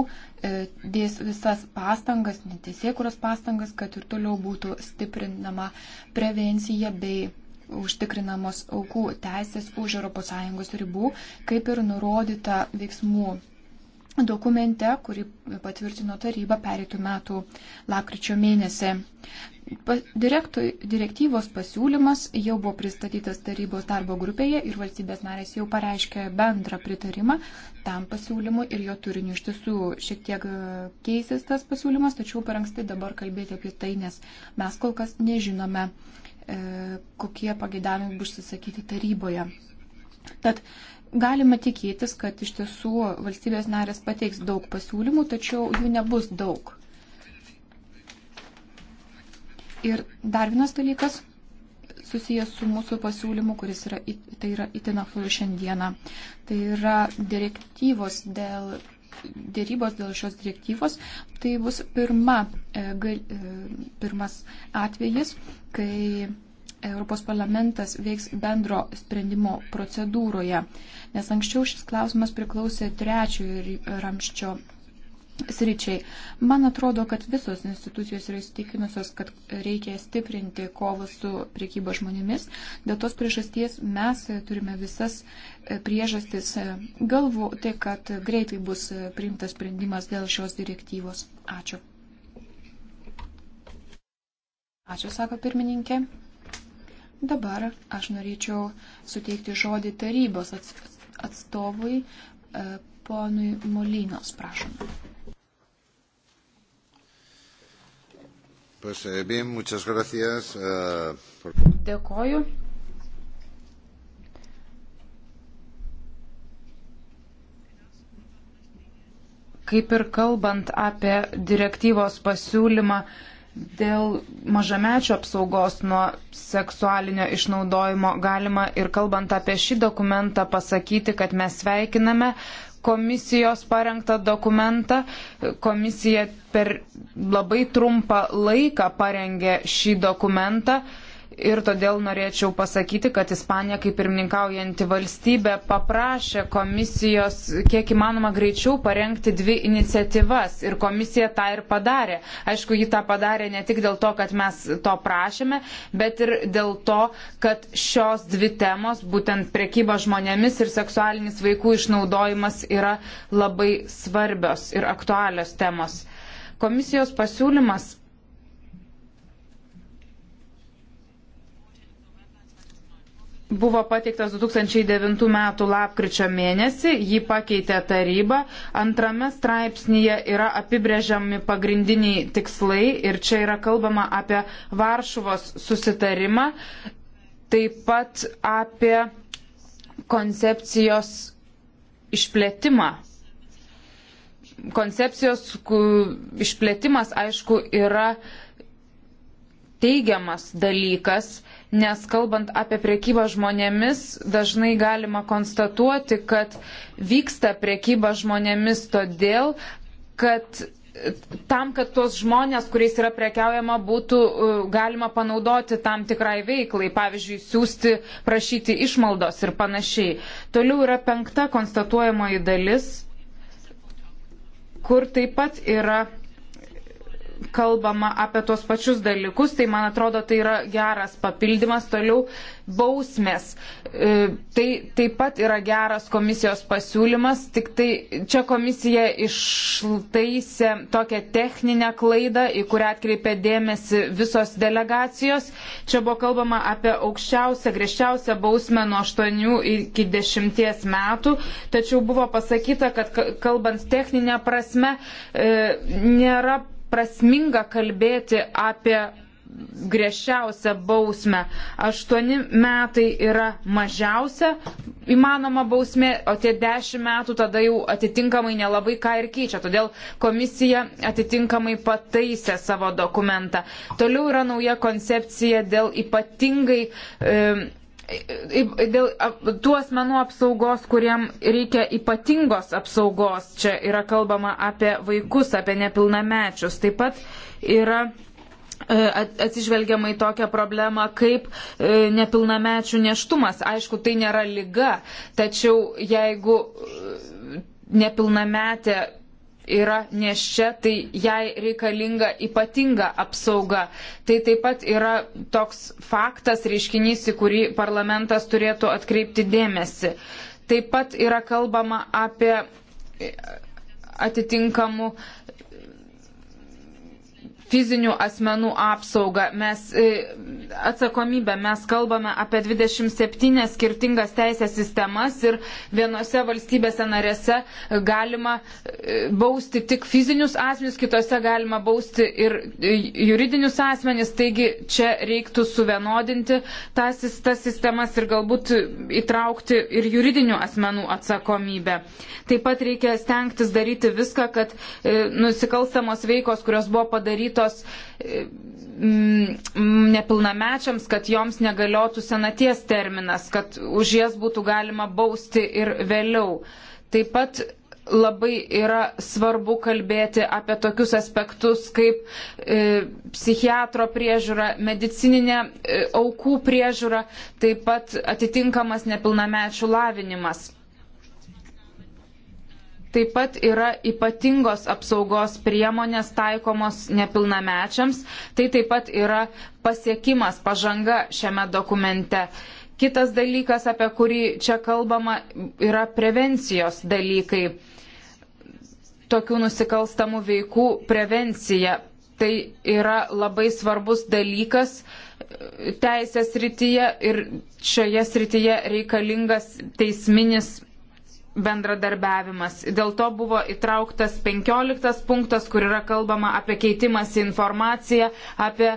e, dės visas pastangas, neteisėkuros pastangas, kad ir toliau būtų stiprinama prevencija bei užtikrinamos aukų teisės už ES ribų, kaip ir nurodyta veiksmų dokumente, kurį patvirtino taryba pereitų metų lakryčio mėnesį. Direktui, direktyvos pasiūlymas jau buvo pristatytas tarybos darbo grupėje ir valstybės narės jau pareiškė bendrą pritarimą tam pasiūlymui ir jo turiniu. Iš tiesų šiek tiek e, keisis tas pasiūlymas, tačiau per anksti dabar kalbėti apie tai, nes mes kol kas nežinome, e, kokie pagėdavimai bus susakyti taryboje. Tad Galima tikėtis, kad iš tiesų valstybės narės pateiks daug pasiūlymų, tačiau jų nebus daug. Ir dar vienas dalykas susijęs su mūsų pasiūlymu, kuris yra, tai yra itin aktualus šiandieną. Tai yra direktyvos dėl, dėrybos dėl šios direktyvos. Tai bus pirma, e, gal, e, pirmas atvejis, kai Europos parlamentas veiks bendro sprendimo procedūroje, nes anksčiau šis klausimas priklausė trečiojo ramščio sričiai. Man atrodo, kad visos institucijos yra įsitikinusios, kad reikia stiprinti kovą su priekyba žmonėmis. Dėl tos priežasties mes turime visas e, priežastis e, galvoti, kad greitai bus e, priimtas sprendimas dėl šios direktyvos. Ačiū. Ačiū, sako pirmininkė. Dabar aš norėčiau suteikti žodį tarybos atstovui e, ponui Molinos, prašom. Pues, eh, bien, muchas gracias. Uh, por... Dėkoju. Kaip ir kalbant apie direktyvos pasiūlymą, uh, Dėl mažamečio apsaugos nuo seksualinio išnaudojimo galima ir kalbant apie šį dokumentą pasakyti, kad mes sveikiname komisijos parengtą dokumentą. Komisija per labai trumpą laiką parengė šį dokumentą. Ir todėl norėčiau pasakyti, kad Ispanija kaip pirmininkaujanti valstybė paprašė komisijos kiek įmanoma greičiau parengti dvi iniciatyvas. Ir komisija tą ir padarė. Aišku, ji tą padarė ne tik dėl to, kad mes to prašėme, bet ir dėl to, kad šios dvi temos, būtent priekyba žmonėmis ir seksualinis vaikų išnaudojimas, yra labai svarbios ir aktualios temos. Komisijos pasiūlymas buvo pateiktas 2009 m. lapkričio mėnesį, jį pakeitė taryba. Antrame straipsnėje yra apibrėžiami pagrindiniai tikslai ir čia yra kalbama apie Varšuvos susitarimą, taip pat apie koncepcijos išplėtimą. Koncepcijos išplėtimas, aišku, yra teigiamas dalykas nes kalbant apie priekybą žmonėmis, dažnai galima konstatuoti, kad vyksta priekyba žmonėmis todėl, kad tam, kad tuos žmonės, kuriais yra prekiaujama, būtų e, galima panaudoti tam tikrai veiklai, pavyzdžiui, siūsti, prašyti išmaldos ir panašiai. Toliau yra penkta konstatuojamoji dalis, kur taip pat yra kalbama apie tos pačius dalykus, tai man atrodo, tai yra geras papildymas. Toliau bausmės. E, tai taip pat yra geras komisijos pasiūlymas, tik tai čia komisija ištaisė tokią techninę klaidą, į kurią atkreipė dėmesį visos delegacijos. Čia buvo kalbama apie aukščiausią, griežčiausią bausmę nuo 8 iki 10 metų, tačiau buvo pasakyta, kad kalbant techninę prasme, e, nėra prasminga kalbėti apie griežčiausią bausmę. Aštuoni metai yra mažiausia įmanoma bausmė, o tie dešimt metų tada jau atitinkamai nelabai ką ir keičia. Todėl komisija atitinkamai pataisė savo dokumentą. Toliau yra nauja koncepcija dėl ypatingai e, dėl tų asmenų apsaugos, kuriem reikia ypatingos apsaugos, čia yra kalbama apie vaikus, apie nepilnamečius. Taip pat yra e, atsižvelgiama į tokią problemą kaip e, nepilnamečių neštumas. Aišku, tai nėra lyga, tačiau jeigu e, nepilnametė yra neščia, tai jai reikalinga ypatinga apsauga. Tai taip pat yra toks faktas, reiškinys, į kurį parlamentas turėtų atkreipti dėmesį. Taip pat yra kalbama apie atitinkamų uh, fizinių asmenų apsaugą. Mes e, atsakomybę, mes kalbame apie 27 skirtingas teisės sistemas ir vienose valstybėse narėse galima e, bausti tik fizinius asmenys, kitose galima bausti ir e, juridinius asmenys. Taigi čia reiktų suvienodinti tas, tas sistemas ir galbūt įtraukti ir juridinių asmenų atsakomybę. Taip pat reikia stengtis daryti viską, kad nusikalstamos veikos, kurios buvo padarytos, numatytos mm, mm, nepilnamečiams, kad joms negaliotų senaties terminas, kad už jas būtų galima bausti ir vėliau. Taip pat labai yra svarbu kalbėti apie tokius aspektus kaip e, psichiatro priežiūra, medicininė e, aukų priežiūra, taip pat atitinkamas nepilnamečių lavinimas taip pat yra ypatingos apsaugos priemonės taikomos nepilnamečiams. Tai taip pat yra pasiekimas, pažanga šiame dokumente. Kitas dalykas, apie kurį čia kalbama, yra prevencijos dalykai. Tokių nusikalstamų veikų prevencija. Tai yra labai svarbus dalykas teisės rytyje ir šioje srityje reikalingas teisminis bendradarbiavimas. Dėl to buvo įtrauktas 15 punktas, kur yra kalbama apie keitimąsi informaciją, apie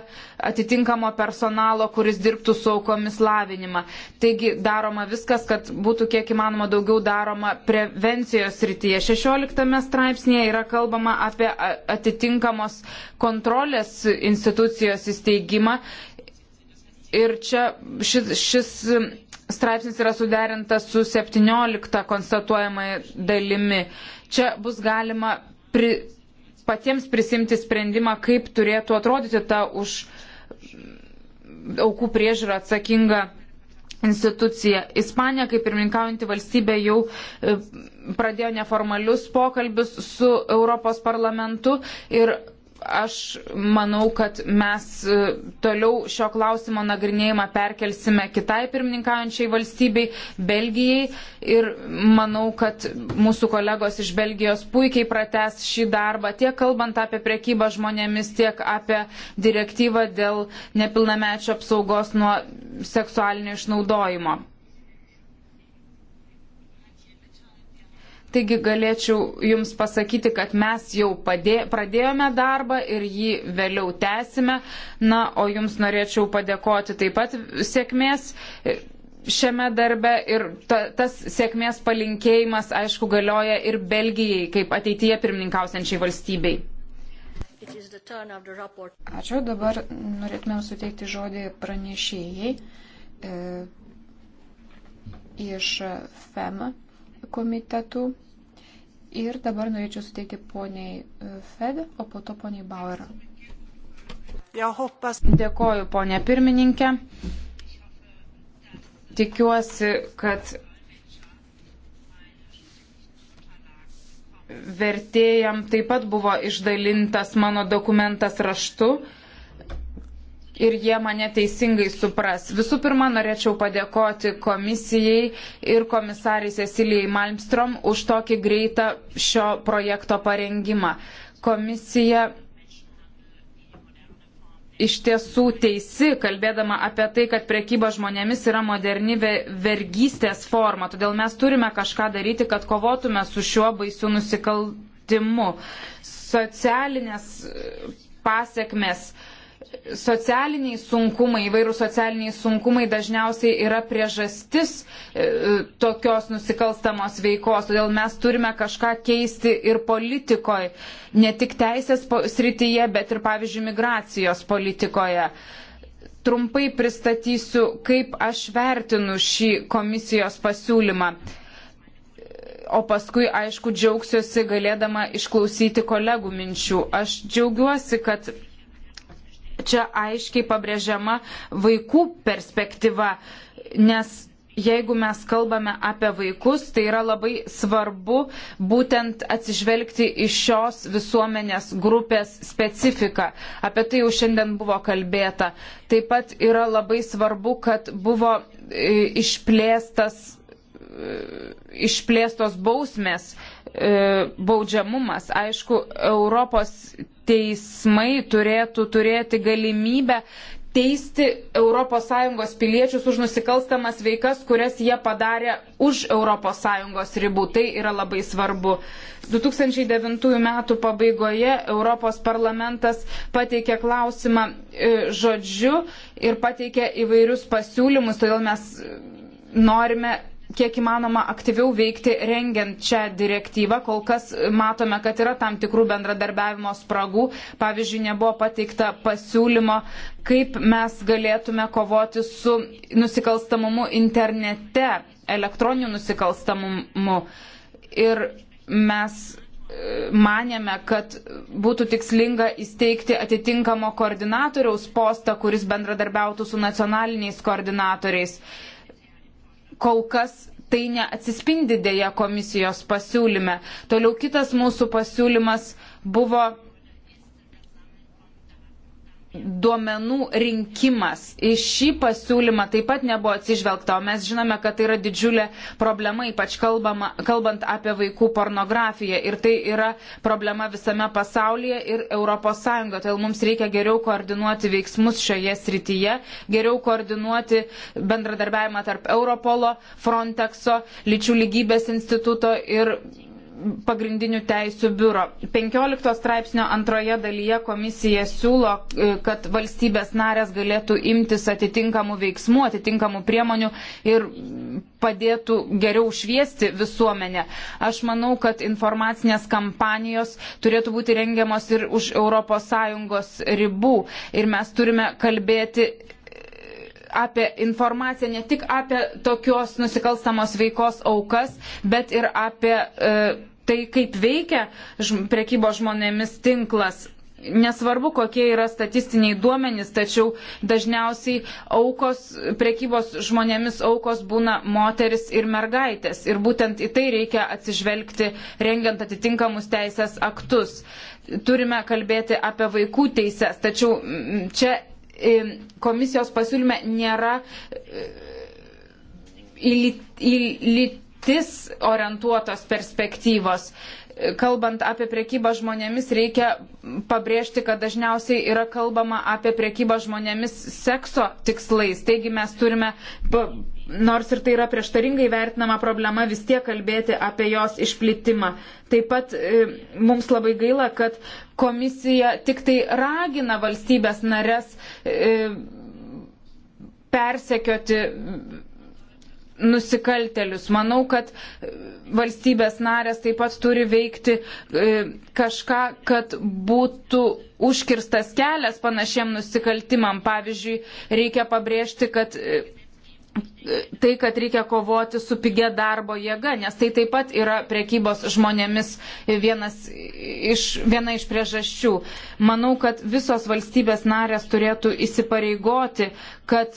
atitinkamo personalo, kuris dirbtų su aukomis lavinimą. Taigi daroma viskas, kad būtų kiek įmanoma daugiau daroma prevencijos rytyje. 16 straipsnėje yra kalbama apie atitinkamos kontrolės institucijos įsteigimą Ir čia šis, šis straipsnis yra suderintas su 17 konstatuojamai dalimi. Čia bus galima pri, patiems prisimti sprendimą, kaip turėtų atrodyti ta už aukų priežiūrą atsakinga institucija. Ispanija, kaip pirmininkaujanti valstybė, jau e, pradėjo neformalius pokalbius su Europos parlamentu ir aš manau, kad mes e, toliau šio klausimo nagrinėjimą perkelsime kitai pirmininkaujančiai valstybei, Belgijai. Ir manau, kad mūsų kolegos iš Belgijos puikiai prates šį darbą, tiek kalbant apie priekybą žmonėmis, tiek apie direktyvą dėl nepilnamečio apsaugos nuo seksualinio išnaudojimo. Taigi galėčiau Jums pasakyti, kad mes jau padė, pradėjome darbą ir jį vėliau tęsime. Na, o Jums norėčiau padėkoti taip pat sėkmės šiame darbe ir ta, tas sėkmės palinkėjimas, aišku, galioja ir Belgijai kaip ateityje pirmininkausiančiai valstybei. Ačiū, dabar norėtumėm suteikti žodį pranešėjai e, iš FEMA komitetų. Ir dabar norėčiau suteikti poniai e, Fed, o po to poniai Bauer. Dėkoju, ponė pirmininkė. Tikiuosi, kad vertėjam taip pat buvo išdalintas mano dokumentas raštu ir jie mane teisingai supras. Visų pirma, norėčiau padėkoti komisijai ir komisarai Cecilijai Malmstrom už tokį greitą šio projekto parengimą. Komisija iš tiesų teisi, kalbėdama apie tai, kad prekyba žmonėmis yra moderni vergystės forma. Todėl mes turime kažką daryti, kad kovotume su šiuo baisiu nusikaltimu. Socialinės pasiekmes uh, socialiniai sunkumai, įvairių socialiniai sunkumai dažniausiai yra priežastis e, tokios nusikalstamos veikos, todėl mes turime kažką keisti ir politikoje, ne tik teisės srityje, bet ir, pavyzdžiui, migracijos politikoje. Trumpai pristatysiu, kaip aš vertinu šį komisijos pasiūlymą o paskui, aišku, džiaugsiuosi galėdama išklausyti kolegų minčių. Aš džiaugiuosi, kad čia aiškiai pabrėžiama vaikų perspektyva, nes jeigu mes kalbame apie vaikus, tai yra labai svarbu būtent atsižvelgti iš šios visuomenės grupės specifiką. Apie tai jau šiandien buvo kalbėta. Taip pat yra labai svarbu, kad buvo e, išplėstas e, išplėstos bausmės E, baudžiamumas. Aišku, Europos teismai turėtų turėti galimybę teisti ES piliečius už nusikalstamas veikas, kurias jie padarė už ES ribų. Tai yra labai svarbu. 2009 m. pabaigoje Europos parlamentas pateikė klausimą e, žodžiu ir pateikė įvairius pasiūlymus, todėl mes norime kiek įmanoma aktyviau veikti rengiant šią direktyvą. Kol kas matome, kad yra tam tikrų bendradarbiavimo spragų. Pavyzdžiui, nebuvo pateikta pasiūlymo, kaip mes galėtume kovoti su nusikalstamumu internete, elektroniniu nusikalstamumu. Ir mes e, manėme, kad būtų tikslinga įsteigti atitinkamo koordinatoriaus postą, kuris bendradarbiautų su nacionaliniais koordinatoriais kol kas tai neatsispindi dėja komisijos pasiūlyme. Toliau kitas mūsų pasiūlymas buvo duomenų rinkimas. Į šį pasiūlymą taip pat nebuvo atsižvelgta, o mes žinome, kad tai yra didžiulė problema, ypač kalbama, kalbant apie vaikų pornografiją. Ir tai yra problema visame pasaulyje ir ES. Todėl mums reikia geriau koordinuoti veiksmus šioje srityje, geriau koordinuoti bendradarbiavimą tarp Europolo, Frontexo, lyčių lygybės instituto ir pagrindinių teisų biuro. 15 straipsnio antroje dalyje komisija siūlo, e, kad valstybės narės galėtų imtis atitinkamų veiksmų, atitinkamų priemonių ir padėtų geriau šviesti visuomenę. Aš manau, kad informacinės kampanijos turėtų būti rengiamos ir už ES ribų. Ir mes turime kalbėti apie informaciją ne tik apie tokios nusikalstamos veikos aukas, bet ir apie e, tai, kaip veikia prekybo žmonėmis tinklas. Nesvarbu, kokie yra statistiniai duomenys, tačiau dažniausiai aukos, prekybos žmonėmis aukos būna moteris ir mergaitės. Ir būtent į tai reikia atsižvelgti, rengiant atitinkamus teisės aktus. Turime kalbėti apie vaikų teises, tačiau čia komisijos pasiūlyme nėra į, į, į ateitis orientuotos perspektyvos. Kalbant apie priekybą žmonėmis, reikia pabrėžti, kad dažniausiai yra kalbama apie priekybą žmonėmis sekso tikslais. Taigi mes turime nors ir tai yra prieštaringai vertinama problema, vis tiek kalbėti apie jos išplitimą. Taip pat e, mums labai gaila, kad komisija tik tai ragina valstybės nares e, persekioti nusikaltelius. Manau, kad valstybės narės taip pat turi veikti e, kažką, kad būtų užkirstas kelias panašiem nusikaltimam. Pavyzdžiui, reikia pabrėžti, kad e, tai, kad reikia kovoti su pigia darbo jėga, nes tai taip pat yra priekybos žmonėmis vienas iš, viena iš priežasčių. Manau, kad visos valstybės narės turėtų įsipareigoti, kad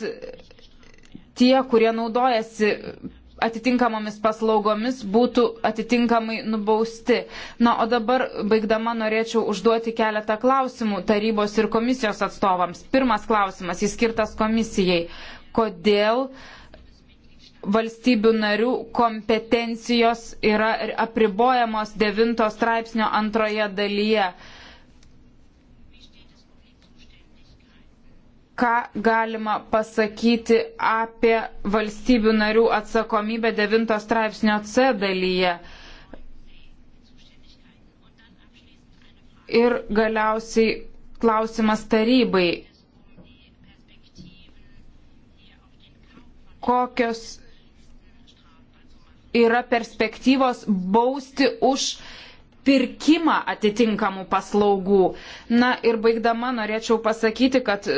tie, kurie naudojasi atitinkamomis paslaugomis būtų atitinkamai nubausti. Na, o dabar, baigdama, norėčiau užduoti keletą klausimų tarybos ir komisijos atstovams. Pirmas klausimas, jis skirtas komisijai. Kodėl valstybių narių kompetencijos yra apribojamos 9 straipsnio antroje dalyje? ką galima pasakyti apie valstybių narių atsakomybę 9 straipsnio C dalyje. Ir galiausiai klausimas tarybai. Kokios yra perspektyvos bausti už pirkimą atitinkamų paslaugų. Na ir baigdama norėčiau pasakyti, kad e,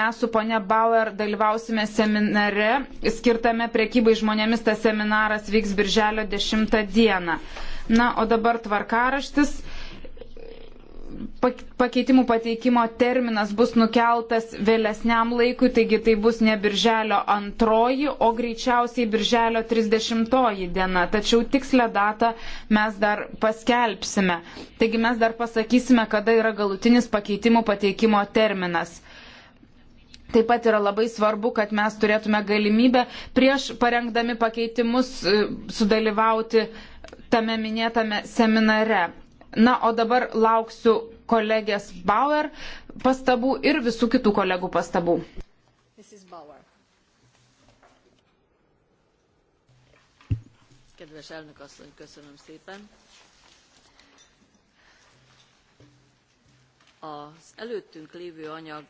mes su ponia Bauer dalyvausime seminare, skirtame priekybai žmonėmis, tas seminaras vyks birželio 10 dieną. Na, o dabar tvarkaraštis pakeitimų pateikimo terminas bus nukeltas vėlesniam laikui, taigi tai bus ne birželio antroji, o greičiausiai birželio 30 diena. Tačiau tikslę datą mes dar paskelbsime. Taigi mes dar pasakysime, kada yra galutinis pakeitimų pateikimo terminas. Taip pat yra labai svarbu, kad mes turėtume galimybę prieš parengdami pakeitimus e, sudalyvauti tame minėtame seminare. Na, o dabar lauksiu kolegės Bauer pastabų ir visų kitų kolegų pastabų. Kedves elnök asszony, köszönöm szépen. Az előttünk lévő anyag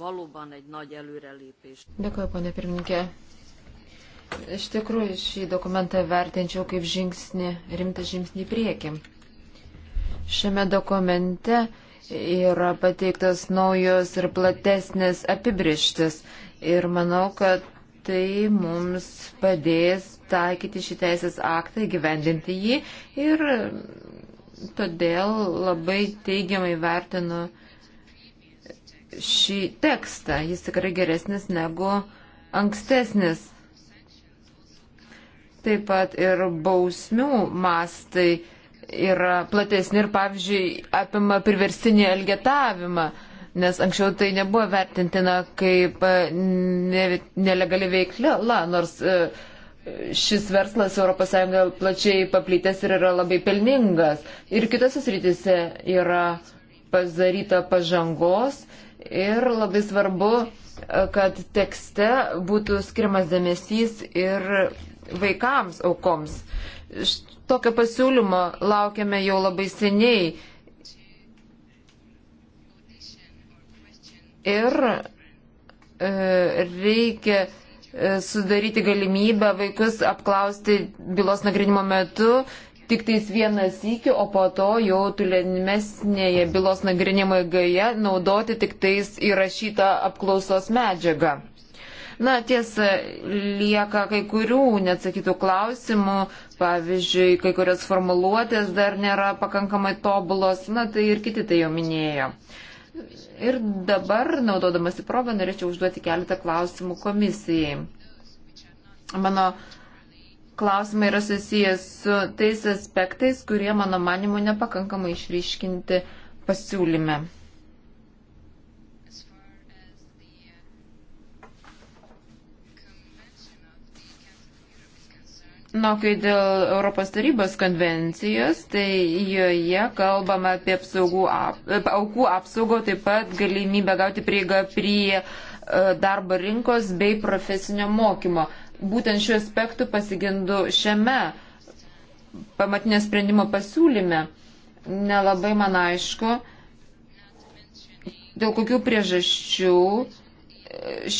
valóban egy nagy előrelépés. Dėkuoju, ponė pirmininkė. Iš tikrųjų, šį dokumentą vertinčiau kaip žingsnį, rimtą žingsnį priekim. Šiame dokumente yra pateiktas naujos ir platesnės apibrištis ir manau, kad tai mums padės taikyti šį teisės aktą, gyvendinti jį ir todėl labai teigiamai vertinu šį tekstą. Jis tikrai geresnis negu ankstesnis. Taip pat ir bausmių mastai yra platesni ir, pavyzdžiui, apima priverstinį elgetavimą, nes anksčiau tai nebuvo vertintina kaip e, ne, nelegali veikla, la, nors e, šis verslas ES plačiai paplytęs ir yra labai pelningas. Ir kitose srityse yra padaryta pažangos ir labai svarbu, e, kad tekste būtų skirimas dėmesys ir vaikams aukoms. Tokio pasiūlymo laukiame jau labai seniai. Ir e, reikia e, sudaryti galimybę vaikus apklausti bylos nagrinimo metu tik tais vienas iki, o po to jau tulenimesnėje bylos nagrinimo įgoje naudoti tik tais įrašytą apklausos medžiagą. Na, tiesa, lieka kai kurių neatsakytų klausimų, pavyzdžiui, kai kurios formuluotės dar nėra pakankamai tobulos, na, tai ir kiti tai jau minėjo. Ir dabar, naudodamasi progą, norėčiau užduoti keletą klausimų komisijai. Mano klausimai yra susijęs su tais aspektais, kurie, mano manimu, nepakankamai išryškinti pasiūlyme. Na, kai dėl Europos tarybos konvencijos, tai joje kalbama apie apsaugų, ap, e, aukų apsaugą, taip pat galimybę gauti prieigą prie e, darbo rinkos bei profesinio mokymo. Būtent šiuo aspektu pasigendu šiame pamatinio sprendimo pasiūlyme. Nelabai man aišku, dėl kokių priežasčių e,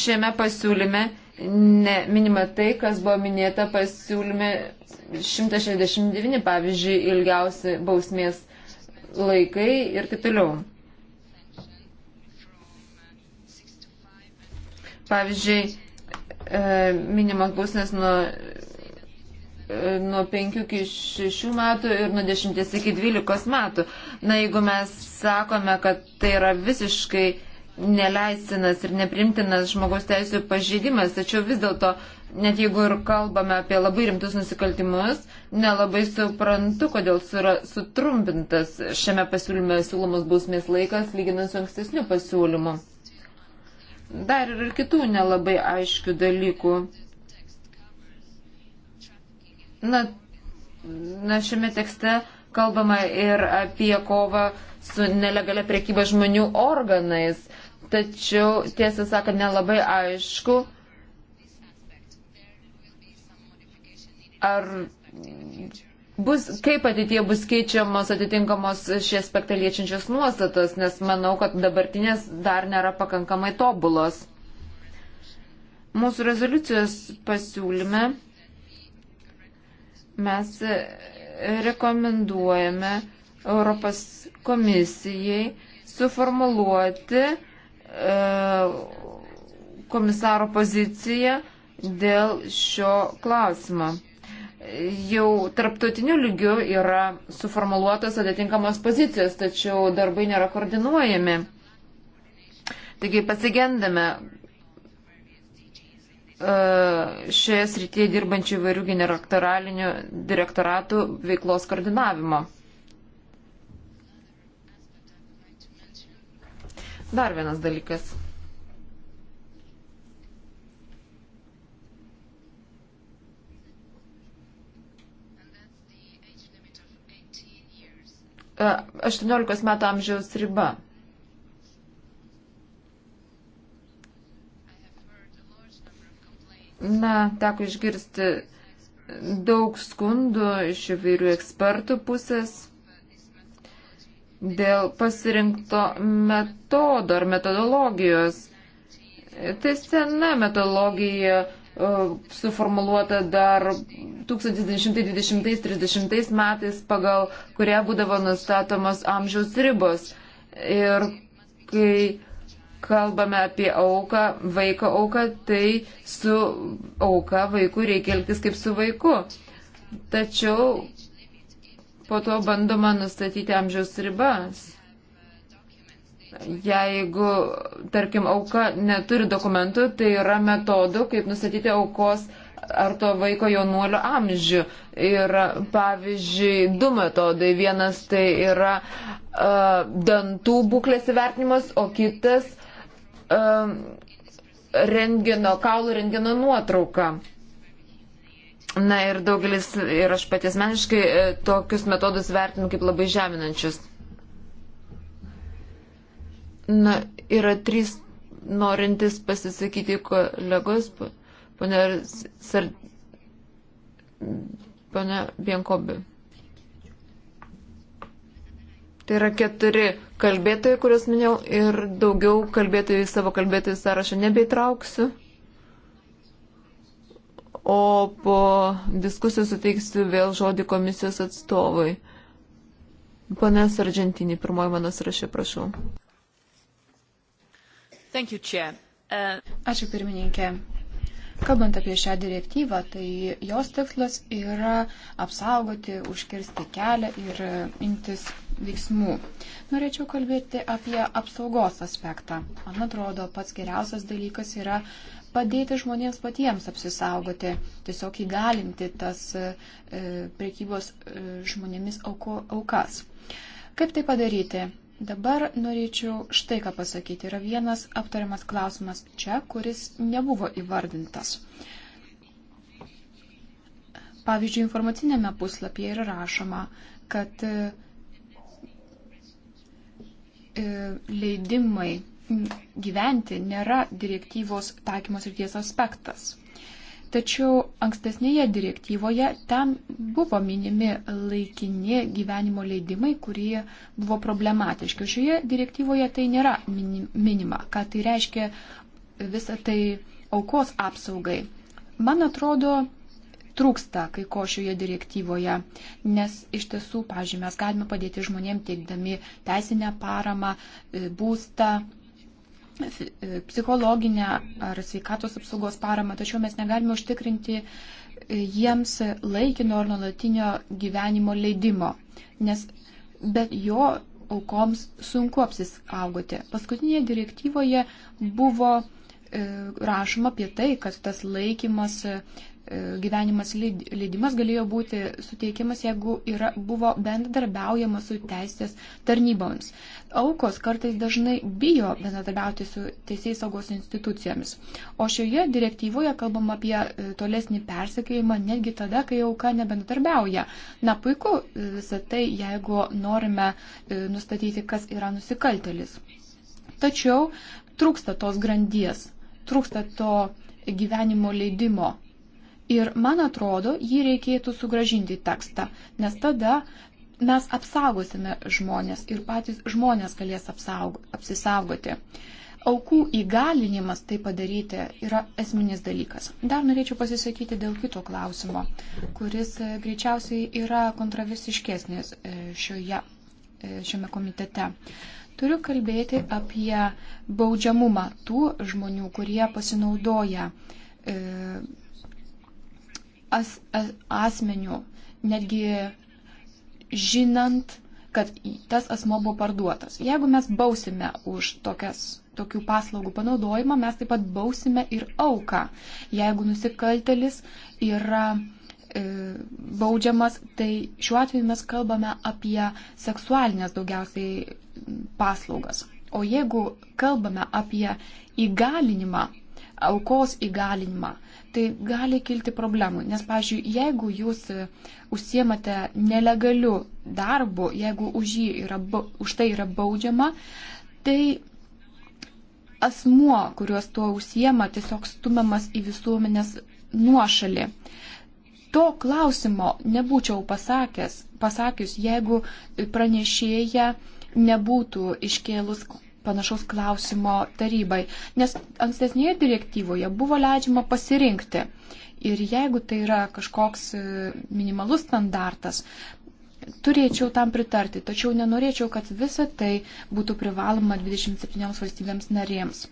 šiame pasiūlyme ne, minima tai, kas buvo minėta pasiūlyme 169, pavyzdžiui, ilgiausi bausmės laikai ir taip toliau. Pavyzdžiui, e, minimas bausmės nuo, e, nuo 5 iki 6 metų ir nuo 10 iki 12 metų. Na, jeigu mes sakome, kad tai yra visiškai neleistinas ir neprimtinas žmogaus teisų pažeidimas, tačiau vis dėlto, net jeigu ir kalbame apie labai rimtus nusikaltimus, nelabai suprantu, kodėl sura, sutrumpintas šiame pasiūlyme siūlomos bausmės laikas, lyginant su ankstesniu pasiūlymu. Dar ir kitų nelabai aiškių dalykų. Na, na šiame tekste kalbama ir apie kovą su nelegalia priekyba žmonių organais tačiau tiesą sakant nelabai aišku, ar bus, kaip ateitie bus keičiamos atitinkamos šie aspektai liečiančios nuostatos, nes manau, kad dabartinės dar nėra pakankamai tobulos. Mūsų rezoliucijos pasiūlyme mes rekomenduojame Europos komisijai suformuluoti komisaro poziciją dėl šio klausimo. Jau tarptautiniu lygiu yra suformuoluotos atitinkamos pozicijos, tačiau darbai nėra koordinuojami. Taigi pasigendame e, šioje srityje dirbančių įvairių generatoralinių direktoratų veiklos koordinavimo. Dar vienas dalykas. E, 18 metų amžiaus riba. Na, teko išgirsti daug skundų iš įvairių ekspertų pusės dėl pasirinkto metodo ar metodologijos. Tai sena metodologija e, suformuluota dar 1920-30 metais, pagal kurią būdavo nustatomos amžiaus ribos. Ir kai kalbame apie auką, vaiko auką, tai su auka vaiku reikia elgtis kaip su vaiku. Tačiau po to bandoma nustatyti amžiaus ribas. Jeigu, tarkim, auka neturi dokumentų, tai yra metodų, kaip nustatyti aukos ar to vaiko jaunuolio amžių. Ir pavyzdžiui, du metodai. Vienas tai yra uh, dantų būklės įvertinimas, o kitas uh, e, rengino, kaulų rengino nuotrauka. Uh, Na ir daugelis, ir aš pati asmeniškai, e, tokius metodus vertinu kaip labai žeminančius. Na, yra trys norintys pasisakyti kolegos, ponia Sard... Pane Bienkobi. Tai yra keturi kalbėtojai, kuriuos minėjau, ir daugiau kalbėtojų į savo kalbėtojų sąrašą nebeitrauksiu o po diskusijos suteiksiu vėl žodį komisijos atstovui. Panas Argentinį, pirmoji mano sąrašė, prašau. Thank you, Chair. Uh... Ačiū pirmininkė. Kalbant apie šią direktyvą, tai jos tikslas yra apsaugoti, užkirsti kelią ir imtis veiksmų. Norėčiau kalbėti apie apsaugos aspektą. Man atrodo, pats geriausias dalykas yra uh, padėti žmonėms patiems apsisaugoti, tiesiog įgalinti tas e, priekybos e, žmonėmis aukas. Kaip tai padaryti? Dabar norėčiau štai ką pasakyti. Yra vienas aptariamas klausimas čia, kuris nebuvo įvardintas. Pavyzdžiui, informacinėme puslapyje yra rašoma, kad e, leidimai gyventi nėra direktyvos taikymos ryties aspektas. Tačiau ankstesnėje direktyvoje ten buvo minimi laikini gyvenimo leidimai, kurie buvo problematiški. Šioje direktyvoje tai nėra minima, ką tai reiškia visą tai aukos apsaugai. Man atrodo, trūksta kai ko šioje direktyvoje, nes iš tiesų, pažiūrėjau, mes galime padėti žmonėm teikdami teisinę paramą, būstą, E, psichologinę ar sveikatos apsaugos paramą, tačiau mes negalime užtikrinti e, jiems laikino ar nuolatinio gyvenimo leidimo, nes be jo aukoms sunku apsisaugoti. Paskutinėje direktyvoje buvo e, rašoma apie tai, kad tas laikymas E, gyvenimas leidimas galėjo būti suteikiamas, jeigu yra, buvo bendradarbiaujama su teisės tarnyboms. Aukos kartais dažnai bijo bendradarbiauti su teisės saugos institucijomis. O šioje direktyvoje kalbam apie e, tolesnį persekėjimą netgi tada, kai auka nebendradarbiauja. Na puiku e, visą tai, jeigu norime nustatyti, kas yra nusikaltelis. Tačiau trūksta tos grandies, trūksta to gyvenimo leidimo Ir man atrodo, jį reikėtų sugražinti į tekstą, nes tada mes apsaugosime žmonės ir patys žmonės galės apsaugo, apsisaugoti. Aukų įgalinimas tai padaryti yra esminis dalykas. Dar norėčiau pasisakyti dėl kito klausimo, kuris e, greičiausiai yra kontroversiškesnis e, šioje, e, šiame komitete. Turiu kalbėti apie baudžiamumą tų žmonių, kurie pasinaudoja e, as, as, asmenių, netgi žinant, kad tas asmo buvo parduotas. Jeigu mes bausime už tokias, tokių paslaugų panaudojimą, mes taip pat bausime ir auką. Jeigu nusikaltelis yra e, baudžiamas, tai šiuo atveju mes kalbame apie seksualinės daugiausiai paslaugas. O jeigu kalbame apie įgalinimą, aukos įgalinimą, tai gali kilti problemų. Nes, pavyzdžiui, jeigu jūs e, užsiemate nelegaliu darbu, jeigu už, yra, už tai yra baudžiama, tai asmuo, kuriuos tuo užsiema, tiesiog stumiamas į visuomenės nuošalį. To klausimo nebūčiau pasakęs, pasakius, jeigu pranešėja nebūtų iškėlus panašaus klausimo tarybai, nes ankstesnėje direktyvoje buvo leidžiama pasirinkti. Ir jeigu tai yra kažkoks e, minimalus standartas, turėčiau tam pritarti, tačiau nenorėčiau, kad visa tai būtų privaloma 27 valstybėms narėms.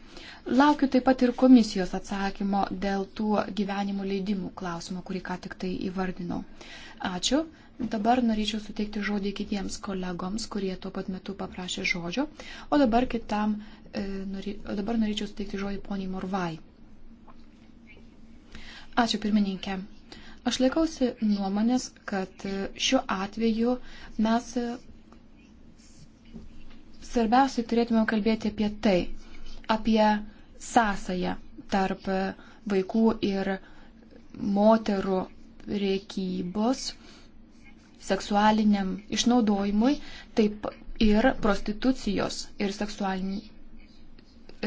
Laukiu taip pat ir komisijos atsakymo dėl tų gyvenimo leidimų klausimo, kurį ką tik tai įvardinau. Ačiū. Dabar norėčiau suteikti žodį kitiems kolegoms, kurie tuo pat metu paprašė žodžio. O dabar, kitam, e, norė, o dabar norėčiau suteikti žodį poniai Morvai. Ačiū pirmininkė. Aš laikausi nuomonės, kad šiuo atveju mes svarbiausiai turėtume kalbėti apie tai, apie sąsają tarp vaikų ir moterų priekybos seksualiniam išnaudojimui, taip ir prostitucijos ir seksualinių,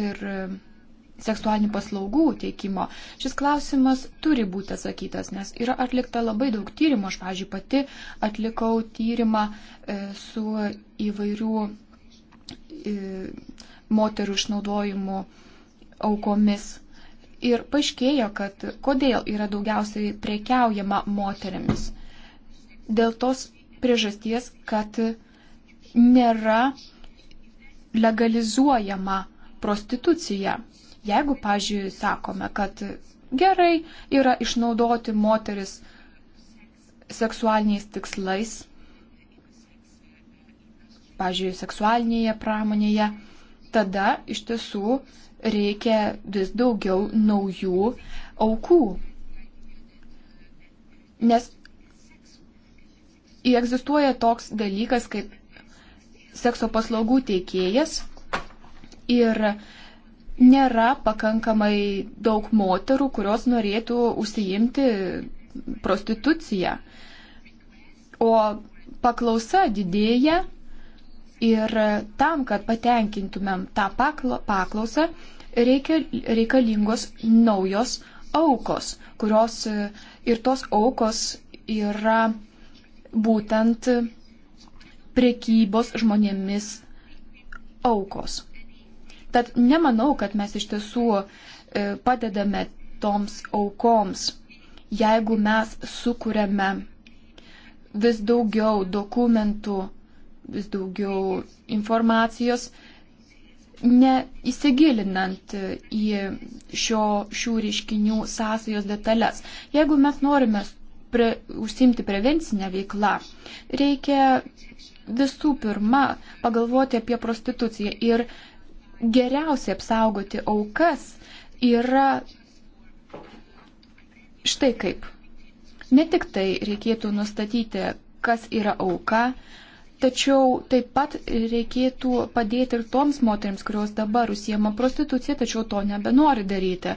ir e, seksualinių paslaugų teikimo. Šis klausimas turi būti atsakytas, nes yra atlikta labai daug tyrimų. Aš, pavyzdžiui, pati atlikau tyrimą e, su įvairių e, moterų išnaudojimu aukomis. Ir paaiškėjo, kad kodėl yra daugiausiai prekiaujama moteriamis dėl tos priežasties, kad nėra legalizuojama prostitucija. Jeigu, pažiūrėjau, sakome, kad gerai yra išnaudoti moteris seksualiniais tikslais, pažiūrėjau, seksualinėje pramonėje, tada iš tiesų reikia vis daugiau naujų aukų. Nes egzistuoja toks dalykas kaip sekso paslaugų teikėjas ir nėra pakankamai daug moterų, kurios norėtų užsiimti prostituciją. O paklausa didėja ir tam, kad patenkintumėm tą paklausą, reikia, reikalingos naujos aukos, kurios ir tos aukos yra būtent priekybos žmonėmis aukos. Tad nemanau, kad mes iš tiesų e, padedame toms aukoms, jeigu mes sukūrėme vis daugiau dokumentų, vis daugiau informacijos, neįsigilinant į šio, šių reiškinių sąsajos detalės. Jeigu mes norime pre, užsimti prevencinę veiklą, reikia visų pirma pagalvoti apie prostituciją ir geriausiai apsaugoti aukas yra štai kaip. Ne tik tai reikėtų nustatyti, kas yra auka, tačiau taip pat reikėtų padėti ir toms moteriams, kurios dabar užsiema prostituciją, tačiau to nebenori daryti.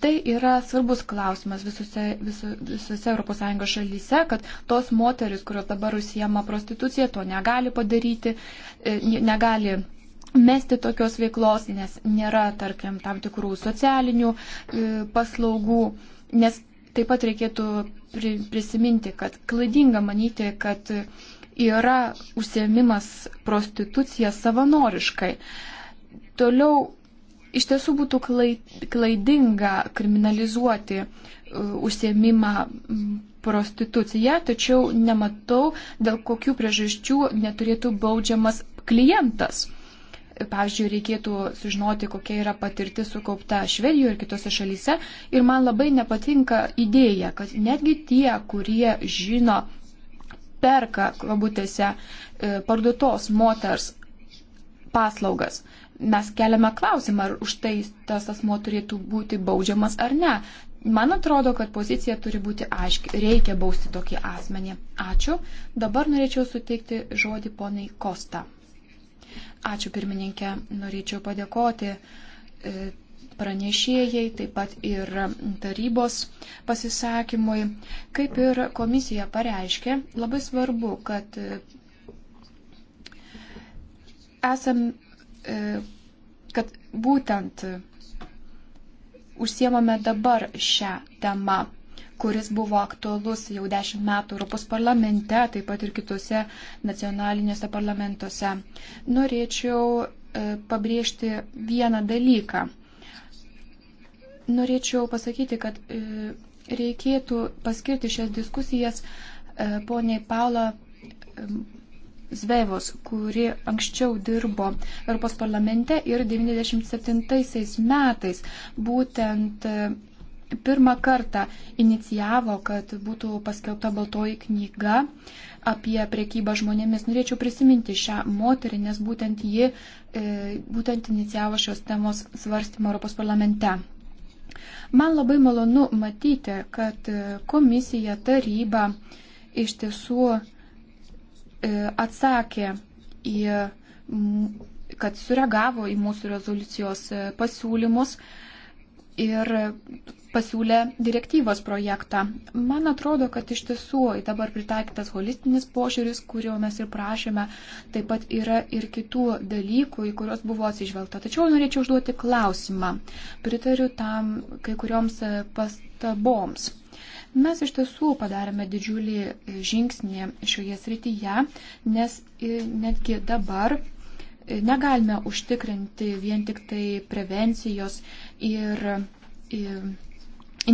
Tai yra svarbus klausimas visose, visose ES šalyse, kad tos moteris, kurios dabar užsiema prostitucija, to negali padaryti, e, negali mesti tokios veiklos, nes nėra, tarkim, tam tikrų socialinių e, paslaugų, nes taip pat reikėtų prisiminti, kad klaidinga manyti, kad yra užsiemimas prostitucija savanoriškai. Toliau Iš tiesų būtų klaidinga kriminalizuoti e, užsiemimą prostituciją, tačiau nematau, dėl kokių priežasčių neturėtų baudžiamas klientas. Pavyzdžiui, reikėtų sužinoti, kokia yra patirtis sukaupta Švedijoje ir kitose šalyse. Ir man labai nepatinka idėja, kad netgi tie, kurie žino, perka, kabutėse, e, parduotos moters paslaugas, mes keliame klausimą, ar už tai tas asmo turėtų būti baudžiamas ar ne. Man atrodo, kad pozicija turi būti aiški. Reikia bausti tokį asmenį. Ačiū. Dabar norėčiau suteikti žodį ponai Kosta. Ačiū pirmininkė. Norėčiau padėkoti e, pranešėjai, taip pat ir tarybos pasisakymui. Kaip ir komisija pareiškė, labai svarbu, kad e, esam E, kad būtent užsiemame dabar šią temą, kuris buvo aktualus jau dešimt metų Europos parlamente, taip pat ir kitose nacionalinėse parlamentuose. Norėčiau e, pabrėžti vieną dalyką. Norėčiau pasakyti, kad e, reikėtų paskirti šias diskusijas poniai Paula Zvevos, kuri anksčiau dirbo Europos parlamente ir 97 metais būtent e, pirmą kartą inicijavo, kad būtų paskelbta baltoji knyga apie priekybą žmonėmis. Norėčiau prisiminti šią moterį, nes būtent ji e, būtent inicijavo šios temos svarstymą Europos parlamente. Man labai malonu matyti, kad e, komisija, taryba iš tiesų E, atsakė į, kad sureagavo į mūsų rezoliucijos e, pasiūlymus ir pasiūlė direktyvos projektą. Man atrodo, kad iš tiesų dabar pritaikytas holistinis požiūris, kurio mes ir prašėme, taip pat yra ir kitų dalykų, į kuriuos buvo atsižvelgta. Tačiau norėčiau užduoti klausimą. Pritariu tam kai kurioms e, pastaboms. Mes iš tiesų padarėme didžiulį žingsnį šioje srityje, nes netgi dabar negalime užtikrinti vien tik tai prevencijos ir, ir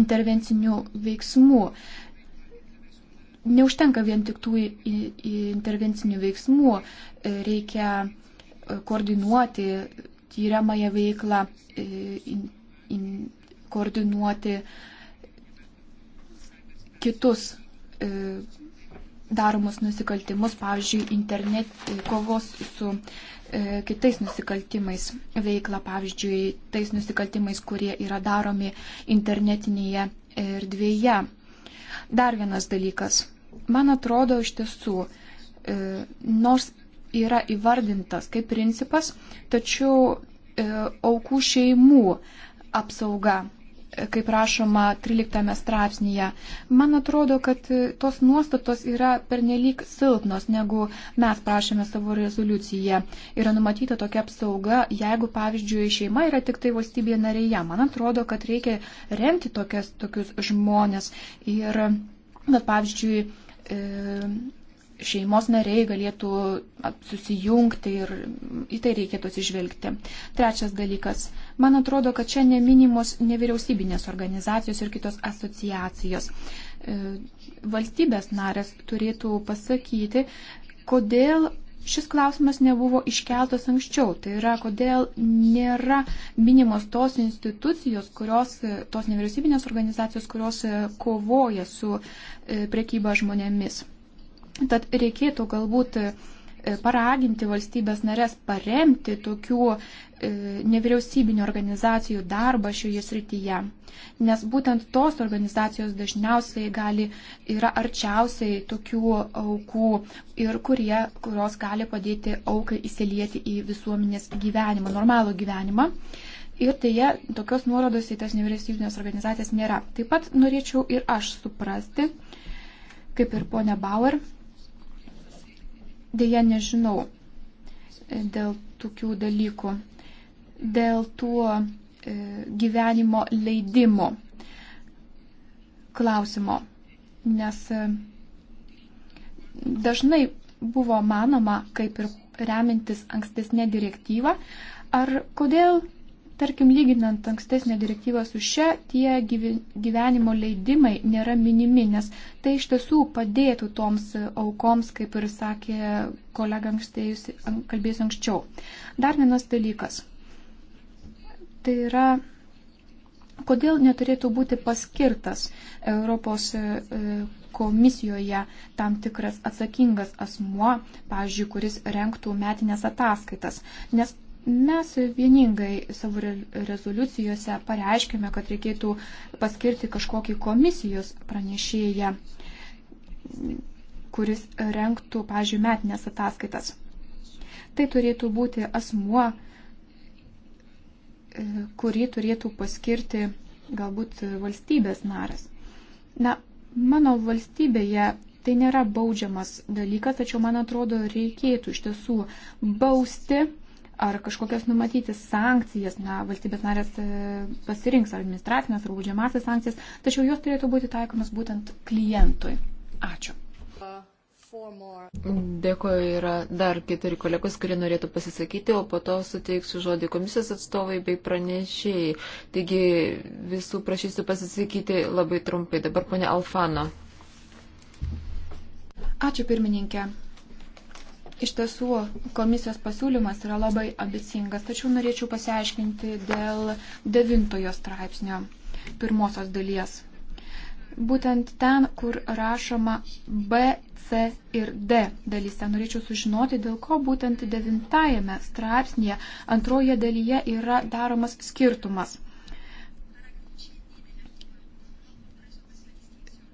intervencinių veiksmų. Neužtenka vien tik tų intervencinių veiksmų, reikia koordinuoti tyriamąją veiklą, koordinuoti uh, kitus e, daromus nusikaltimus, pavyzdžiui, internet, e, kovos su e, kitais nusikaltimais veikla, pavyzdžiui, tais nusikaltimais, kurie yra daromi internetinėje erdvėje. Dar vienas dalykas. Man atrodo, iš tiesų, e, nors yra įvardintas kaip principas, tačiau e, aukų šeimų apsauga kaip rašoma 13 straipsnėje. Man atrodo, kad tos nuostatos yra pernelyg silpnos, negu mes prašėme savo rezoliuciją. Yra numatyta tokia apsauga, jeigu, pavyzdžiui, šeima yra tik tai valstybėje narėje. Man atrodo, kad reikia remti tokias, tokius žmonės. Ir, bet, pavyzdžiui, e, šeimos nariai galėtų susijungti ir į tai reikėtų atsižvelgti. Trečias dalykas Man atrodo, kad čia neminimos nevyriausybinės organizacijos ir kitos asociacijos. E, valstybės narės turėtų pasakyti, kodėl šis klausimas nebuvo iškeltas anksčiau. Tai yra, kodėl nėra minimos tos institucijos, kurios, tos nevyriausybinės organizacijos, kurios e, kovoja su e, prekyba žmonėmis. Tad reikėtų galbūt E, paraginti valstybės narės paremti tokių e, nevyriausybinio organizacijų darbą šioje srityje. Nes būtent tos organizacijos dažniausiai gali, yra arčiausiai tokių aukų ir kurie, kurios gali padėti aukai įsilieti į visuomenės gyvenimą, normalų gyvenimą. Ir dėja, tokios nuorodos į tas nevyriausybinės organizacijas nėra. Taip pat norėčiau ir aš suprasti, kaip ir ponia Bauer, dėja nežinau e, dėl tokių dalykų, dėl tuo e, gyvenimo leidimo klausimo, nes e, dažnai buvo manoma, kaip ir remintis ankstesnė direktyva, ar kodėl Tarkim, lyginant ankstesnę direktyvą su šia, tie gyvenimo leidimai nėra minimi, nes tai iš tiesų padėtų toms aukoms, kaip ir sakė kolega kalbėjus anksčiau. Dar vienas dalykas. Tai yra, kodėl neturėtų būti paskirtas Europos e, e, komisijoje tam tikras atsakingas asmuo, pavyzdžiui, kuris renktų metinės ataskaitas. Nes Mes vieningai savo rezoliucijose pareiškime, kad reikėtų paskirti kažkokį komisijos pranešėją, kuris renktų, pažiūrėjau, metinės ataskaitas. Tai turėtų būti asmuo, e, kurį turėtų paskirti galbūt valstybės naras. Na, mano valstybėje tai nėra baudžiamas dalykas, tačiau man atrodo reikėtų iš tiesų bausti ar kažkokias numatyti sankcijas, na, valstybės narės e, pasirinks ar administracinės, ar baudžiamasias sankcijas, tačiau jos turėtų būti taikomas būtent klientui. Ačiū. Dėkuoju, yra dar keturi kolegos, kurie norėtų pasisakyti, o po to suteiksiu žodį komisijos atstovai bei pranešėjai. Taigi visų prašysiu pasisakyti labai trumpai. Dabar ponia Alfano. Ačiū pirmininkė. Iš tiesų, komisijos pasiūlymas yra labai ambicingas, tačiau norėčiau pasiaiškinti dėl devintojo straipsnio pirmosios dalies. Būtent ten, kur rašoma B, C ir D dalyse, norėčiau sužinoti, dėl ko būtent devintajame straipsnėje antroje dalyje yra daromas skirtumas.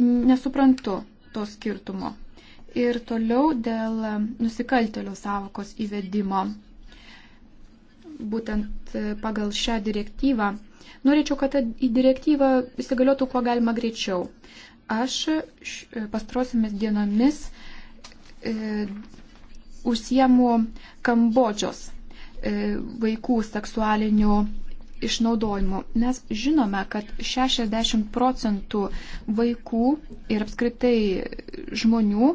Nesuprantu to skirtumo. Ir toliau dėl nusikaltelių savokos įvedimo. Būtent e, pagal šią direktyvą. Norėčiau, kad ta direktyva įsigaliotų kuo galima greičiau. Aš e, pastrosiamis dienomis e, užsiemu Kambodžos e, vaikų seksualinių išnaudojimu. Mes žinome, kad 60 procentų vaikų ir apskritai žmonių,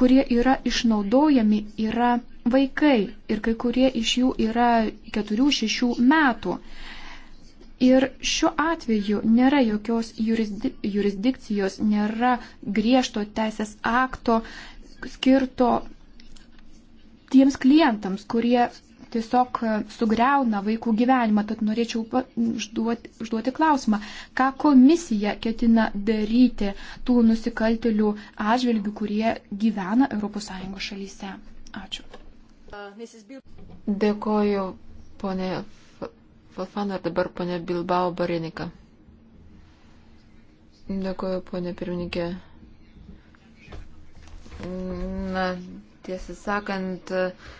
kurie yra išnaudojami, yra vaikai ir kai kurie iš jų yra 4-6 metų. Ir šiuo atveju nėra jokios jurisdikcijos, nėra griežto teisės akto skirto tiems klientams, kurie tiesiog e, sugriauna vaikų gyvenimą. Tad norėčiau užduoti, užduoti klausimą, ką komisija ketina daryti tų nusikaltelių atžvilgių, kurie gyvena ES šalyse. Ačiū. Dėkoju, ponė Falfana, ir dabar ponė Bilbao Barinika. Dėkoju, ponė pirmininkė. Na, tiesą sakant, uh,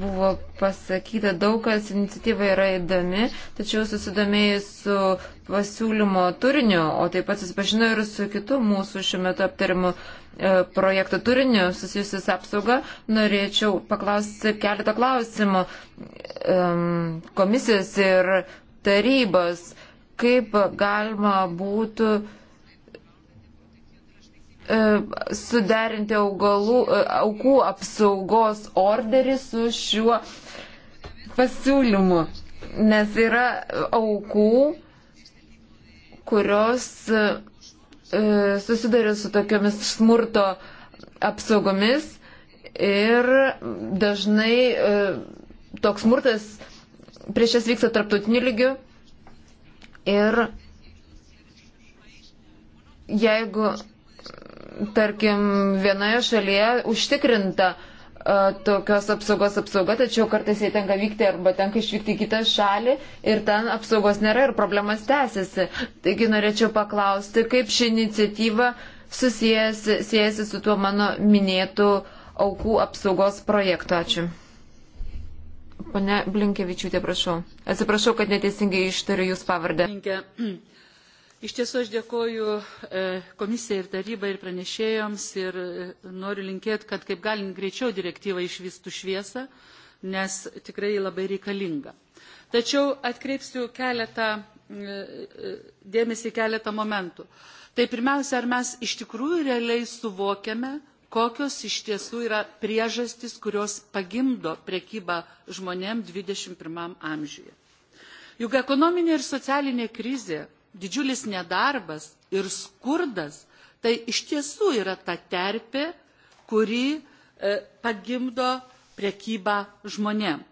Buvo pasakyta daug, kas iniciatyva yra įdomi, tačiau susidomėjus su pasiūlymo turiniu, o taip pat susipažinau ir su kitu mūsų šiuo metu aptarimu e, projekto turiniu susijusius apsaugą, norėčiau paklausti keletą klausimų komisijos ir tarybos, kaip galima būtų E, suderinti augalų, e, aukų apsaugos orderį su šiuo pasiūlymu, nes yra aukų, kurios e, susiduria su tokiamis smurto apsaugomis ir dažnai toks smurtas prieš jas vyksta tarptautiniu lygiu ir jeigu tarkim, vienoje šalyje užtikrinta uh, tokios apsaugos apsauga, tačiau kartais jie tenka vykti arba tenka išvykti į kitą šalį ir ten apsaugos nėra ir problemas tęsiasi. Taigi norėčiau paklausti, kaip ši iniciatyva susijęsi su tuo mano minėtu aukų apsaugos projektu. Ačiū. Pane Blinkevičiūtė, prašau. Atsiprašau, kad neteisingai ištariu Jūs pavardę. Blinkė. Iš tiesų aš dėkoju e, komisijai ir tarybai ir pranešėjams ir e, noriu linkėti, kad kaip galim greičiau direktyvą išvystų šviesą, nes tikrai labai reikalinga. Tačiau atkreipsiu keletą, e, dėmesį keletą momentų. Tai pirmiausia, ar mes iš tikrųjų realiai suvokiame, kokios iš tiesų yra priežastys, kurios pagimdo prekybą žmonėm 21 amžiuje. Juk ekonominė ir socialinė krizė didžiulis nedarbas ir skurdas, tai iš tiesų yra ta terpė, kuri e, pagimdo prekybą žmonėm.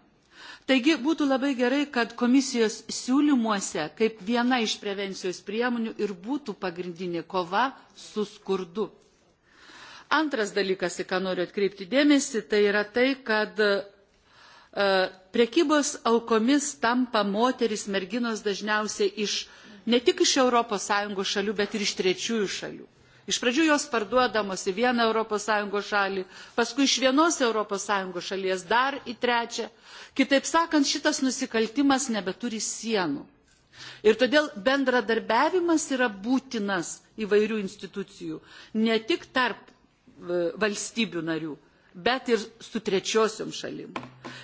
Taigi būtų labai gerai, kad komisijos siūlymuose kaip viena iš prevencijos priemonių ir būtų pagrindinė kova su skurdu. Antras dalykas, į ką noriu atkreipti dėmesį, tai yra tai, kad e, prekybos aukomis tampa moteris merginos dažniausiai iš ne tik iš ES šalių, bet ir iš trečiųjų šalių. Iš pradžių jos parduodamos į vieną ES šalį, paskui iš vienos ES šalies dar į trečią. Kitaip sakant, šitas nusikaltimas nebeturi sienų. Ir todėl bendradarbiavimas yra būtinas įvairių institucijų, ne tik tarp e, valstybių narių, bet ir su trečiosiom šalim.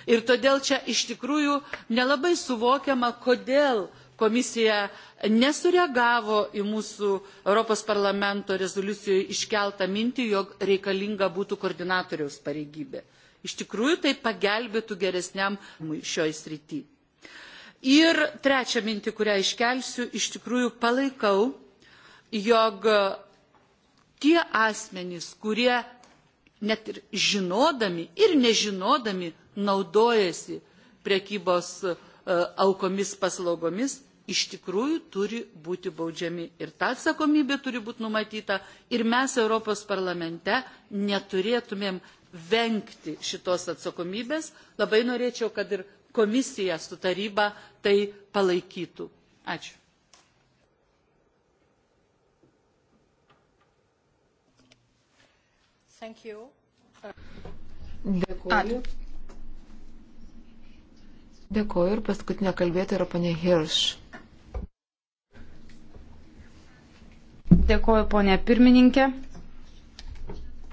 Ir todėl čia iš tikrųjų nelabai suvokiama, kodėl komisija nesureagavo į mūsų Europos parlamento rezoliucijoje iškeltą mintį, jog reikalinga būtų koordinatoriaus pareigybė. Iš tikrųjų, tai pagelbėtų geresniam šioj srity. Ir trečią mintį, kurią iškelsiu, iš tikrųjų palaikau, jog tie asmenys, kurie net ir žinodami ir nežinodami naudojasi priekybos e, aukomis paslaugomis, iš tikrųjų turi būti baudžiami. Ir ta atsakomybė turi būti numatyta ir mes Europos parlamente neturėtumėm vengti šitos atsakomybės. Labai norėčiau, kad ir komisija su taryba tai palaikytų. Ačiū. Thank you. Dėkuoju. Ačiū. Dėkuoju ir paskutinė kalbėtoja yra ponė Hirš. Dėkoju, ponė pirmininkė.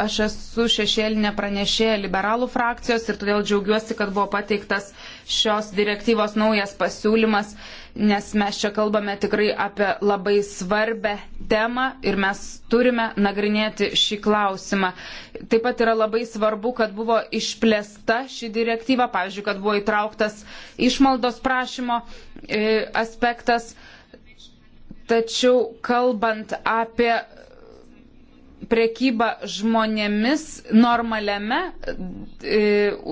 Aš esu šešėlinė pranešėja liberalų frakcijos ir todėl džiaugiuosi, kad buvo pateiktas šios direktyvos naujas pasiūlymas, nes mes čia kalbame tikrai apie labai svarbę temą ir mes turime nagrinėti šį klausimą. Taip pat yra labai svarbu, kad buvo išplėsta ši direktyva, pavyzdžiui, kad buvo įtrauktas išmaldos prašymo e, aspektas. E, Tačiau kalbant apie prekyba žmonėmis normaliame e,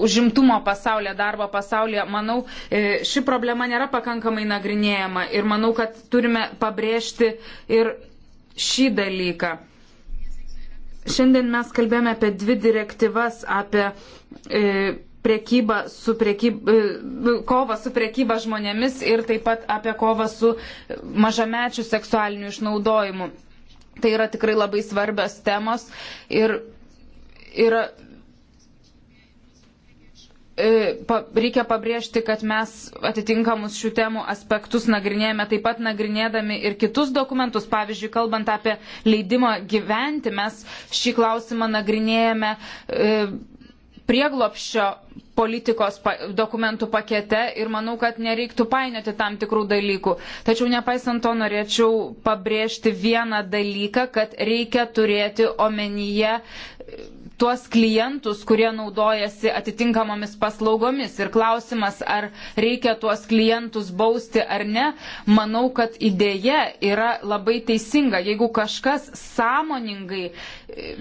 užimtumo pasaulyje, darbo pasaulyje, manau, e, ši problema nėra pakankamai nagrinėjama ir manau, kad turime pabrėžti ir šį dalyką. Šiandien mes kalbėjome apie dvi direktyvas, apie e, priekybą su e, nu, priekyb, kovą su priekyba žmonėmis ir taip pat apie kovą su mažamečių seksualiniu išnaudojimu. Tai yra tikrai labai svarbios temos ir yra e, reikia pabrėžti, kad mes atitinkamus šių temų aspektus nagrinėjame, taip pat nagrinėdami ir kitus dokumentus. Pavyzdžiui, kalbant apie leidimą gyventi, mes šį klausimą nagrinėjame e, prieglopščio politikos dokumentų pakete ir manau, kad nereiktų painioti tam tikrų dalykų. Tačiau nepaisant to norėčiau pabrėžti vieną dalyką, kad reikia turėti omenyje e, tuos klientus, kurie naudojasi atitinkamomis paslaugomis. Ir klausimas, ar reikia tuos klientus bausti ar ne, manau, kad idėja yra labai teisinga. Jeigu kažkas sąmoningai e,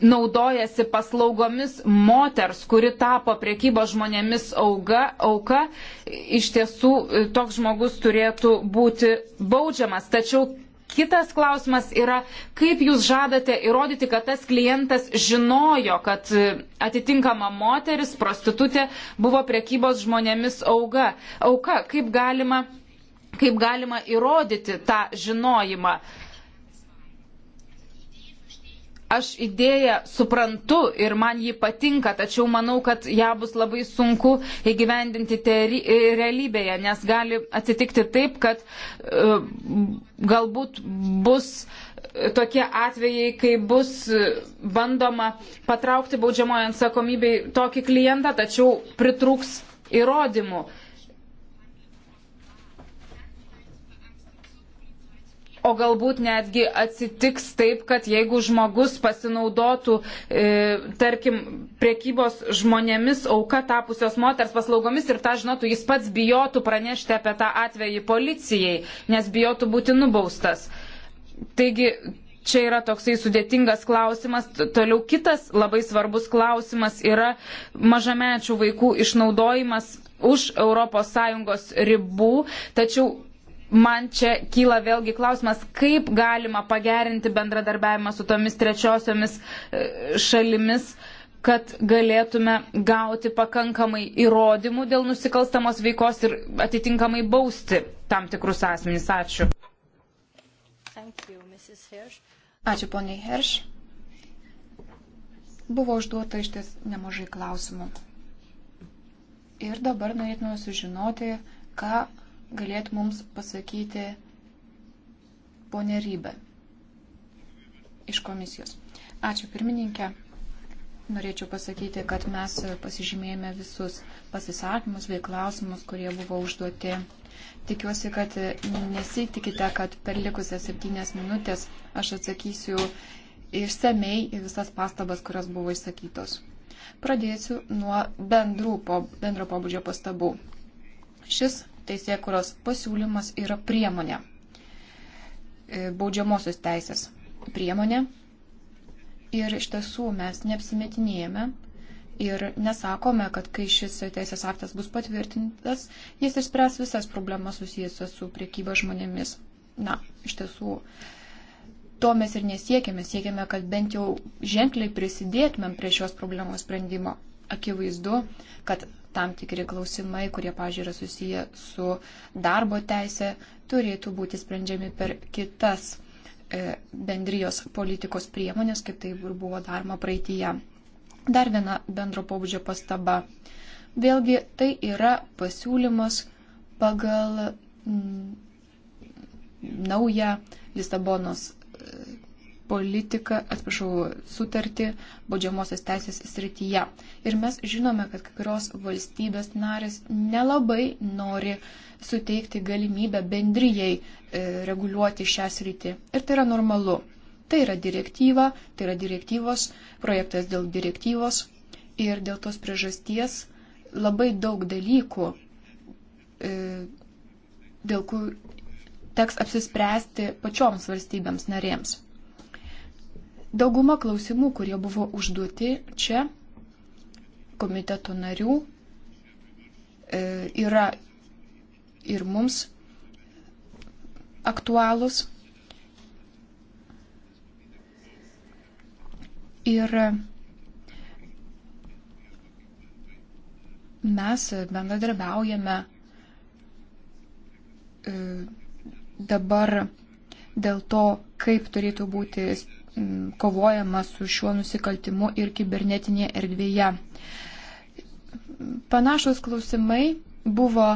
naudojasi paslaugomis moters, kuri tapo priekybo žmonėmis auga, auka, iš tiesų e, toks žmogus turėtų būti baudžiamas. Tačiau Kitas klausimas yra, kaip jūs žadate įrodyti, kad tas klientas žinojo, kad e, atitinkama moteris, prostitutė, buvo priekybos žmonėmis auga. auka. Kaip galima, kaip galima įrodyti tą žinojimą? Uh, Aš idėją suprantu ir man ji patinka, tačiau manau, kad ją bus labai sunku įgyvendinti teri, realybėje, nes gali atsitikti taip, kad uh, galbūt bus e, tokie atvejai, kai bus e, bandoma patraukti baudžiamojo atsakomybei tokį klientą, tačiau pritrūks įrodymų. Uh, O galbūt netgi atsitiks taip, kad jeigu žmogus pasinaudotų, e, tarkim, priekybos žmonėmis auka tapusios moters paslaugomis ir tą žinotų, jis pats bijotų pranešti apie tą atvejį policijai, nes bijotų būti nubaustas. Taigi čia yra toksai sudėtingas klausimas. Toliau kitas labai svarbus klausimas yra mažamečių vaikų išnaudojimas už ES ribų, tačiau man čia kyla vėlgi klausimas, kaip galima pagerinti bendradarbiavimą su tomis trečiosiomis e, šalimis kad galėtume gauti pakankamai įrodymų dėl nusikalstamos veikos ir atitinkamai bausti tam tikrus asmenys. Ačiū. You, Ačiū, poniai Herš. Buvo užduota iš ties nemažai klausimų. Ir dabar norėtume sužinoti, ką galėtų mums pasakyti ponė Rybė iš komisijos. Ačiū pirmininkė. Norėčiau pasakyti, kad mes pasižymėjome visus pasisakymus bei klausimus, kurie buvo užduoti. Tikiuosi, kad nesitikite, kad per likusias septynės minutės aš atsakysiu išsamei į visas pastabas, kurios buvo išsakytos. Pradėsiu nuo bendrų, po, bendro pobūdžio pastabų. Šis teisėkuros pasiūlymas yra priemonė, e, baudžiamosios teisės priemonė. Ir iš tiesų mes neapsimetinėjame ir nesakome, kad kai šis teisės aktas bus patvirtintas, jis išspręs visas problemas susijusias su priekyba žmonėmis. Na, iš tiesų, to mes ir nesiekėme. Siekėme, kad bent jau ženkliai prisidėtumėm prie šios problemos sprendimo akivaizdu, kad tam tikri klausimai, kurie, pažiūrėjau, yra susiję su darbo teisė, turėtų būti sprendžiami per kitas e, bendrijos politikos priemonės, kaip tai ir buvo daroma praeitįje. Dar viena bendro pobūdžio pastaba. Vėlgi, tai yra pasiūlymas pagal mm, naują Lisabonos e, politiką, atsiprašau, sutartį baudžiamosios teisės srityje. Ir mes žinome, kad kai kurios valstybės narės nelabai nori suteikti galimybę bendryjei e, reguliuoti šią sritį. Ir tai yra normalu. Tai yra direktyva, tai yra direktyvos, projektas dėl direktyvos ir dėl tos priežasties labai daug dalykų, e, dėl kurių teks apsispręsti pačioms valstybėms narėms. Dauguma klausimų, kurie buvo užduoti čia komiteto narių, e, yra ir mums aktualūs. Ir mes bendradarbiaujame e, dabar dėl to, kaip turėtų būti kovojama su šiuo nusikaltimu ir kibernetinėje erdvėje. Panašus klausimai buvo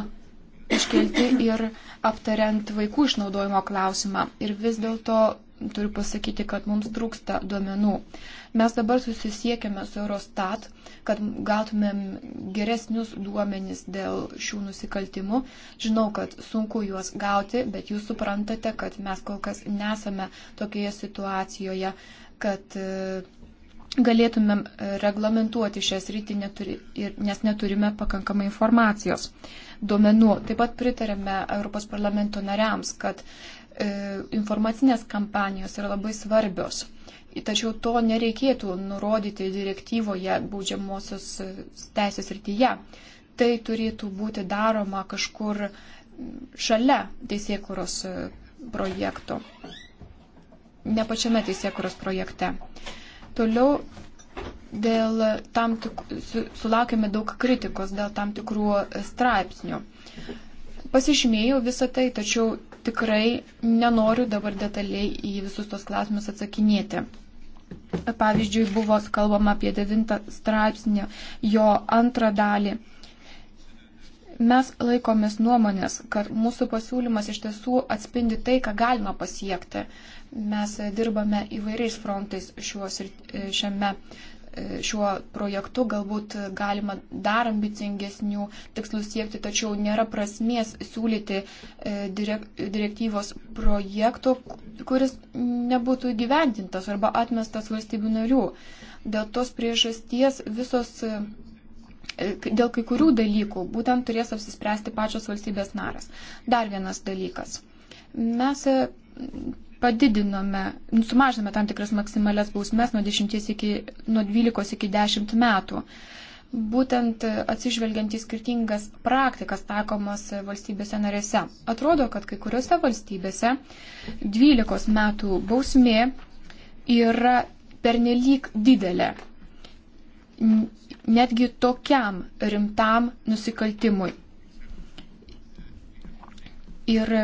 iškelti ir aptariant vaikų išnaudojimo klausimą. Ir vis dėlto turiu pasakyti, kad mums trūksta duomenų. Mes dabar susisiekėme su Eurostat, kad gautumėm geresnius duomenys dėl šių nusikaltimų. Žinau, kad sunku juos gauti, bet jūs suprantate, kad mes kol kas nesame tokioje situacijoje, kad e, galėtumėm e, reglamentuoti šią sritį, neturi, nes neturime pakankamai informacijos duomenų. Taip pat pritarėme Europos parlamento nariams, kad E, informacinės kampanijos yra labai svarbios. Tačiau to nereikėtų nurodyti direktyvoje baudžiamosios e, teisės rytyje. Tai turėtų būti daroma kažkur šalia teisėkuros e, projekto. Ne pačiame teisėkuros projekte. Toliau dėl tam tik, su, sulaukėme daug kritikos dėl tam tikrų straipsnių. Pasižymėjau visą tai, tačiau tikrai nenoriu dabar detaliai į visus tos klausimus atsakinėti. Pavyzdžiui, buvo kalbama apie devintą straipsnį, jo antrą dalį. Mes laikomės nuomonės, kad mūsų pasiūlymas iš tiesų atspindi tai, ką galima pasiekti. Mes dirbame įvairiais frontais šiuos ir šiame šiuo projektu galbūt galima dar ambicingesnių tikslų siekti, tačiau nėra prasmės siūlyti e, direktyvos projekto, kuris nebūtų įgyventintas arba atmestas valstybių narių. Dėl tos priežasties visos. E, dėl kai kurių dalykų būtent turės apsispręsti pačios valstybės naras. Dar vienas dalykas. Mes e, padidinome, nu, sumažinome tam tikras maksimales bausmes nuo, 10 iki, nuo 12 iki 10 metų. Būtent atsižvelgiant į skirtingas praktikas taikomas valstybėse narėse. Atrodo, kad kai kuriuose valstybėse 12 metų bausmė yra pernelyg didelė. Netgi tokiam rimtam nusikaltimui. Ir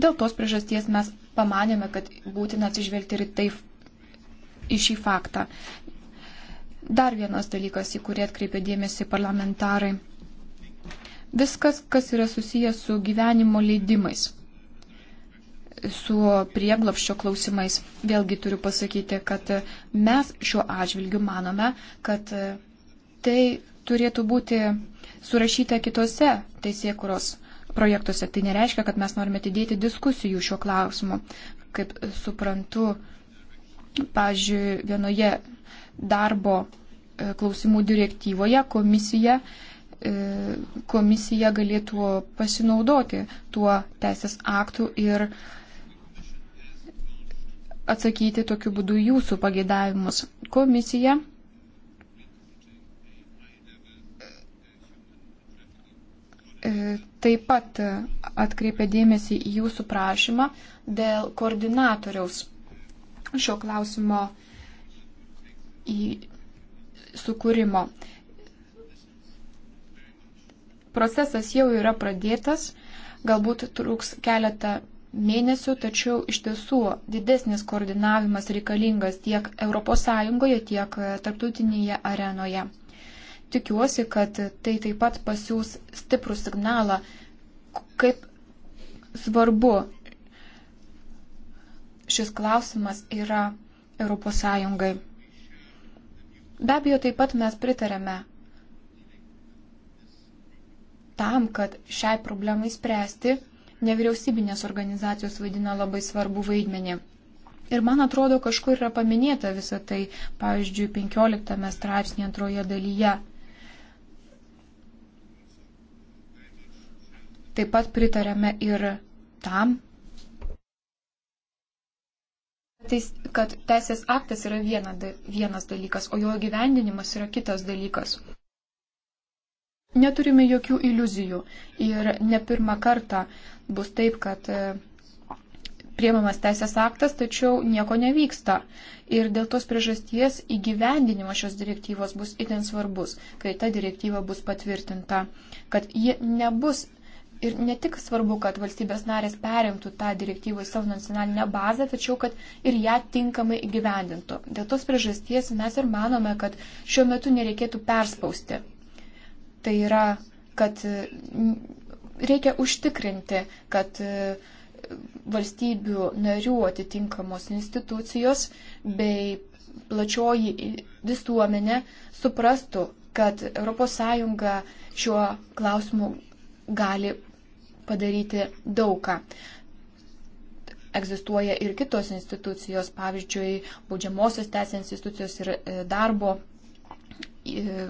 Dėl tos priežasties mes pamanėme, kad būtina atsižvelgti ir taip į šį faktą. Dar vienas dalykas, į kurį atkreipė dėmesį parlamentarai. Viskas, kas yra susijęs su gyvenimo leidimais, su prieglapščio klausimais. Vėlgi turiu pasakyti, kad mes šiuo atžvilgiu manome, kad tai turėtų būti surašyta kitose teisėkuros tai projektuose. Tai nereiškia, kad mes norime atidėti diskusijų šiuo klausimu. Kaip suprantu, pažiūrėjau, vienoje darbo e, klausimų direktyvoje komisija e, komisija galėtų pasinaudoti tuo teisės aktų ir atsakyti tokiu būdu jūsų pageidavimus. Komisija e, taip pat atkreipė dėmesį į jūsų prašymą dėl koordinatoriaus šio klausimo į sukūrimo. Procesas jau yra pradėtas, galbūt truks keletą mėnesių, tačiau iš tiesų didesnis koordinavimas reikalingas tiek ES, tiek tarptautinėje arenoje. Tikiuosi, kad tai taip pat pasiūs stiprų signalą, kaip svarbu šis klausimas yra ES. Be abejo, taip pat mes pritarėme tam, kad šiai problemai spręsti, nevyriausybinės organizacijos vaidina labai svarbu vaidmenį. Ir man atrodo, kažkur yra paminėta visa tai, pavyzdžiui, 15 straipsnė antroje dalyje. Taip pat pritarėme ir tam, kad teisės aktas yra viena, vienas dalykas, o jo gyvendinimas yra kitas dalykas. Neturime jokių iliuzijų ir ne pirmą kartą bus taip, kad e, priemamas teisės aktas, tačiau nieko nevyksta. Ir dėl tos priežasties įgyvendinimas šios direktyvos bus itin svarbus, kai ta direktyva bus patvirtinta, kad ji nebus Ir ne tik svarbu, kad valstybės narės perimtų tą direktyvą į savo nacionalinę bazę, tačiau kad ir ją tinkamai įgyvendintų. Dėl tos priežasties mes ir manome, kad šiuo metu nereikėtų perspausti. Tai yra, kad reikia užtikrinti, kad e, valstybių narių atitinkamos institucijos bei plačioji visuomenė suprastų, kad ES šiuo klausimu gali padaryti daugą. Egzistuoja ir kitos institucijos, pavyzdžiui, baudžiamosios teisės institucijos ir e, darbo e,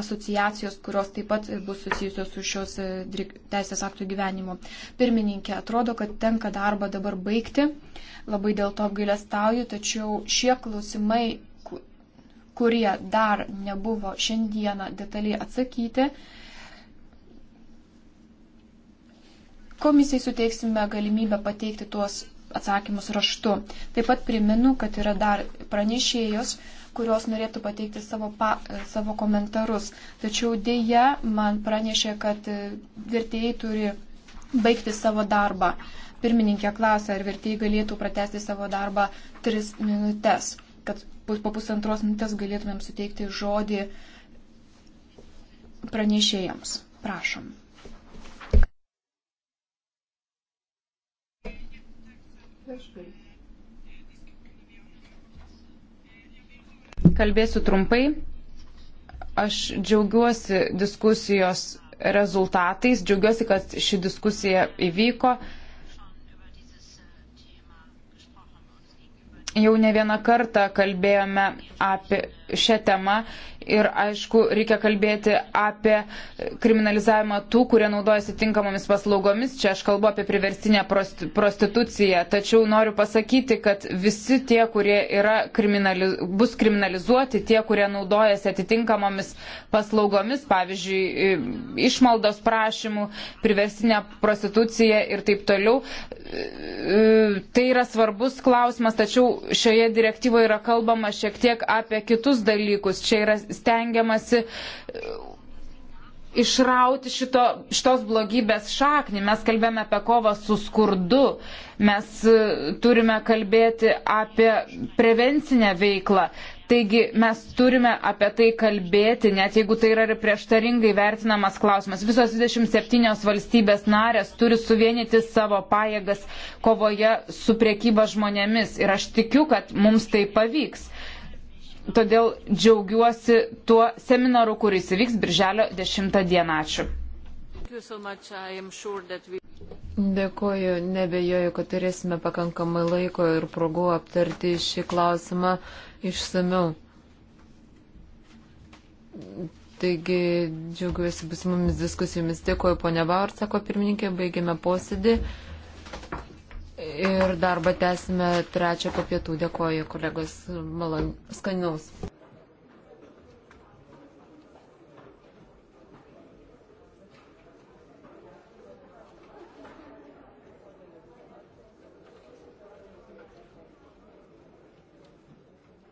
asociacijos, kurios taip pat bus susijusios su šios e, teisės aktų gyvenimu. Pirmininkė, atrodo, kad tenka darbą dabar baigti. Labai dėl to apgailestauju, tačiau šie klausimai, kurie dar nebuvo šiandieną detaliai atsakyti, Komisijai suteiksime galimybę pateikti tuos atsakymus raštu. Taip pat priminu, kad yra dar pranešėjos, kurios norėtų pateikti savo, pa, savo komentarus. Tačiau dėja man pranešė, kad e, vertėjai turi baigti savo darbą. Pirmininkė klausė, ar vertėjai galėtų pratesti savo darbą tris minutės, kad po pusantros minutės galėtumėm suteikti žodį pranešėjams. Prašom. Kalbėsiu trumpai. Aš džiaugiuosi diskusijos rezultatais, džiaugiuosi, kad ši diskusija įvyko. Jau ne vieną kartą kalbėjome apie šią temą ir aišku, reikia kalbėti apie kriminalizavimą tų, kurie naudojasi tinkamomis paslaugomis. Čia aš kalbu apie priverstinę prostituciją. Tačiau noriu pasakyti, kad visi tie, kurie kriminali bus kriminalizuoti, tie, kurie naudojasi atitinkamomis paslaugomis, pavyzdžiui, išmaldos prašymų, priverstinę prostituciją ir taip toliau. Tai yra svarbus klausimas, tačiau šioje direktyvoje yra kalbama šiek tiek apie kitus kitus dalykus. Čia yra stengiamasi e, išrauti šito, šitos blogybės šaknį. Mes kalbėjome apie kovą su skurdu, mes e, turime kalbėti apie prevencinę veiklą. Taigi mes turime apie tai kalbėti, net jeigu tai yra ir prieštaringai vertinamas klausimas. Visos 27 valstybės narės turi suvienyti savo pajėgas kovoje su priekyba žmonėmis ir aš tikiu, kad mums tai pavyks. Todėl džiaugiuosi tuo seminaru, kuris įvyks birželio 10 dieną. Ačiū. Dėkoju, nebejoju, kad turėsime pakankamai laiko ir progų aptarti šį klausimą išsamiau. Taigi, džiaugiuosi busimomis diskusijomis. Dėkoju, ponia Vaur, sako pirmininkė, baigėme posėdį ir darbą tęsime trečią po pietų. Dėkoju kolegos, malon, skanaus.